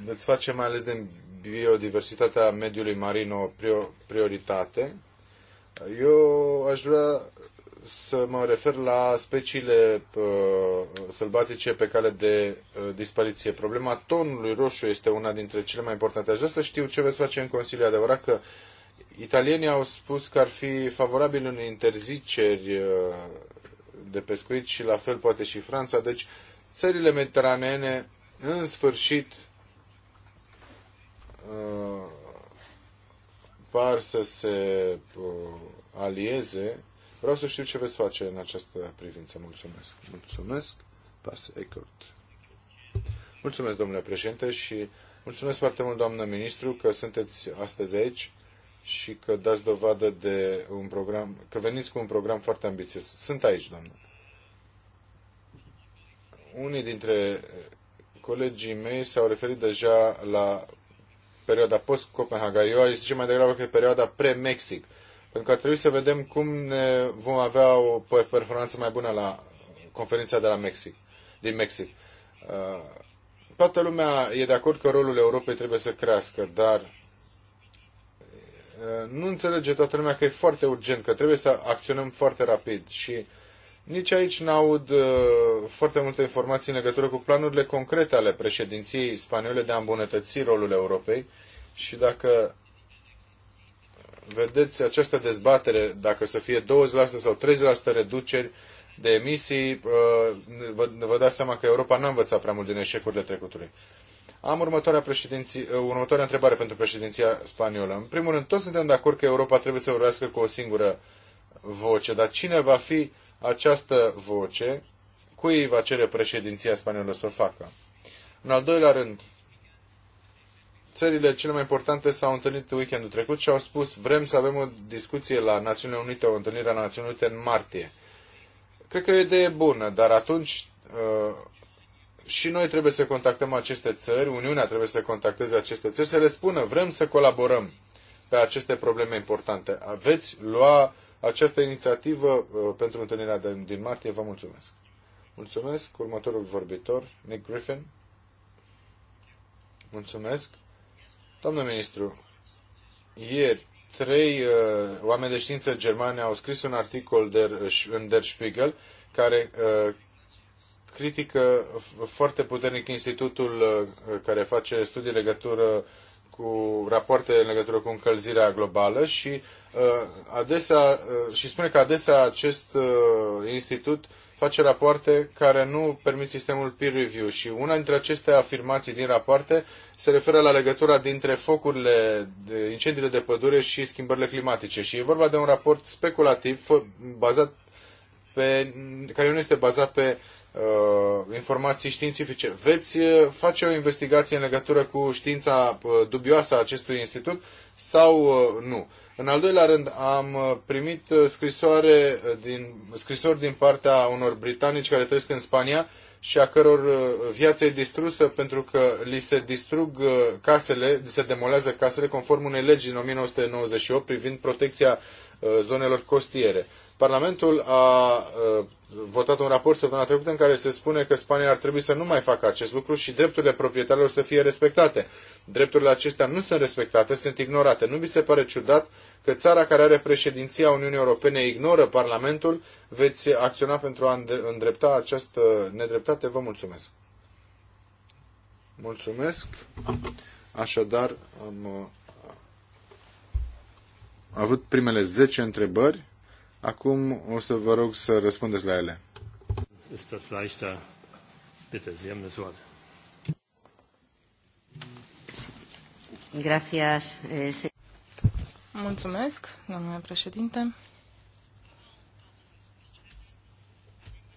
veți uh, face mai ales din biodiversitatea mediului marin o prioritate. Eu aș vrea să mă refer la speciile uh, sălbatice pe cale de uh, dispariție. Problema tonului roșu este una dintre cele mai importante. Aș vrea să știu ce veți face în Consiliu. Adevărat că italienii au spus că ar fi favorabil în interziceri de pescuit și la fel poate și Franța. Deci țările mediteraneene în sfârșit, uh, par să se uh, alieze. Vreau să știu ce veți face în această privință. Mulțumesc. Mulțumesc. Pas Ecort. Mulțumesc, domnule președinte, și mulțumesc foarte mult, doamnă ministru, că sunteți astăzi aici și că dați dovadă de un program, că veniți cu un program foarte ambițios. Sunt aici, doamnă. Unii dintre Colegii mei s-au referit deja la perioada post-Copenhaga. Eu aș zice mai degrabă că e perioada pre-Mexic. Pentru că ar trebui să vedem cum ne vom avea o performanță mai bună la conferința de la Mexic, din Mexic. Uh, toată lumea e de acord că rolul Europei trebuie să crească, dar uh, nu înțelege toată lumea că e foarte urgent, că trebuie să acționăm foarte rapid și nici aici n-aud uh, foarte multe informații în legătură cu planurile concrete ale președinției spaniole de a îmbunătăți rolul Europei și dacă vedeți această dezbatere, dacă să fie 20% sau 30% reduceri de emisii, uh, vă, vă dați seama că Europa n-a învățat prea mult din eșecurile trecutului. Am următoarea, uh, următoarea întrebare pentru președinția spaniolă. În primul rând, toți suntem de acord că Europa trebuie să vorbească cu o singură voce, dar cine va fi uh, această voce cui va cere președinția spaniolă să o facă. În al doilea rând, țările cele mai importante s-au întâlnit weekendul trecut și au spus vrem să avem o discuție la Națiunile Unite, o întâlnire a Națiunilor Unite în martie. Cred că e o idee bună, dar atunci uh, și noi trebuie să contactăm aceste țări, Uniunea trebuie să contacteze aceste țări, să le spună vrem să colaborăm pe aceste probleme importante. Aveți, lua această inițiativă uh, pentru întâlnirea din martie. Vă mulțumesc! Mulțumesc! Următorul vorbitor, Nick Griffin. Mulțumesc! Domnul ministru, ieri trei uh, oameni de știință germani au scris un articol der, în Der Spiegel care uh, critică foarte puternic institutul uh, care face studii legătură cu rapoarte în legătură cu încălzirea globală și uh, adesea uh, și spune că adesea acest uh, institut face rapoarte care nu permit sistemul peer review și una dintre aceste afirmații din rapoarte se referă la legătura dintre focurile, de, incendiile de pădure și schimbările climatice și e vorba de un raport speculativ bazat pe, care nu este bazat pe Uh, informații științifice. Veți uh, face o investigație în legătură cu știința uh, dubioasă a acestui institut sau nu? În al doilea rând, am primit scrisoare din, scrisori din partea unor britanici care trăiesc în Spania și a căror viață e distrusă pentru că li se distrug casele, li se demolează casele conform unei legi din 1998 privind protecția zonelor costiere. Parlamentul a votat un raport săptămâna trecută în care se spune că Spania ar trebui să nu mai facă acest lucru și drepturile proprietarilor să fie respectate. Drepturile acestea nu sunt respectate, sunt ignorate. Nu vi se pare ciudat că țara care are președinția Uniunii Europene ignoră Parlamentul? Veți acționa pentru a îndrepta această nedreptate? Vă mulțumesc. Mulțumesc. Așadar, am uh, avut primele 10 întrebări. Acum o să vă rog să răspundeți la ele. Eh, Mulțumesc, domnule președinte.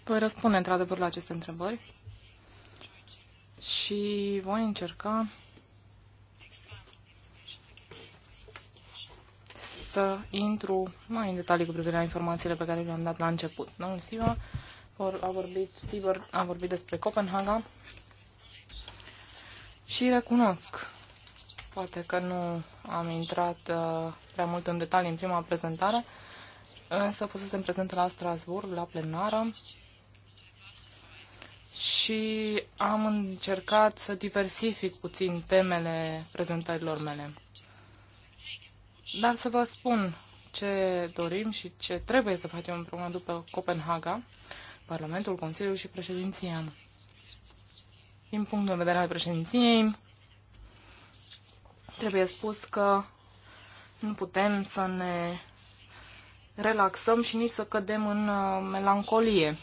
Voi răspunde într-adevăr la aceste întrebări și voi încerca să intru mai în detalii cu privire la informațiile pe care le-am dat la început. Domnul Siva a vorbit, Siva a vorbit despre Copenhaga și recunosc, poate că nu am intrat uh, prea mult în detalii în prima prezentare, însă fusesem prezent la Strasburg, la plenară, și am încercat să diversific puțin temele prezentărilor mele. Dar să vă spun ce dorim și ce trebuie să facem împreună după Copenhaga, Parlamentul, Consiliul și președinția. Din punctul de vedere al președinției, trebuie spus că nu putem să ne relaxăm și nici să cădem în uh, melancolie.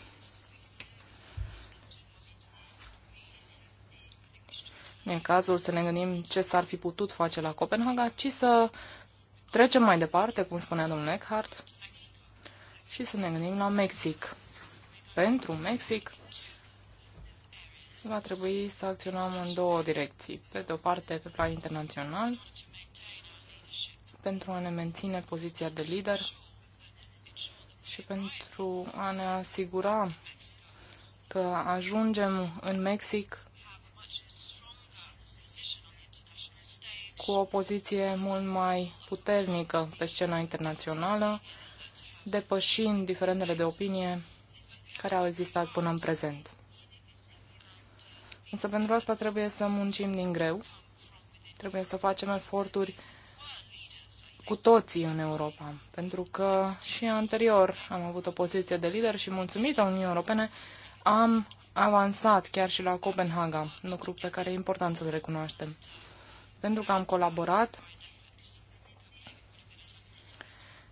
Nu e cazul să ne gândim ce s-ar fi putut face la Copenhaga, ci să trecem mai departe, cum spunea domnul Eckhart, și să ne gândim la Mexic. Pentru Mexic va trebui să acționăm în două direcții. Pe de o parte, pe plan internațional, pentru a ne menține poziția de lider și pentru a ne asigura că ajungem în Mexic cu o poziție mult mai puternică pe scena internațională, depășind diferendele de opinie care au existat până în prezent. Însă pentru asta trebuie să muncim din greu, trebuie să facem eforturi cu toții în Europa, pentru că și anterior am avut o poziție de lider și mulțumită Uniunii Europene am avansat chiar și la Copenhaga, lucru pe care e important să-l recunoaștem pentru că am colaborat.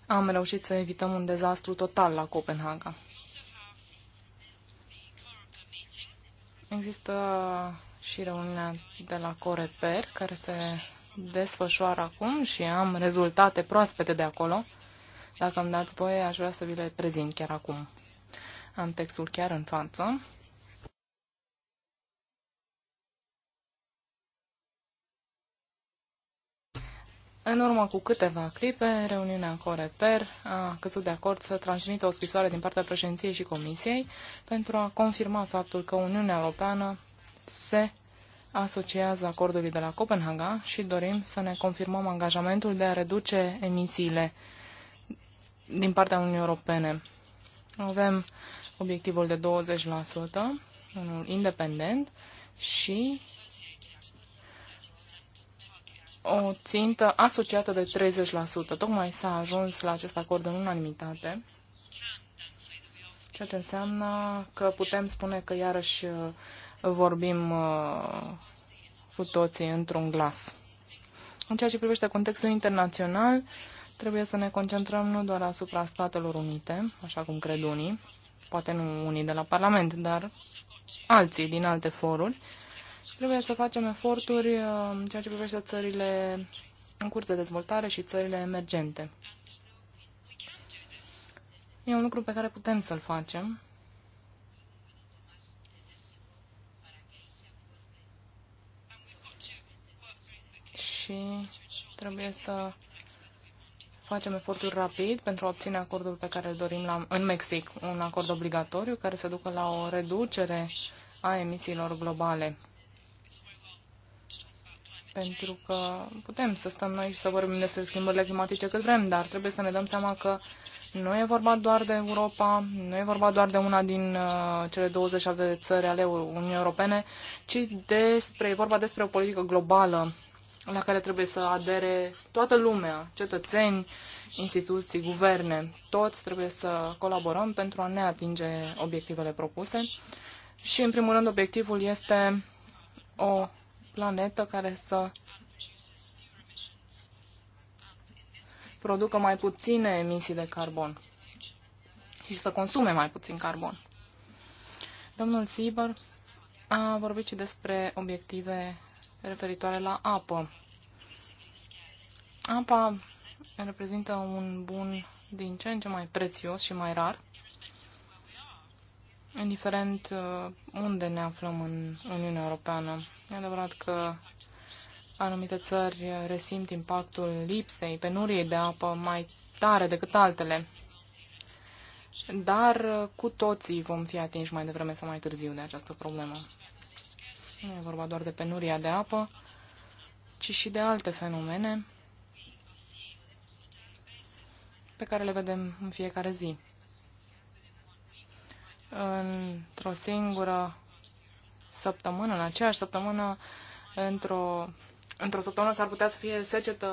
Am reușit să evităm un dezastru total la Copenhaga. Există și reuniunea de la Coreper, care se desfășoară acum și am rezultate proaspete de acolo. Dacă îmi dați voie, aș vrea să vi le prezint chiar acum. Am textul chiar în față. În urmă cu câteva clipe, reuniunea Coreper a căzut de acord să transmită o scrisoare din partea președinției și comisiei pentru a confirma faptul că Uniunea Europeană se asociază acordului de la Copenhaga și dorim să ne confirmăm angajamentul de a reduce emisiile din partea Uniunii Europene. Avem obiectivul de 20%, unul independent și o țintă asociată de 30%. Tocmai s-a ajuns la acest acord în unanimitate, ceea ce înseamnă că putem spune că iarăși uh, vorbim uh, cu toții într-un glas. În ceea ce privește contextul internațional, trebuie să ne concentrăm nu doar asupra Statelor Unite, așa cum cred unii, poate nu unii de la Parlament, dar alții din alte foruri, Trebuie să facem eforturi uh, în ceea ce privește țările în curs de dezvoltare și țările emergente. E un lucru pe care putem să-l facem. Și trebuie să facem efortul rapid pentru a obține acordul pe care îl dorim la, în Mexic, un acord obligatoriu care să ducă la o reducere a emisiilor globale pentru că putem să stăm noi și să vorbim despre schimbările climatice cât vrem, dar trebuie să ne dăm seama că nu e vorba doar de Europa, nu e vorba doar de una din uh, cele 27 de țări ale Uniunii Europene, ci despre, e vorba despre o politică globală la care trebuie să adere toată lumea, cetățeni, instituții, guverne. Toți trebuie să colaborăm pentru a ne atinge obiectivele propuse. Și, în primul rând, obiectivul este o planetă care să producă mai puține emisii de carbon și să consume mai puțin carbon. Domnul Sieber a vorbit și despre obiective referitoare la apă. Apa reprezintă un bun din ce în ce mai prețios și mai rar indiferent uh, unde ne aflăm în Uniunea Europeană. E adevărat că anumite țări resimt impactul lipsei, penuriei de apă mai tare decât altele. Dar uh, cu toții vom fi atinși mai devreme sau mai târziu de această problemă. Nu e vorba doar de penuria de apă, ci și de alte fenomene pe care le vedem în fiecare zi într-o singură săptămână, în aceeași săptămână, într-o într săptămână s-ar putea să fie secetă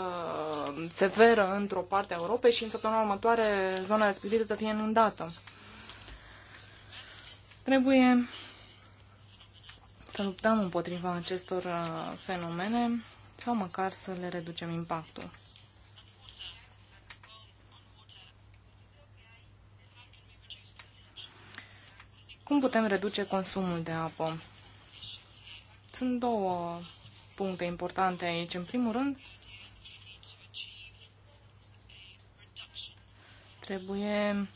severă într-o parte a Europei și în săptămâna următoare zona respectivă să fie inundată. Trebuie să luptăm împotriva acestor uh, fenomene sau măcar să le reducem impactul. Cum putem reduce consumul de apă? Sunt două puncte importante aici. În primul rând, trebuie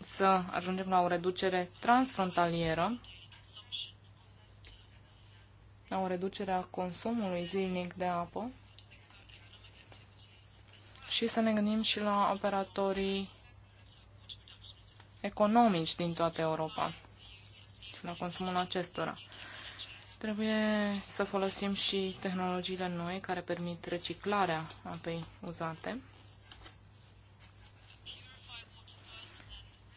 să ajungem la o reducere transfrontalieră, la o reducere a consumului zilnic de apă și să ne gândim și la operatorii economici din toată Europa la consumul acestora. Trebuie să folosim și tehnologiile noi care permit reciclarea apei uzate.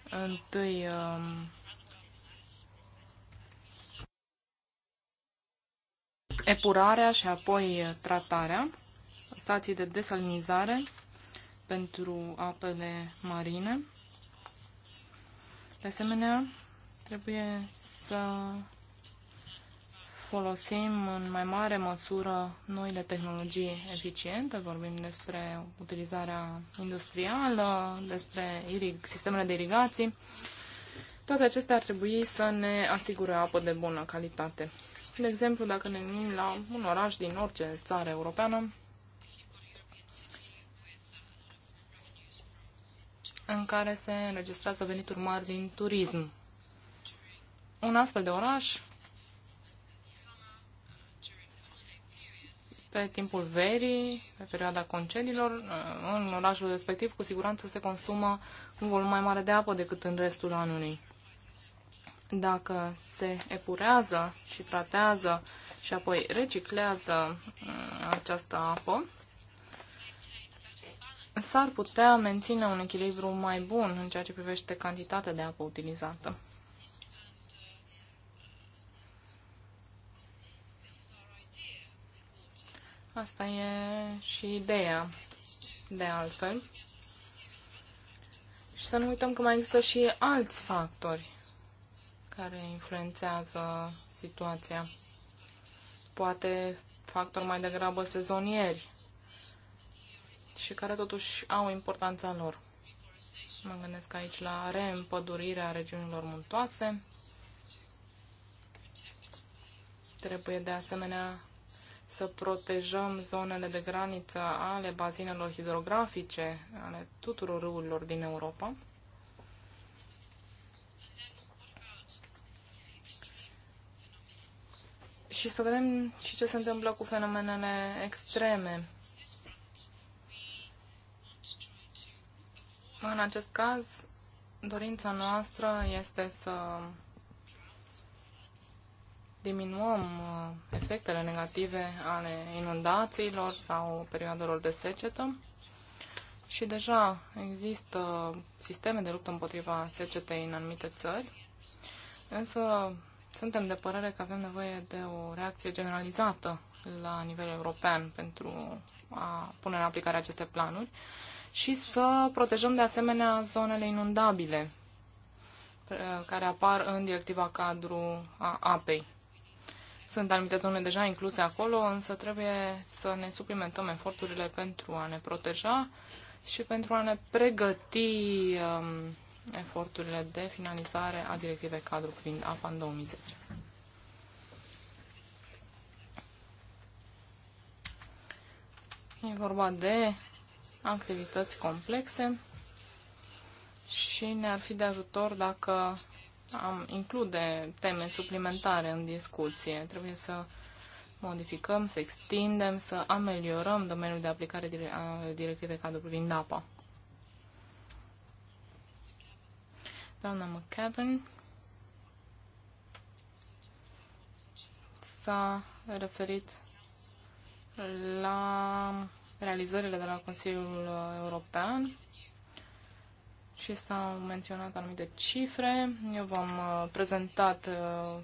Întâi um, epurarea și apoi tratarea, stații de desalinizare pentru apele marine. De asemenea, trebuie să folosim în mai mare măsură noile tehnologii eficiente, vorbim despre utilizarea industrială, despre irig, sistemele de irigații. Toate acestea ar trebui să ne asigure apă de bună calitate. De exemplu, dacă ne gândim la un oraș din orice țară europeană, în care se înregistrează venituri mari din turism un astfel de oraș pe timpul verii, pe perioada concediilor, uh, în orașul respectiv cu siguranță se consumă un volum mai mare de apă decât în restul anului. Dacă se epurează și tratează și apoi reciclează uh, această apă, s-ar putea menține un echilibru mai bun în ceea ce privește cantitatea de apă utilizată. Asta e și ideea, de altfel. Și să nu uităm că mai există și alți factori care influențează situația. Poate factori mai degrabă sezonieri și care totuși au importanța lor. Mă gândesc aici la reîmpădurirea regiunilor muntoase. Trebuie de asemenea să protejăm zonele de graniță ale bazinelor hidrografice, ale tuturor râurilor din Europa. Și să vedem și ce se întâmplă cu fenomenele extreme. În acest caz, dorința noastră este să diminuăm uh, efectele negative ale inundațiilor sau perioadelor de secetă. Și deja există sisteme de luptă împotriva secetei în anumite țări, însă suntem de părere că avem nevoie de o reacție generalizată la nivel european pentru a pune în aplicare aceste planuri și să protejăm de asemenea zonele inundabile uh, care apar în directiva cadru a apei. Sunt anumite zone deja incluse acolo, însă trebuie să ne suplimentăm eforturile pentru a ne proteja și pentru a ne pregăti um, eforturile de finalizare a directivei cadru privind apa în 2010. E vorba de activități complexe și ne-ar fi de ajutor dacă am include teme suplimentare în discuție. Trebuie să modificăm, să extindem, să ameliorăm domeniul de aplicare a directivei cadru privind apa. Doamna McCavan s-a referit la realizările de la Consiliul European și s-au menționat anumite cifre. Eu v-am uh, prezentat uh,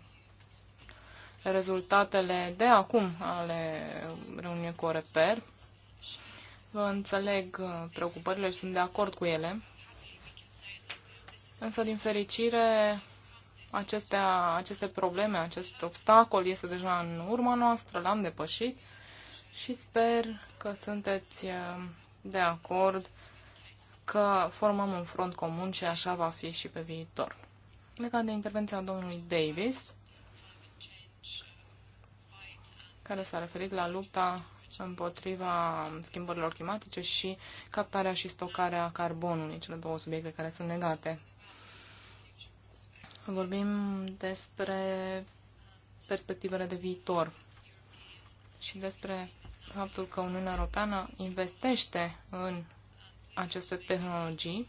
rezultatele de acum ale reuniunii cu Reper. Vă înțeleg uh, preocupările și sunt de acord cu ele. Însă, din fericire, acestea, aceste probleme, acest obstacol este deja în urma noastră, l-am depășit și sper că sunteți de acord că formăm un front comun și așa va fi și pe viitor. Legat de intervenția domnului Davis, care s-a referit la lupta împotriva schimbărilor climatice și captarea și stocarea carbonului, cele două subiecte care sunt legate. Vorbim despre perspectivele de viitor și despre faptul că Uniunea Europeană investește în aceste tehnologii.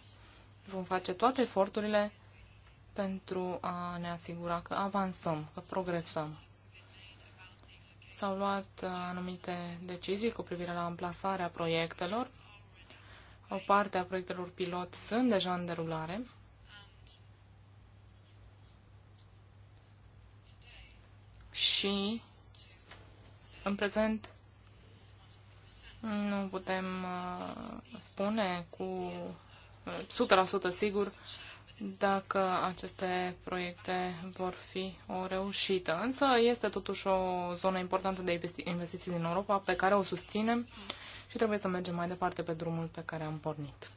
Vom face toate eforturile pentru a ne asigura că avansăm, că progresăm. S-au luat uh, anumite decizii cu privire la amplasarea proiectelor. O parte a proiectelor pilot sunt deja în derulare. Și în prezent nu putem uh, spune cu 100% uh, sigur dacă aceste proiecte vor fi o reușită. Însă este totuși o zonă importantă de investiții din Europa pe care o susținem și trebuie să mergem mai departe pe drumul pe care am pornit.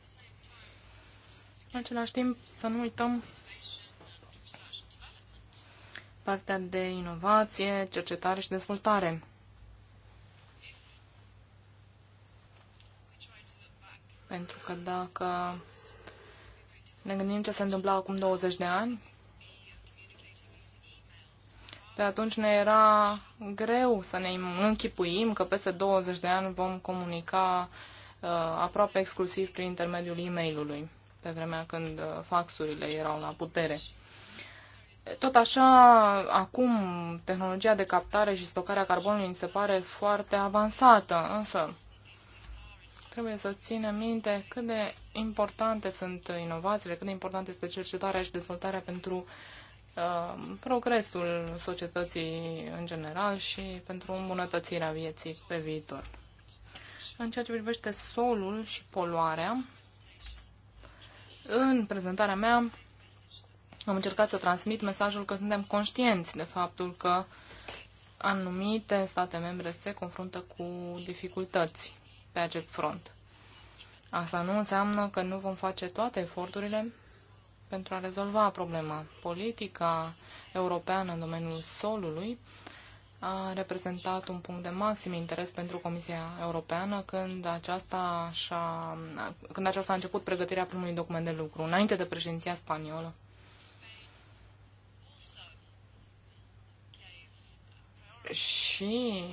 În același timp, să nu uităm partea de inovație, cercetare și dezvoltare. Pentru că dacă ne gândim ce se întâmpla acum 20 de ani, pe atunci ne era greu să ne închipuim că peste 20 de ani vom comunica uh, aproape exclusiv prin intermediul e mail pe vremea când uh, faxurile erau la putere. Tot așa, acum tehnologia de captare și stocare a carbonului mi se pare foarte avansată, însă Trebuie să ținem minte cât de importante sunt inovațiile, cât de importante este cercetarea și dezvoltarea pentru uh, progresul societății în general și pentru îmbunătățirea vieții pe viitor. În ceea ce privește solul și poluarea, în prezentarea mea am încercat să transmit mesajul că suntem conștienți de faptul că anumite state membre se confruntă cu dificultăți pe acest front. Asta nu înseamnă că nu vom face toate eforturile pentru a rezolva problema. Politica europeană în domeniul solului a reprezentat un punct de maxim interes pentru Comisia Europeană când aceasta, așa, când aceasta a început pregătirea primului document de lucru, înainte de președinția spaniolă. Și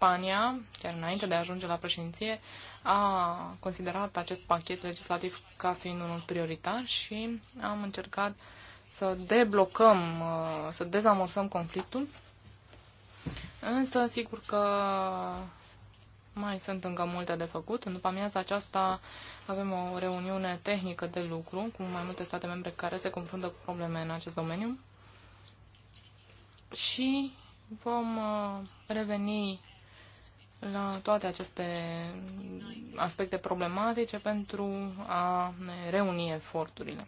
Spania, chiar înainte de a ajunge la președinție, a considerat acest pachet legislativ ca fiind unul prioritar și am încercat să deblocăm, uh, să dezamorsăm conflictul. Însă, sigur că mai sunt încă multe de făcut. În după amiaza aceasta avem o reuniune tehnică de lucru cu mai multe state membre care se confruntă cu probleme în acest domeniu. Și vom uh, reveni la toate aceste aspecte problematice pentru a ne reuni eforturile.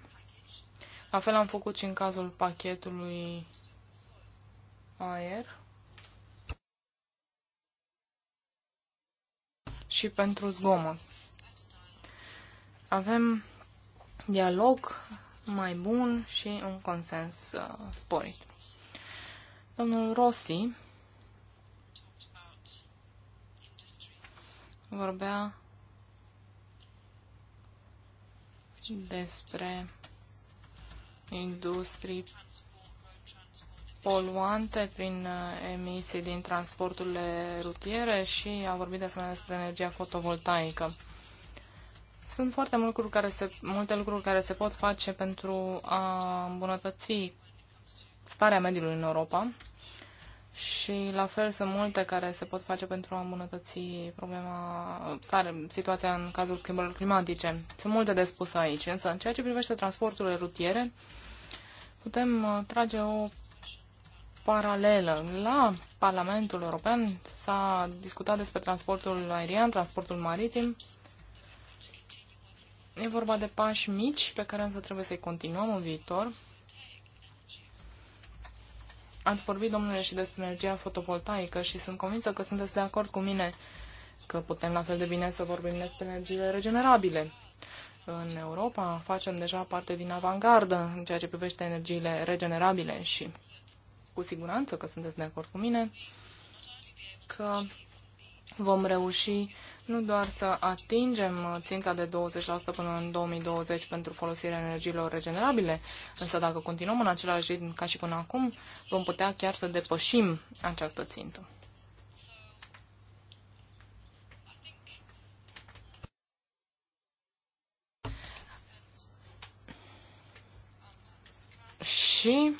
La fel am făcut și în cazul pachetului aer și pentru zgomă. Avem dialog mai bun și un consens uh, sporit. Domnul Rossi vorbea despre industrii poluante prin uh, emisii din transporturile rutiere și a vorbit de asemenea despre energia fotovoltaică. Sunt foarte multe lucruri care se, multe lucruri care se pot face pentru a îmbunătăți starea mediului în Europa și la fel sunt multe care se pot face pentru a îmbunătăți problema, stare, situația în cazul schimbărilor climatice. Sunt multe de spus aici, însă în ceea ce privește transporturile rutiere, putem uh, trage o paralelă. La Parlamentul European s-a discutat despre transportul aerian, transportul maritim. E vorba de pași mici pe care însă trebuie să-i continuăm în viitor Ați vorbit, domnule, și despre energia fotovoltaică și sunt convinsă că sunteți de acord cu mine că putem la fel de bine să vorbim despre energiile regenerabile. În Europa facem deja parte din avangardă în ceea ce privește energiile regenerabile și cu siguranță că sunteți de acord cu mine că vom reuși nu doar să atingem ținta de 20% până în 2020 pentru folosirea energiilor regenerabile, însă dacă continuăm în același ritm ca și până acum, vom putea chiar să depășim această țintă. Și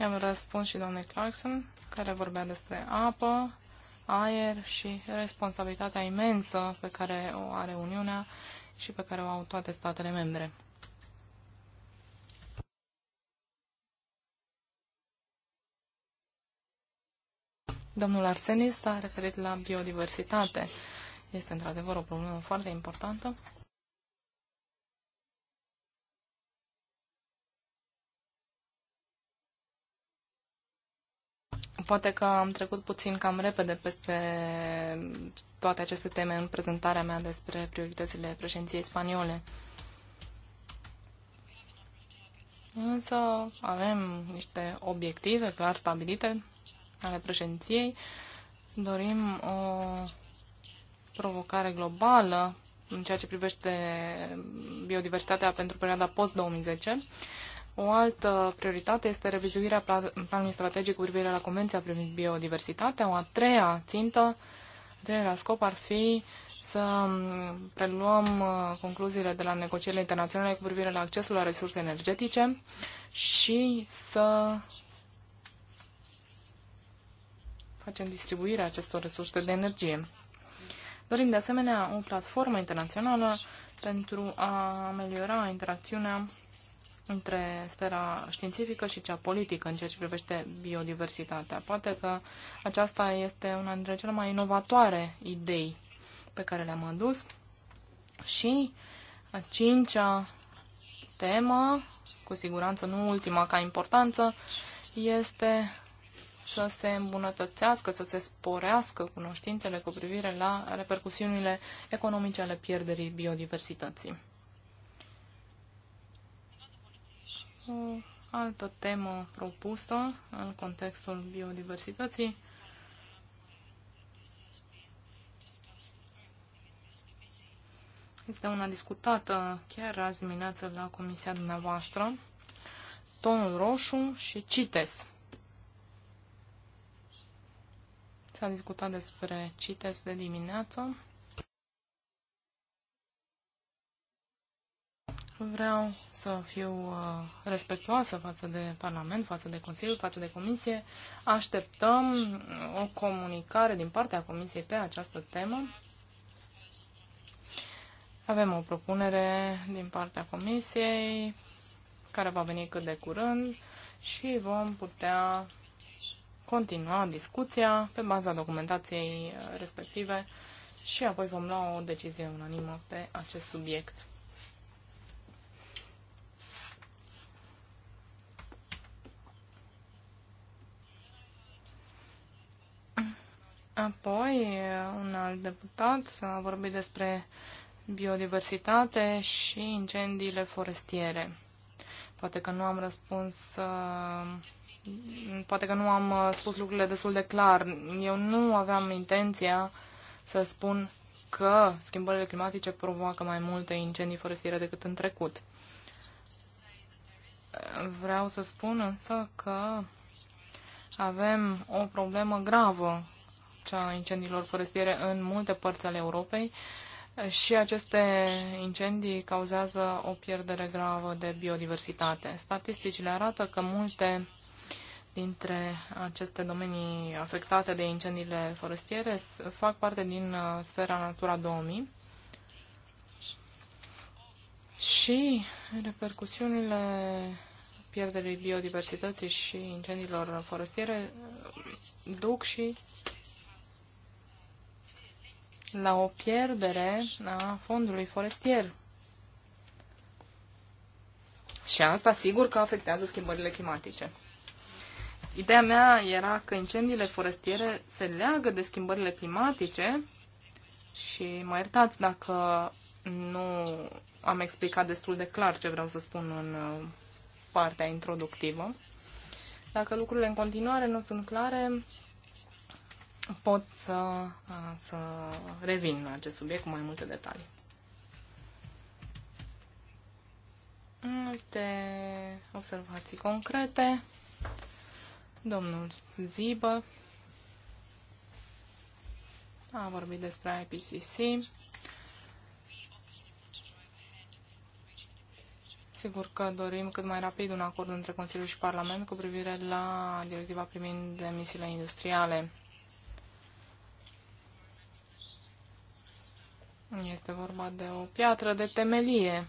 i-am răspuns și doamnei Clarkson, care vorbea despre apă, aer și responsabilitatea imensă pe care o are Uniunea și pe care o au toate statele membre. Domnul Arsenis s-a referit la biodiversitate. Este într-adevăr o problemă foarte importantă. Poate că am trecut puțin cam repede peste toate aceste teme în prezentarea mea despre prioritățile președinției spaniole. Însă avem niște obiective clar stabilite ale președinției. Dorim o provocare globală în ceea ce privește biodiversitatea pentru perioada post-2010 o altă prioritate este revizuirea planului strategic cu privire la Convenția privind biodiversitatea. O a treia țintă, la scop ar fi să preluăm uh, concluziile de la negocierile internaționale cu privire la accesul la resurse energetice și să facem distribuirea acestor resurse de energie. Dorim de asemenea o platformă internațională pentru a ameliora interacțiunea între sfera științifică și cea politică în ceea ce privește biodiversitatea. Poate că aceasta este una dintre cele mai inovatoare idei pe care le-am adus. Și a cincea temă, cu siguranță nu ultima ca importanță, este să se îmbunătățească, să se sporească cunoștințele cu privire la repercusiunile economice ale pierderii biodiversității. O altă temă propusă în contextul biodiversității este una discutată chiar azi dimineață la comisia dumneavoastră, tonul roșu și CITES. S-a discutat despre CITES de dimineață. Vreau să fiu uh, respectuoasă față de Parlament, față de Consiliu, față de Comisie. Așteptăm uh, o comunicare din partea Comisiei pe această temă. Avem o propunere din partea Comisiei care va veni cât de curând și vom putea continua discuția pe baza documentației uh, respective și apoi vom lua o decizie unanimă pe acest subiect. Apoi, un alt deputat a vorbit despre biodiversitate și incendiile forestiere. Poate că nu am răspuns, uh, poate că nu am uh, spus lucrurile destul de clar. Eu nu aveam intenția să spun că schimbările climatice provoacă mai multe incendii forestiere decât în trecut. Vreau să spun însă că avem o problemă gravă cea a incendiilor forestiere în multe părți ale Europei și aceste incendii cauzează o pierdere gravă de biodiversitate. Statisticile arată că multe dintre aceste domenii afectate de incendiile forestiere fac parte din uh, sfera Natura 2000 și repercusiunile pierderii biodiversității și incendiilor forestiere duc și la o pierdere a fondului forestier. Și asta sigur că afectează schimbările climatice. Ideea mea era că incendiile forestiere se leagă de schimbările climatice și mă iertați dacă nu am explicat destul de clar ce vreau să spun în uh, partea introductivă. Dacă lucrurile în continuare nu sunt clare, pot să, să revin la acest subiect cu mai multe detalii. Multe observații concrete. Domnul Zibă a vorbit despre IPCC. Sigur că dorim cât mai rapid un acord între Consiliu și Parlament cu privire la directiva privind emisiile industriale. Este vorba de o piatră de temelie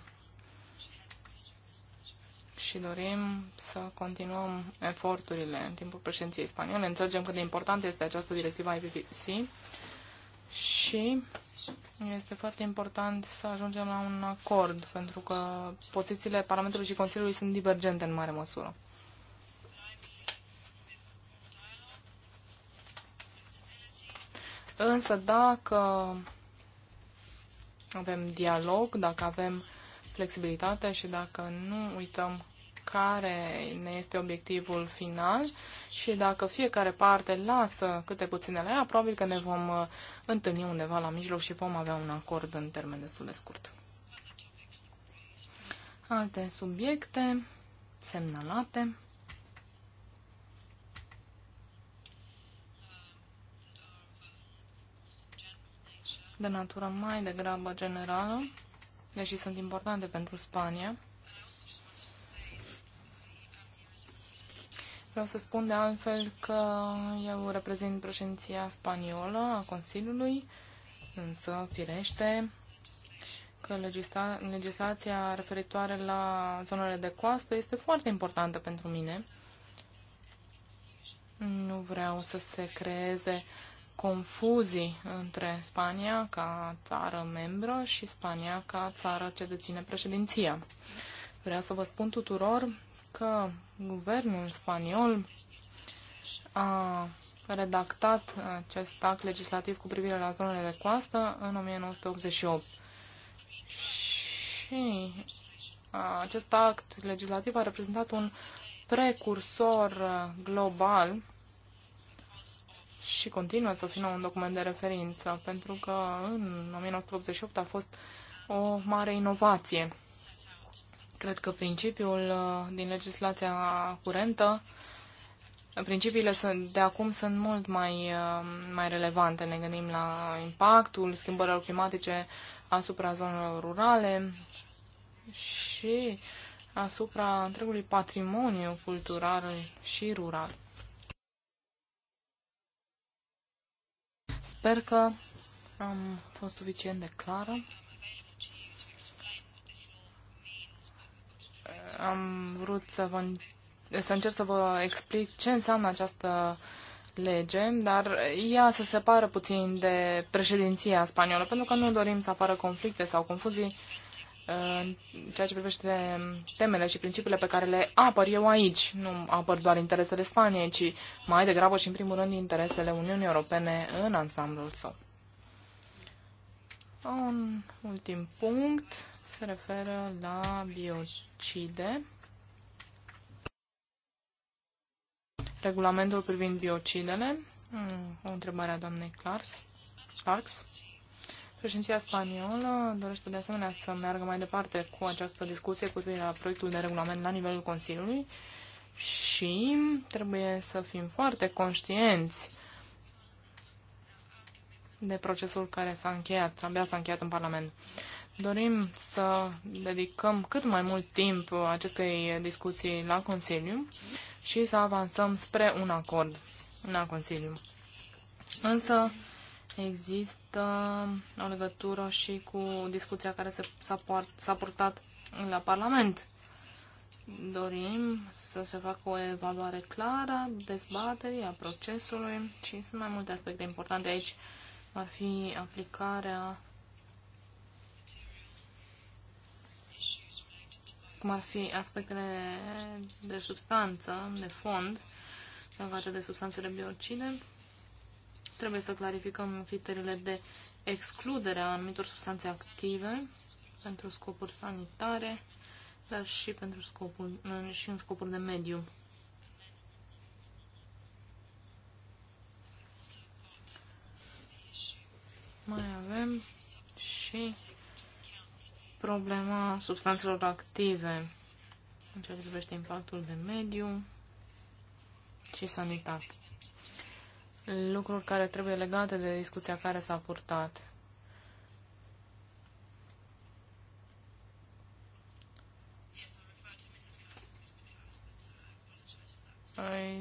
și dorim să continuăm eforturile în timpul președinției spaniole. Înțelegem cât de importantă este această directivă IPPC și este foarte important să ajungem la un acord, pentru că pozițiile Parlamentului și Consiliului sunt divergente în mare măsură. Însă dacă avem dialog, dacă avem flexibilitate și dacă nu uităm care ne este obiectivul final și dacă fiecare parte lasă câte puține la ea, probabil că ne vom uh, întâlni undeva la mijloc și vom avea un acord în termen destul de scurt. Alte subiecte semnalate. de natură mai degrabă generală, deși sunt importante pentru Spania. Vreau să spun de altfel că eu reprezint președinția spaniolă a Consiliului, însă, firește, că legisla legislația referitoare la zonele de coastă este foarte importantă pentru mine. Nu vreau să se creeze uh, confuzii între Spania ca țară membră și Spania ca țară ce deține președinția. Vreau să vă spun tuturor că guvernul spaniol a redactat acest act legislativ cu privire la zonele de coastă în 1988. Și acest act legislativ a reprezentat un precursor global și continuă să fie un document de referință, pentru că în 1988 a fost o mare inovație. Cred că principiul uh, din legislația curentă, principiile de acum sunt mult mai, uh, mai relevante. Ne gândim la impactul schimbărilor climatice asupra zonelor rurale și asupra întregului patrimoniu cultural și rural. Sper că am fost suficient de clară. Am vrut să, vă, să încerc să vă explic ce înseamnă această lege, dar ea se separă puțin de președinția spaniolă, pentru că nu dorim să apară conflicte sau confuzii în ceea ce privește temele și principiile pe care le apăr eu aici. Nu apăr doar interesele Spaniei, ci mai degrabă și în primul rând interesele Uniunii Europene în ansamblul său. Un ultim punct se referă la biocide. Regulamentul privind biocidele. Hmm, o întrebare a doamnei Clarks. Clarks. Președinția spaniolă dorește de asemenea să meargă mai departe cu această discuție cu privire la proiectul de regulament la nivelul Consiliului și trebuie să fim foarte conștienți de procesul care s-a încheiat, abia s-a încheiat în Parlament. Dorim să dedicăm cât mai mult timp acestei discuții la Consiliu și să avansăm spre un acord la Consiliu. Însă, există o legătură și cu discuția care s-a purtat la Parlament. Dorim să se facă o evaluare clară dezbaterii, a procesului și sunt mai multe aspecte importante aici. Ar fi aplicarea cum ar fi aspectele de substanță, de fond, legate de substanțele biocide, Trebuie să clarificăm criteriile de excludere a anumitor substanțe active pentru scopuri sanitare, dar și, pentru scopul, și în scopuri de mediu. Mai avem și problema substanțelor active în ceea ce privește impactul de mediu și sanitar lucruri care trebuie legate de discuția care s-a purtat. Ai,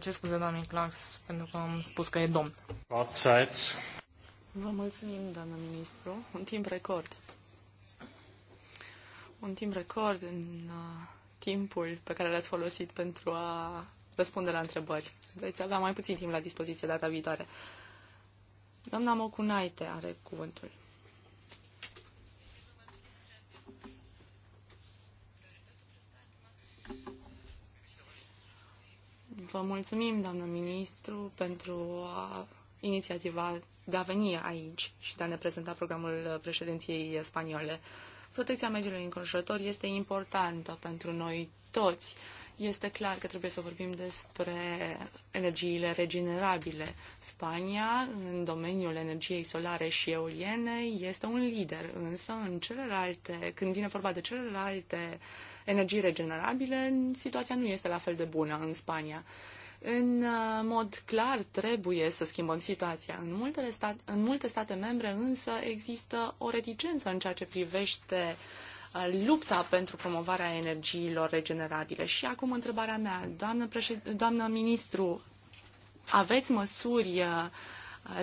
ce scuze, doamne Clax, pentru că am spus că e domn. Vă mulțumim, doamnă ministru. Un timp record. Un timp record în uh, timpul pe care l-ați folosit pentru a răspunde la întrebări. Veți avea mai puțin timp la dispoziție data viitoare. Doamna Mocunaite are cuvântul. Vă mulțumim, doamnă ministru, pentru inițiativa de a veni aici și de a ne prezenta programul președinției spaniole. Protecția mediului înconjurător este importantă pentru noi toți. Este clar că trebuie să vorbim despre energiile regenerabile. Spania, în domeniul energiei solare și eoliene, este un lider, însă în celelalte, când vine vorba de celelalte energii regenerabile, situația nu este la fel de bună în Spania. În uh, mod clar trebuie să schimbăm situația. În multe, stat, în multe state membre însă există o reticență în ceea ce privește uh, Uh, lupta pentru promovarea energiilor regenerabile. Și acum întrebarea mea, doamnă, președ... doamnă ministru, aveți măsuri uh,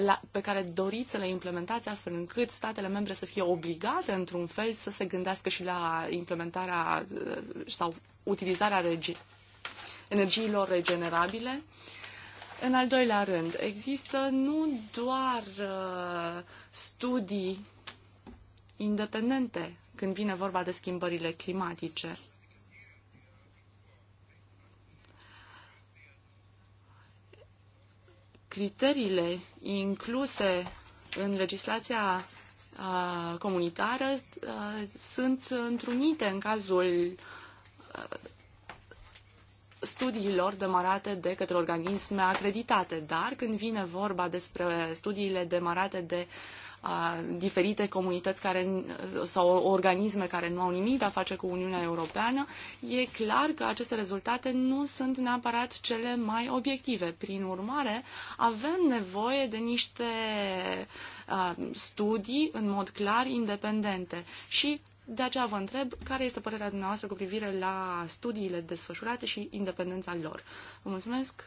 la, pe care doriți să le implementați astfel încât statele membre să fie obligate într-un fel să se gândească și la implementarea uh, sau utilizarea regi, energiilor regenerabile. În al doilea rând, există nu doar uh, studii independente când vine vorba de schimbările climatice. Criteriile incluse în legislația comunitară sunt întrunite în cazul studiilor demarate de către organisme acreditate, dar când vine vorba despre studiile demarate de uh, diferite comunități care, sau organisme care nu au nimic de a face cu Uniunea Europeană, e clar că aceste rezultate nu sunt neapărat cele mai obiective. Prin urmare, avem nevoie de niște studii în mod clar independente și de aceea vă întreb care este părerea dumneavoastră cu privire la studiile desfășurate și independența lor. Vă mulțumesc!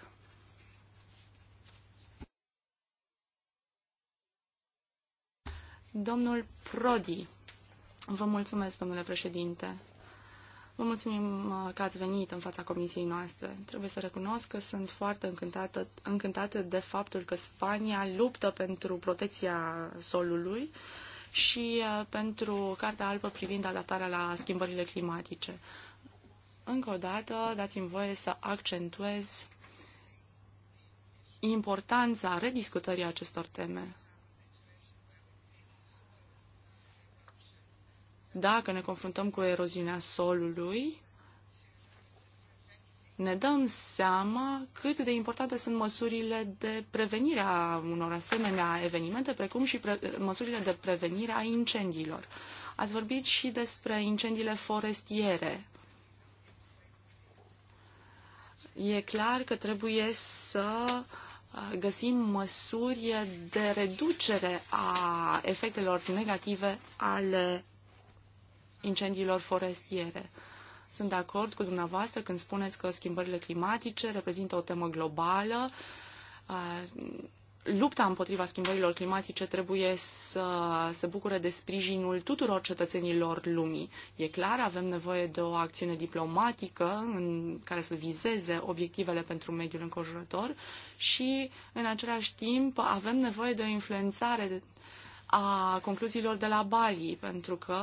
Domnul Prodi. Vă mulțumesc, domnule președinte. Vă mulțumim uh, că ați venit în fața comisiei noastre. Trebuie să recunosc că sunt foarte încântată, încântată de faptul că Spania luptă pentru protecția solului și uh, pentru Cartea Albă privind adaptarea la schimbările climatice. Încă o dată, dați-mi voie să accentuez importanța rediscutării acestor teme. Dacă ne confruntăm cu eroziunea solului, ne dăm seama cât de importante sunt măsurile de prevenire a unor asemenea evenimente, precum și pre- măsurile de prevenire a incendiilor. Ați vorbit și despre incendiile forestiere. E clar că trebuie să uh, găsim măsuri de reducere a efectelor negative ale incendiilor forestiere. Sunt de acord cu dumneavoastră când spuneți că schimbările climatice reprezintă o temă globală. Lupta împotriva schimbărilor climatice trebuie să se bucure de sprijinul tuturor cetățenilor lumii. E clar, avem nevoie de o acțiune diplomatică în care să vizeze obiectivele pentru mediul înconjurător și, în același timp, avem nevoie de o influențare a concluziilor de la Bali, pentru că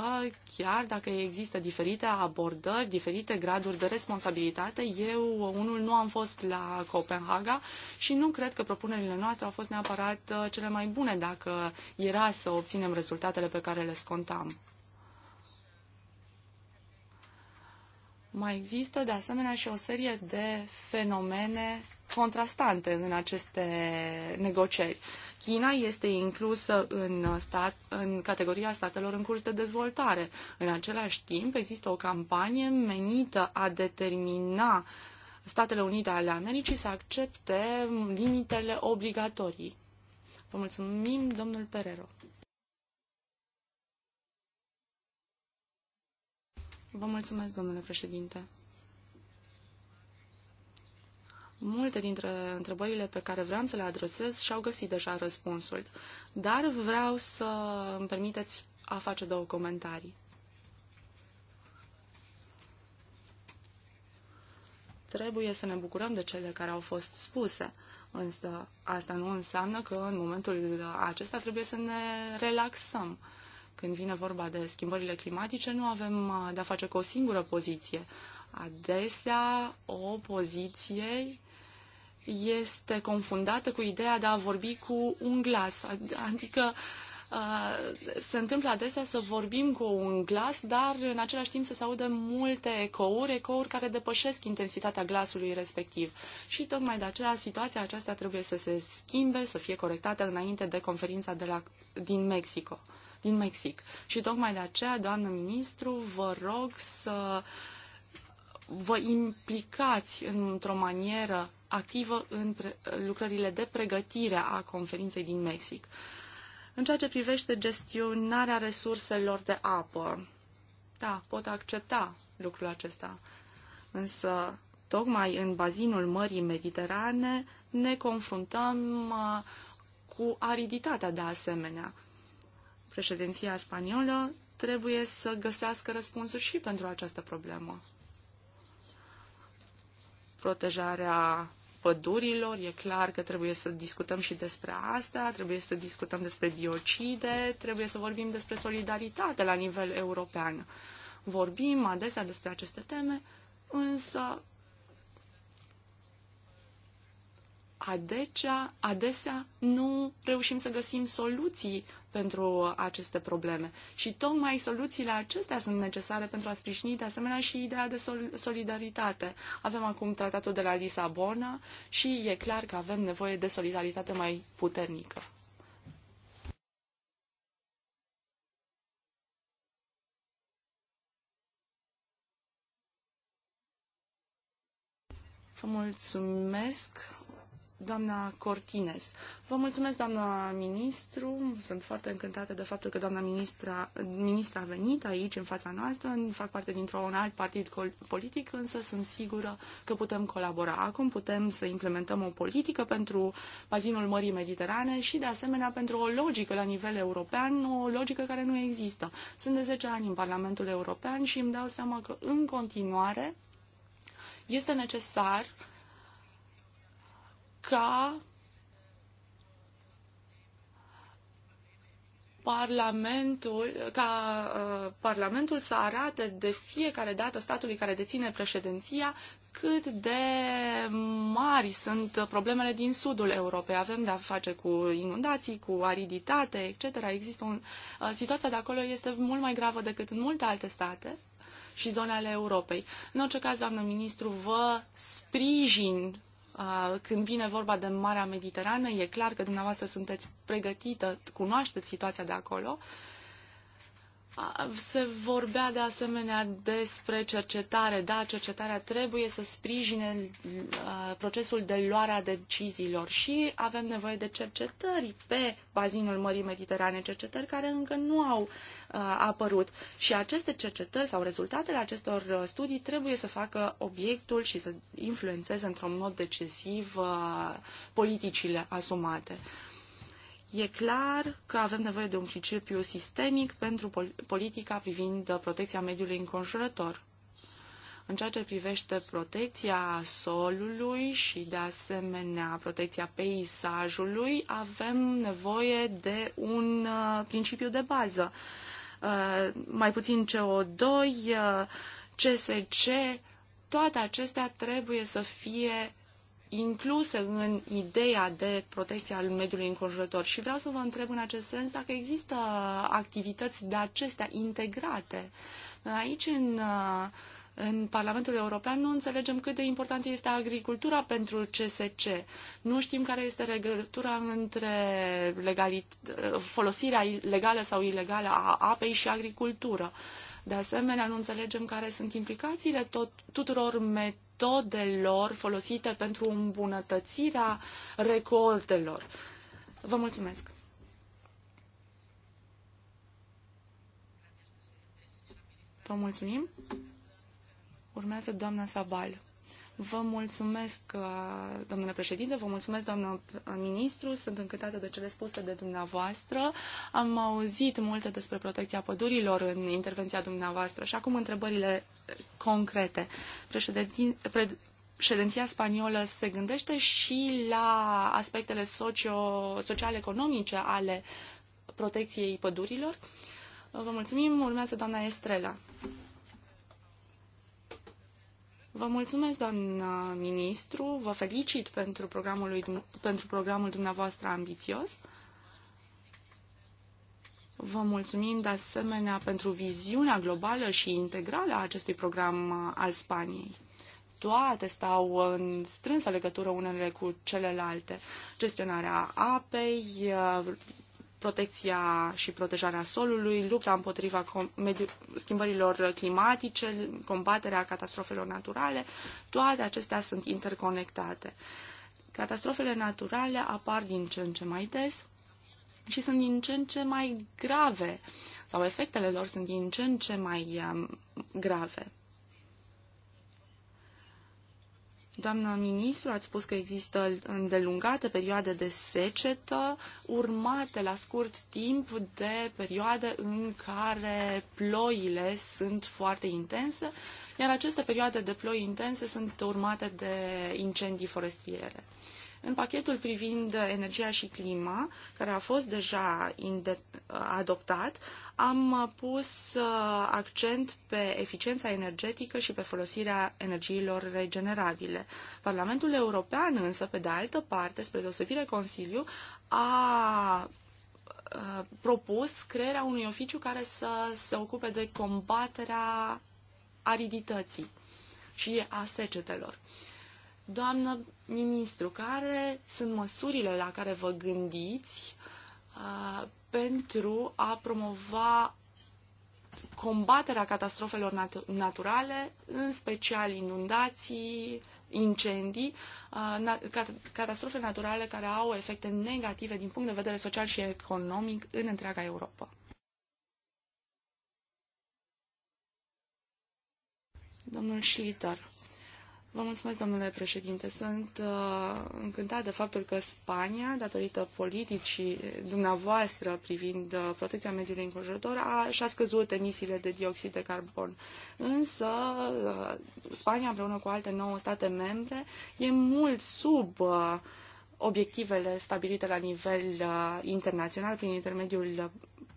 chiar dacă există diferite abordări, diferite graduri de responsabilitate, eu unul nu am fost la Copenhaga și nu cred că propunerile noastre au fost neapărat uh, cele mai bune dacă era să obținem rezultatele pe care le scontam. Mai există de asemenea și o serie de fenomene contrastante în aceste negocieri. Uh, China este inclusă în, stat, în categoria statelor în curs de dezvoltare. În același timp, există o campanie menită a determina Statele Unite ale Americii să accepte limitele obligatorii. Vă mulțumim, domnul Perero. Vă mulțumesc, domnule președinte. Multe dintre întrebările pe care vreau să le adresez și-au găsit deja răspunsul, dar vreau să îmi permiteți a face două comentarii. Trebuie să ne bucurăm de cele care au fost spuse, însă asta nu înseamnă că în momentul acesta trebuie să ne relaxăm când vine vorba de schimbările climatice, nu avem uh, de-a face cu o singură poziție. Adesea, o poziție este confundată cu ideea de a vorbi cu un glas, adică se întâmplă adesea să vorbim cu un glas, dar în același timp să se audă multe ecouri, ecouri care depășesc intensitatea glasului respectiv. Și tocmai de aceea situația aceasta trebuie să se schimbe, să fie corectată înainte de conferința de la, din Mexico. Din Mexic. Și tocmai de aceea, doamnă ministru, vă rog să vă implicați într-o manieră activă în lucrările de pregătire a conferinței din Mexic. În ceea ce privește gestionarea resurselor de apă, da, pot accepta lucrul acesta, însă tocmai în bazinul Mării Mediterane ne confruntăm uh, cu ariditatea de asemenea. Președinția spaniolă trebuie să găsească răspunsuri și pentru această problemă protejarea pădurilor, e clar că trebuie să discutăm și despre asta, trebuie să discutăm despre biocide, trebuie să vorbim despre solidaritate la nivel european. Vorbim adesea despre aceste teme, însă adesea, adesea nu reușim să găsim soluții pentru aceste probleme. Și tocmai soluțiile acestea sunt necesare pentru a sprijini de asemenea și ideea de sol- solidaritate. Avem acum tratatul de la Lisabona și e clar că avem nevoie de solidaritate mai puternică. Vă mulțumesc! doamna Cortines. Vă mulțumesc, doamna ministru. Sunt foarte încântată de faptul că doamna ministra, ministra a venit aici, în fața noastră. Fac parte dintr-un alt partid politic, însă sunt sigură că putem colabora. Acum putem să implementăm o politică pentru bazinul Mării Mediterane și, de asemenea, pentru o logică la nivel european, o logică care nu există. Sunt de 10 ani în Parlamentul European și îmi dau seama că, în continuare, este necesar uh, ca Parlamentul, ca uh, Parlamentul să arate de fiecare dată statului care deține președinția cât de mari sunt problemele din sudul Europei. Avem de-a face cu inundații, cu ariditate, etc. Există un, uh, situația de acolo este mult mai gravă decât în multe alte state și zone ale Europei. În orice caz, doamnă ministru, vă sprijin când vine vorba de Marea Mediterană, e clar că dumneavoastră sunteți pregătită, cunoașteți situația de acolo se vorbea de asemenea despre cercetare. Da, cercetarea trebuie să sprijine procesul de luare a deciziilor și avem nevoie de cercetări pe bazinul Mării Mediterane, cercetări care încă nu au apărut. Și aceste cercetări sau rezultatele acestor studii trebuie să facă obiectul și să influențeze într-un mod decisiv politicile asumate. E clar că avem nevoie de un principiu sistemic pentru politica privind protecția mediului înconjurător. În ceea ce privește protecția solului și, de asemenea, protecția peisajului, avem nevoie de un uh, principiu de bază. Uh, mai puțin CO2, uh, CSC, toate acestea trebuie să fie incluse în ideea de protecție al mediului înconjurător și vreau să vă întreb în acest sens dacă există activități de acestea integrate. Aici în în Parlamentul European nu înțelegem cât de importantă este agricultura pentru CSC. Nu știm care este legătura între folosirea legală sau ilegală a apei și agricultură. De asemenea, nu înțelegem care sunt implicațiile tot, tuturor met- metodelor folosite pentru îmbunătățirea recoltelor. Vă mulțumesc! Vă mulțumim! Urmează doamna Sabal. Vă mulțumesc, uh, domnule președinte, vă mulțumesc, doamnă ministru. Sunt încântată de cele spuse de dumneavoastră. Am auzit multe despre protecția pădurilor în intervenția dumneavoastră și acum întrebările concrete. președinția spaniolă se gândește și la aspectele socio, social-economice ale protecției pădurilor. Vă mulțumim. Urmează doamna Estrela. Vă mulțumesc, doamnă ministru, vă felicit pentru programul, lui, pentru programul dumneavoastră ambițios. Vă mulțumim de asemenea pentru viziunea globală și integrală a acestui program al Spaniei. Toate stau în strânsă legătură unele cu celelalte. Gestionarea apei, protecția și protejarea solului, lupta împotriva schimbărilor climatice, combaterea catastrofelor naturale, toate acestea sunt interconectate. Catastrofele naturale apar din ce în ce mai des și sunt din ce în ce mai grave sau efectele lor sunt din ce în ce mai um, grave. Doamna ministru, ați spus că există îndelungate perioade de secetă, urmate la scurt timp de perioade în care ploile sunt foarte intense, iar aceste perioade de ploi intense sunt urmate de incendii forestiere. În pachetul privind energia și clima, care a fost deja adoptat, am pus uh, accent pe eficiența energetică și pe folosirea energiilor regenerabile. Parlamentul European însă, pe de altă parte, spre deosebire Consiliu, a uh, propus crearea unui oficiu care să se ocupe de combaterea aridității și a secetelor. Doamnă ministru, care sunt măsurile la care vă gândiți uh, pentru a promova combaterea catastrofelor nat- naturale, în special inundații, incendii, uh, catastrofe naturale care au efecte negative din punct de vedere social și economic în întreaga Europa. Domnul Schlitter. Vă mulțumesc, domnule președinte. Sunt uh, încântat de faptul că Spania, datorită politicii dumneavoastră privind uh, protecția mediului înconjurător, a, și-a scăzut emisiile de dioxid de carbon. Însă, uh, Spania, împreună cu alte nouă state membre, e mult sub uh, obiectivele stabilite la nivel uh, internațional prin intermediul uh,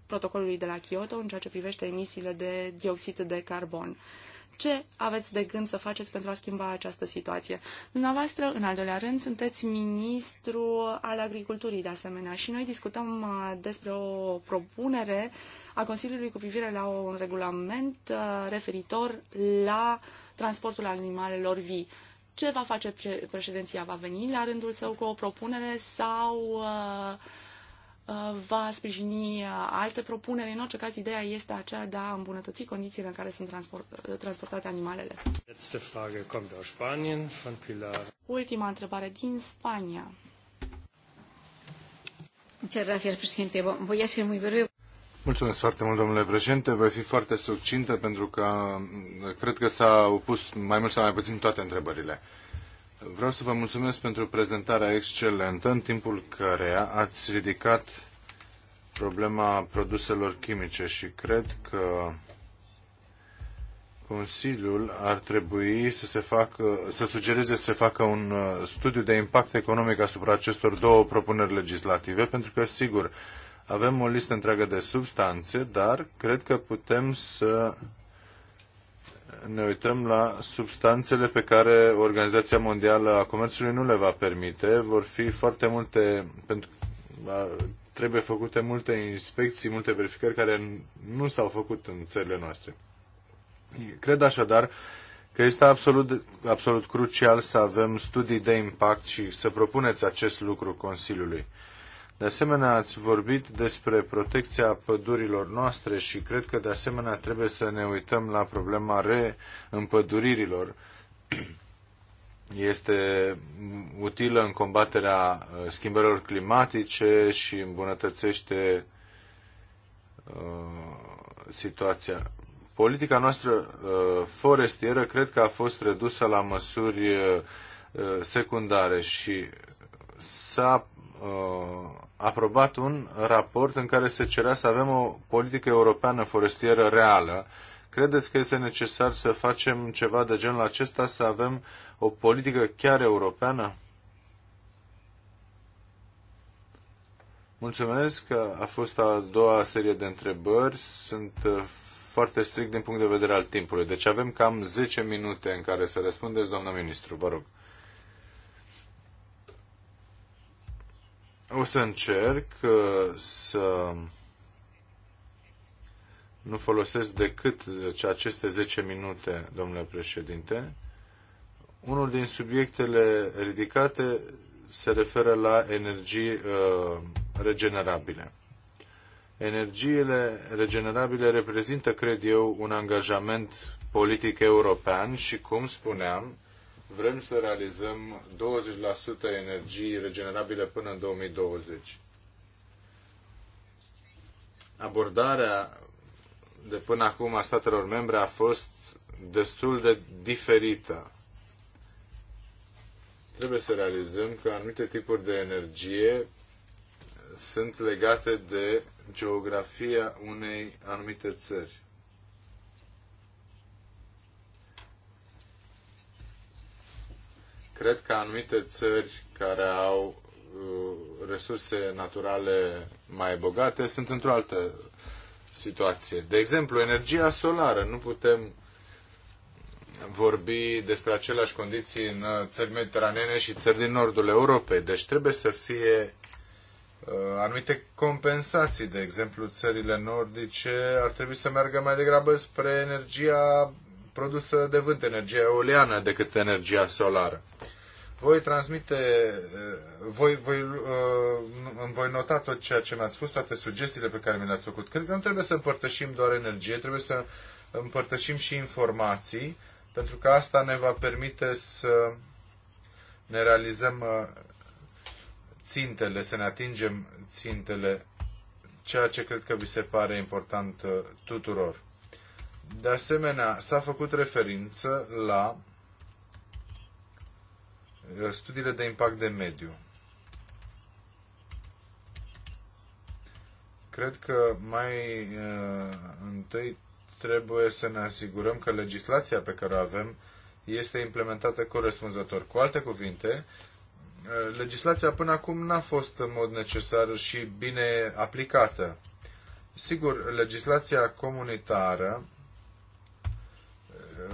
protocolului de la Kyoto în ceea ce privește emisiile de dioxid de carbon. Uh, ce aveți de gând să faceți pentru a schimba această situație? Dumneavoastră, în al doilea rând, sunteți ministru al agriculturii de asemenea și noi discutăm uh, despre o propunere a Consiliului cu privire la un regulament uh, referitor la transportul animalelor vii. Ce va face președinția? Va veni la rândul său cu o propunere sau uh, va sprijini uh, alte propuneri. În orice caz, ideea este aceea de a îmbunătăți condițiile în care sunt transport, uh, transportate animalele. Ultima întrebare din Spania. Mulțumesc foarte mult, domnule președinte. Voi fi foarte succintă pentru că mm, cred că s-au pus mai mult sau mai puțin toate întrebările. Vreau să vă mulțumesc pentru prezentarea excelentă, în timpul căreia ați ridicat problema produselor chimice și cred că Consiliul ar trebui să, se facă, să sugereze să se facă un uh, studiu de impact economic asupra acestor două propuneri legislative, pentru că, sigur, avem o listă întreagă de substanțe, dar cred că putem să ne uităm la substanțele pe care Organizația Mondială a Comerțului nu le va permite. Vor fi foarte multe, pentru trebuie făcute multe inspecții, multe verificări care nu s-au făcut în țările noastre. Cred așadar că este absolut, absolut crucial să avem studii de impact și să propuneți acest lucru Consiliului. Uh, de asemenea, ați vorbit despre protecția pădurilor noastre și cred că de asemenea trebuie să ne uităm la problema reîmpăduririlor. Este utilă în combaterea uh, schimbărilor climatice și îmbunătățește uh, situația. Politica noastră uh, forestieră cred că a fost redusă la măsuri uh, secundare și s-a uh, aprobat un raport în care se cerea să avem o politică europeană forestieră reală. Credeți că este necesar să facem ceva de genul acesta, să avem o politică chiar europeană? Mulțumesc că a fost a doua serie de întrebări. Sunt uh, foarte strict din punct de vedere al timpului. Deci avem cam 10 minute în care să răspundeți, doamna ministru. Vă rog. O să încerc uh, să nu folosesc decât aceste 10 minute, domnule președinte. Unul din subiectele ridicate se referă la energii uh, regenerabile. Energiile regenerabile reprezintă, cred eu, un angajament politic european și, cum spuneam, vrem să realizăm 20% energii regenerabile până în 2020. Abordarea de până acum a statelor membre a fost destul de diferită. Trebuie să realizăm că anumite tipuri de energie sunt legate de geografia unei anumite țări. Cred că anumite țări care au uh, resurse naturale mai bogate sunt într-o altă situație. De exemplu, energia solară. Nu putem vorbi despre aceleași condiții în țări mediteranene și țări din nordul Europei. Deci trebuie să fie uh, anumite compensații. De exemplu, țările nordice ar trebui să meargă mai degrabă spre energia produsă de vânt, energia eoliană, decât energia solară. Voi transmite, eh, voi, voi, eh, îmi voi nota tot ceea ce mi-ați spus, toate sugestiile pe care mi le-ați făcut. Cred că nu trebuie să împărtășim doar energie, trebuie să împărtășim și informații, pentru că asta ne va permite să ne realizăm eh, țintele, să ne atingem țintele, ceea ce cred că vi se pare important tuturor. De asemenea, s-a făcut referință la uh, studiile de impact de mediu. Cred că mai uh, întâi trebuie să ne asigurăm că legislația pe care o avem este implementată corespunzător. Cu alte cuvinte, uh, legislația până acum n-a fost în mod necesar și bine aplicată. Sigur, legislația comunitară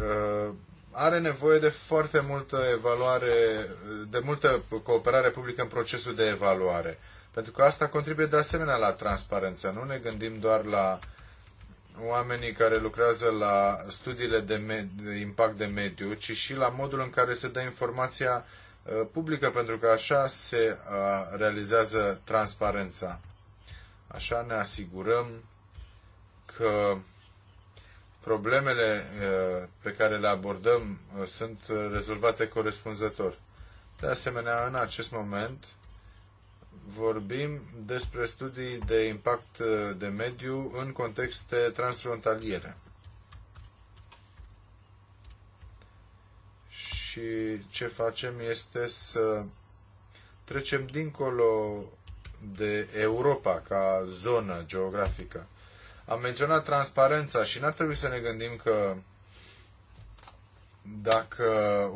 Uh, are nevoie de foarte multă evaluare, de multă cooperare publică în procesul de evaluare. Pentru că asta contribuie de asemenea la transparență. Nu ne gândim doar la oamenii care lucrează la studiile de, de impact de mediu, ci și la modul în care se dă informația uh, publică, pentru că așa se uh, realizează transparența. Așa ne asigurăm că problemele uh, pe care le abordăm uh, sunt uh, rezolvate corespunzător. De asemenea, în acest moment vorbim despre studii de impact de mediu în contexte transfrontaliere. Și ce facem este să trecem dincolo de Europa ca zonă geografică am menționat transparența și n-ar trebui să ne gândim că dacă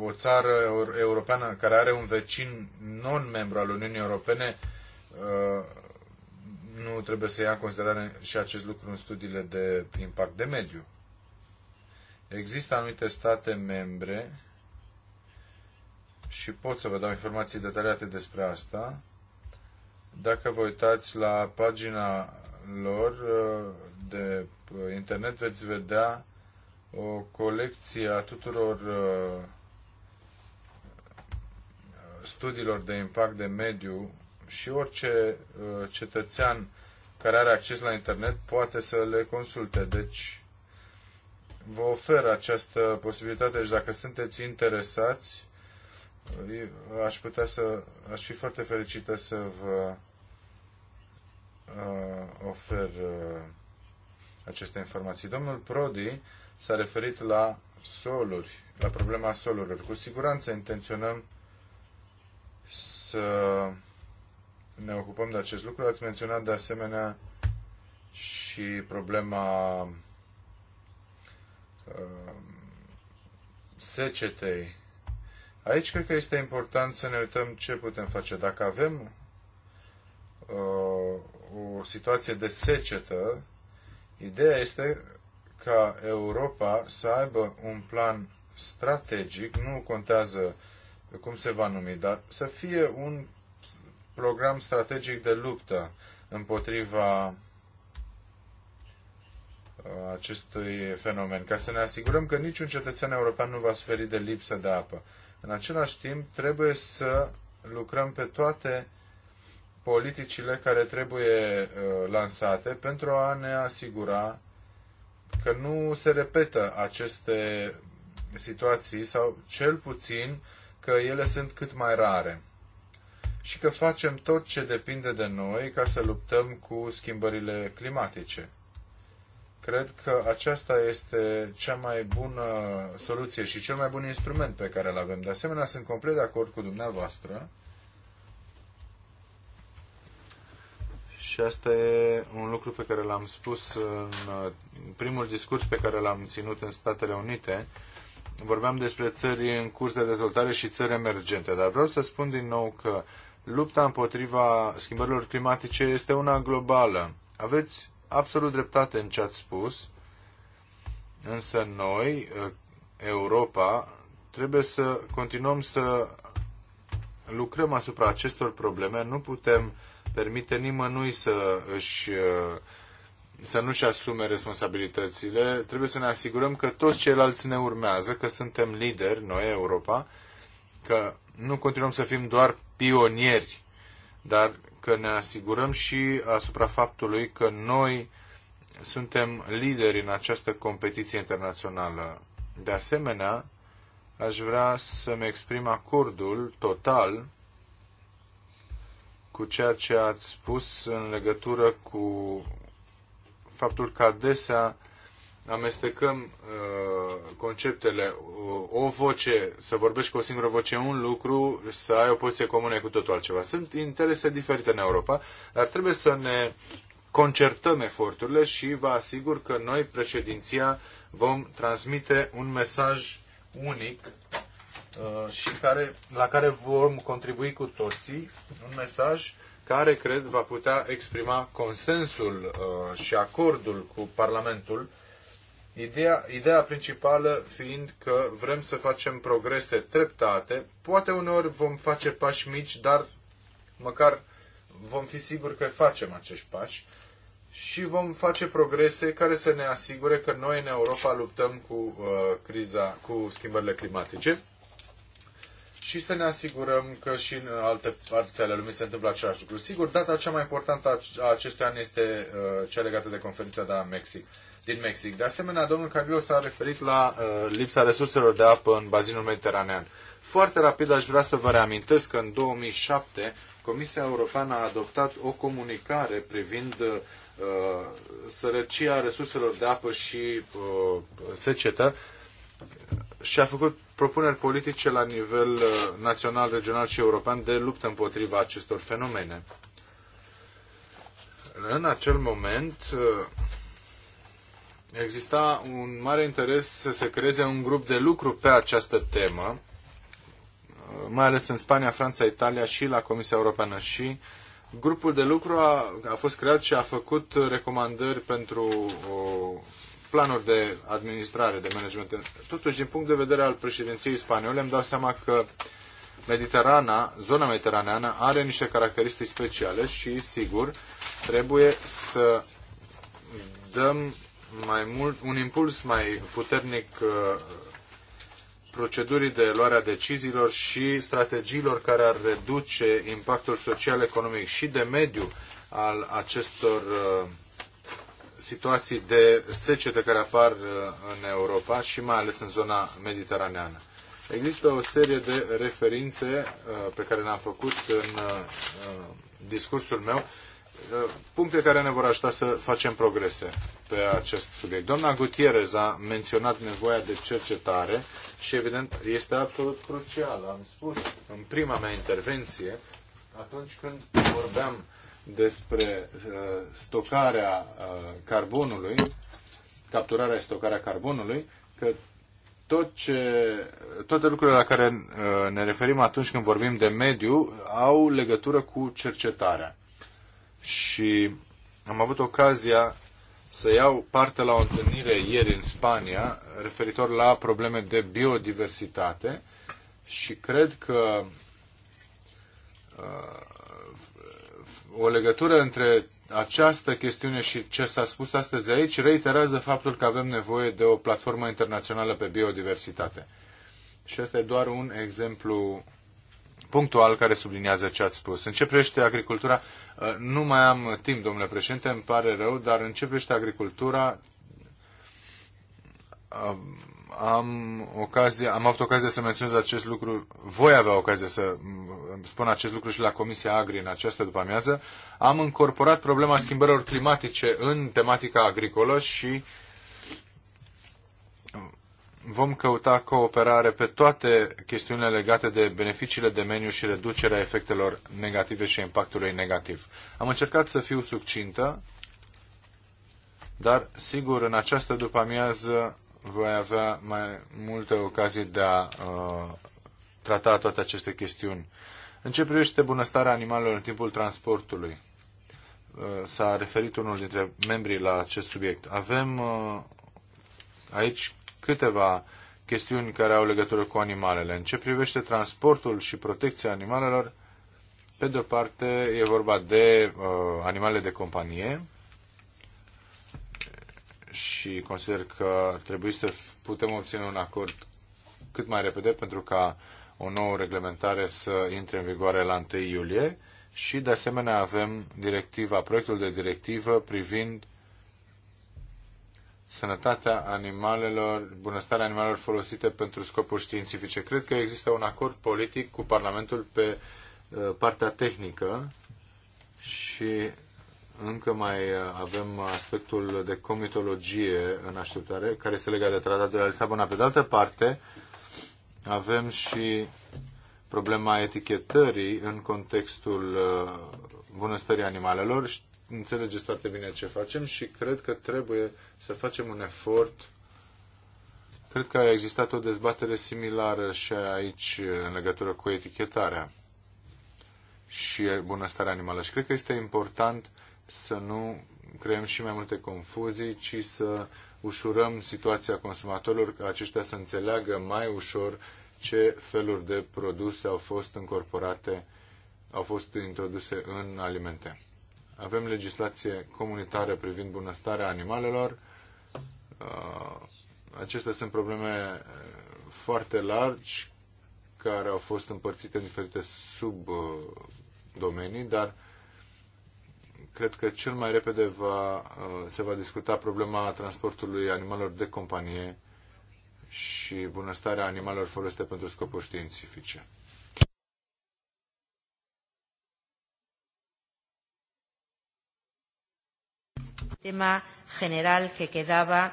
o țară europeană care are un vecin non-membru al Uniunii Europene uh, nu trebuie să ia în considerare și acest lucru în studiile de impact de mediu. Există anumite state membre și pot să vă dau informații detaliate despre asta. Dacă vă uitați la pagina lor uh, de uh, internet veți vedea o colecție a tuturor uh, studiilor de impact de mediu și orice cetățean care are acces la internet poate să le consulte. Deci vă ofer această posibilitate. Deci dacă sunteți interesați, aș putea să, aș fi foarte fericită să vă uh, ofer uh, aceste informații. Domnul Prodi s-a referit la soluri, la problema solurilor. Cu siguranță intenționăm să ne ocupăm de acest lucru. Ați menționat de asemenea și problema uh, secetei. Aici cred că este important să ne uităm ce putem face. Dacă avem uh, o situație de secetă, ideea este ca Europa să aibă un plan strategic, nu contează cum se va numi, dar să fie un program strategic de luptă împotriva uh, acestui fenomen, ca să ne asigurăm că niciun cetățean european nu va suferi de lipsă de apă. În același timp, trebuie să lucrăm pe toate politicile care trebuie uh, lansate pentru a ne asigura că nu se repetă aceste situații sau cel puțin că ele sunt cât mai rare și că facem tot ce depinde de noi ca să luptăm cu schimbările climatice. Cred că aceasta este cea mai bună soluție și cel mai bun instrument pe care îl avem. De asemenea, sunt complet de acord cu dumneavoastră Și asta e un lucru pe care l-am spus în uh, primul discurs pe care l-am ținut în Statele Unite. Vorbeam despre țări în curs de dezvoltare și țări emergente, dar vreau să spun din nou că lupta împotriva schimbărilor climatice este una globală. Aveți absolut dreptate în ce ați spus, însă noi, uh, Europa, trebuie să continuăm să lucrăm asupra acestor probleme. Nu putem uh, permite nimănui să își uh, să nu-și asume responsabilitățile, trebuie să ne asigurăm că toți ceilalți ne urmează, că suntem lideri, noi, Europa, că nu continuăm să fim doar pionieri, dar că ne asigurăm și asupra faptului că noi suntem lideri în această competiție internațională. De asemenea, aș vrea să-mi exprim acordul total cu ceea ce ați spus în legătură cu faptul că adesea amestecăm uh, conceptele. O, o voce, să vorbești cu o singură voce un lucru, să ai o poziție comună cu totul altceva. Sunt interese diferite în Europa, dar trebuie să ne concertăm eforturile și vă asigur că noi, președinția, vom transmite un mesaj unic Uh, și care, la care vom contribui cu toții, un mesaj care, cred, va putea exprima consensul uh, și acordul cu Parlamentul, ideea, ideea principală fiind că vrem să facem progrese treptate, poate uneori vom face pași mici, dar măcar vom fi siguri că facem acești pași și vom face progrese care să ne asigure că noi în Europa luptăm cu uh, criza, cu schimbările climatice și să ne asigurăm că și în alte părți ale lumii se întâmplă același lucru. Sigur, data cea mai importantă a acestui an este uh, cea legată de conferința de la Mexic, din Mexic. De asemenea, domnul Cabillo s-a referit la uh, lipsa resurselor de apă în bazinul mediteranean. Foarte rapid aș vrea să vă reamintesc că în 2007 Comisia Europeană a adoptat o comunicare privind uh, sărăcia resurselor de apă și uh, secetă și a făcut propuneri politice la nivel uh, național, regional și european de luptă împotriva acestor fenomene. În acel moment uh, exista un mare interes să se creeze un grup de lucru pe această temă, uh, mai ales în Spania, Franța, Italia și la Comisia Europeană și grupul de lucru a, a fost creat și a făcut recomandări pentru o planuri de administrare, de management. Totuși, din punct de vedere al președinției spaniole, îmi dau seama că Mediterana, zona mediteraneană, are niște caracteristici speciale și, sigur, trebuie să dăm mai mult, un impuls mai puternic uh, procedurii de luare a deciziilor și strategiilor care ar reduce impactul social, economic și de mediu al acestor uh, situații de secetă care apar uh, în Europa și mai ales în zona mediteraneană. Există o serie de referințe uh, pe care le-am făcut în uh, discursul meu, puncte care ne vor ajuta să facem progrese pe acest subiect. Doamna Gutierrez a menționat nevoia de cercetare și evident este absolut crucial. Am spus în prima mea intervenție, atunci când vorbeam despre uh, stocarea uh, carbonului, capturarea și stocarea carbonului, că tot ce, toate lucrurile la care uh, ne referim atunci când vorbim de mediu au legătură cu cercetarea. Și am avut ocazia să iau parte la o întâlnire ieri în Spania referitor la probleme de biodiversitate și cred că uh, o legătură între această chestiune și ce s-a spus astăzi aici reiterează faptul că avem nevoie de o platformă internațională pe biodiversitate. Și ăsta e doar un exemplu punctual care subliniază ce ați spus. În ce privește agricultura, uh, nu mai am timp, domnule președinte, îmi pare rău, dar în ce privește agricultura, uh, am, ocazia, am avut ocazia să menționez acest lucru, voi avea ocazia să mm, spun acest lucru și la Comisia Agri în această după amiază, am încorporat problema schimbărilor climatice în tematica agricolă și vom căuta cooperare pe toate chestiunile legate de beneficiile de meniu și reducerea efectelor negative și impactului negativ. Am încercat să fiu succintă, dar sigur în această după amiază voi avea mai multe ocazii de a uh, trata toate aceste chestiuni. În ce privește bunăstarea animalelor în timpul transportului? Uh, S-a referit unul dintre membrii la acest subiect. Avem uh, aici câteva chestiuni care au legătură cu animalele. În ce privește transportul și protecția animalelor, pe de o parte e vorba de uh, animale de companie, și consider că ar trebui să putem obține un acord cât mai repede pentru ca o nouă reglementare să intre în vigoare la 1 iulie și de asemenea avem directiva, proiectul de directivă privind sănătatea animalelor, bunăstarea animalelor folosite pentru scopuri științifice. Cred că există un acord politic cu Parlamentul pe uh, partea tehnică și încă mai uh, avem aspectul de comitologie în așteptare, care este legat de tratatul de la Lisabona. Pe de altă parte, avem și problema etichetării în contextul uh, bunăstării animalelor. Înțelegeți foarte bine ce facem și cred că trebuie să facem un efort Cred că a existat o dezbatere similară și aici în legătură cu etichetarea și bunăstarea animală. Și cred că este important să nu creăm și mai multe confuzii, ci să ușurăm situația consumatorilor, ca aceștia să înțeleagă mai ușor ce feluri de produse au fost incorporate, au fost introduse în alimente. Avem legislație comunitară privind bunăstarea animalelor. Uh, acestea sunt probleme uh, foarte largi care au fost împărțite în diferite subdomenii, dar cred că cel mai repede va, uh, se va discuta problema transportului animalelor de companie și bunăstarea animalelor folosite pentru scopuri științifice. tema general que quedaba.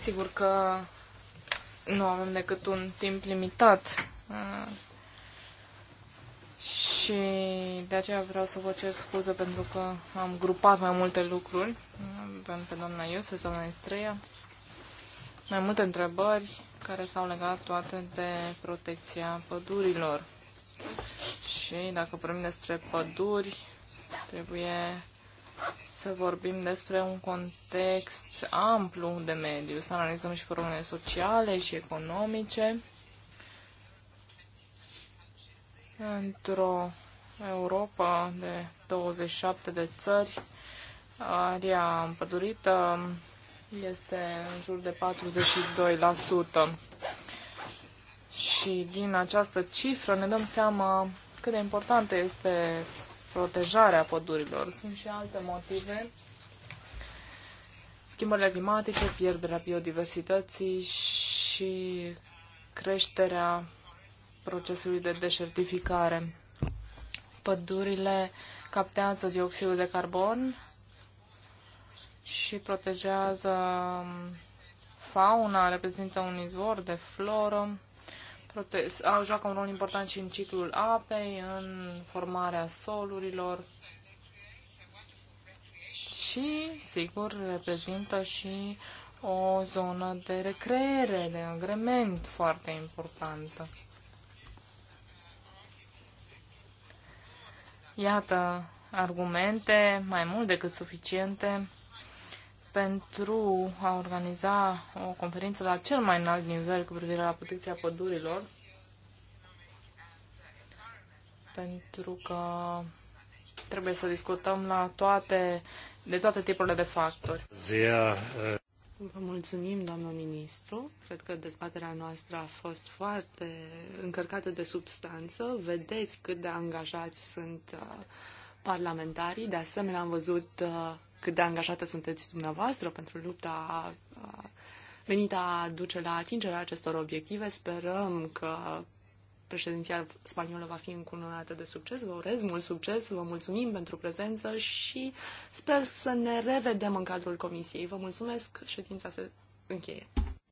Sigur că nu avem decât un timp limitat uh, și de aceea vreau să vă cer scuze pentru că am grupat mai multe lucruri. pentru pe doamna Iuse, doamna Estreia, mai multe întrebări care s-au legat toate de protecția pădurilor. Și dacă vorbim despre păduri, trebuie să vorbim despre un context amplu de mediu, să analizăm și problemele sociale și economice Într-o Europa de 27 de țări, area împădurită este în jur de 42%. Și din această cifră ne dăm seama cât de importantă este protejarea pădurilor. Sunt și alte motive. Schimbările climatice, pierderea biodiversității și creșterea procesului de deșertificare. Pădurile captează dioxidul de carbon și protejează um, fauna, reprezintă un izvor de floră, prote- au, joacă un rol important și în ciclul apei, în formarea solurilor și, sigur, reprezintă și o zonă de recreere, de agrement foarte importantă. iată, argumente mai mult decât suficiente pentru a organiza o conferință la cel mai înalt nivel cu privire la protecția pădurilor, pentru că trebuie să discutăm la toate, de toate tipurile de factori. Zia, uh... Vă mulțumim, doamnă ministru. Cred că dezbaterea noastră a fost foarte încărcată de substanță. Vedeți cât de angajați sunt uh, parlamentarii. De asemenea, am văzut uh, cât de angajată sunteți dumneavoastră pentru lupta uh, venită a duce la atingerea acestor obiective. Sperăm că președinția spaniolă va fi încununată de succes. Vă urez mult succes, vă mulțumim pentru prezență și sper să ne revedem în cadrul comisiei. Vă mulțumesc, ședința se încheie.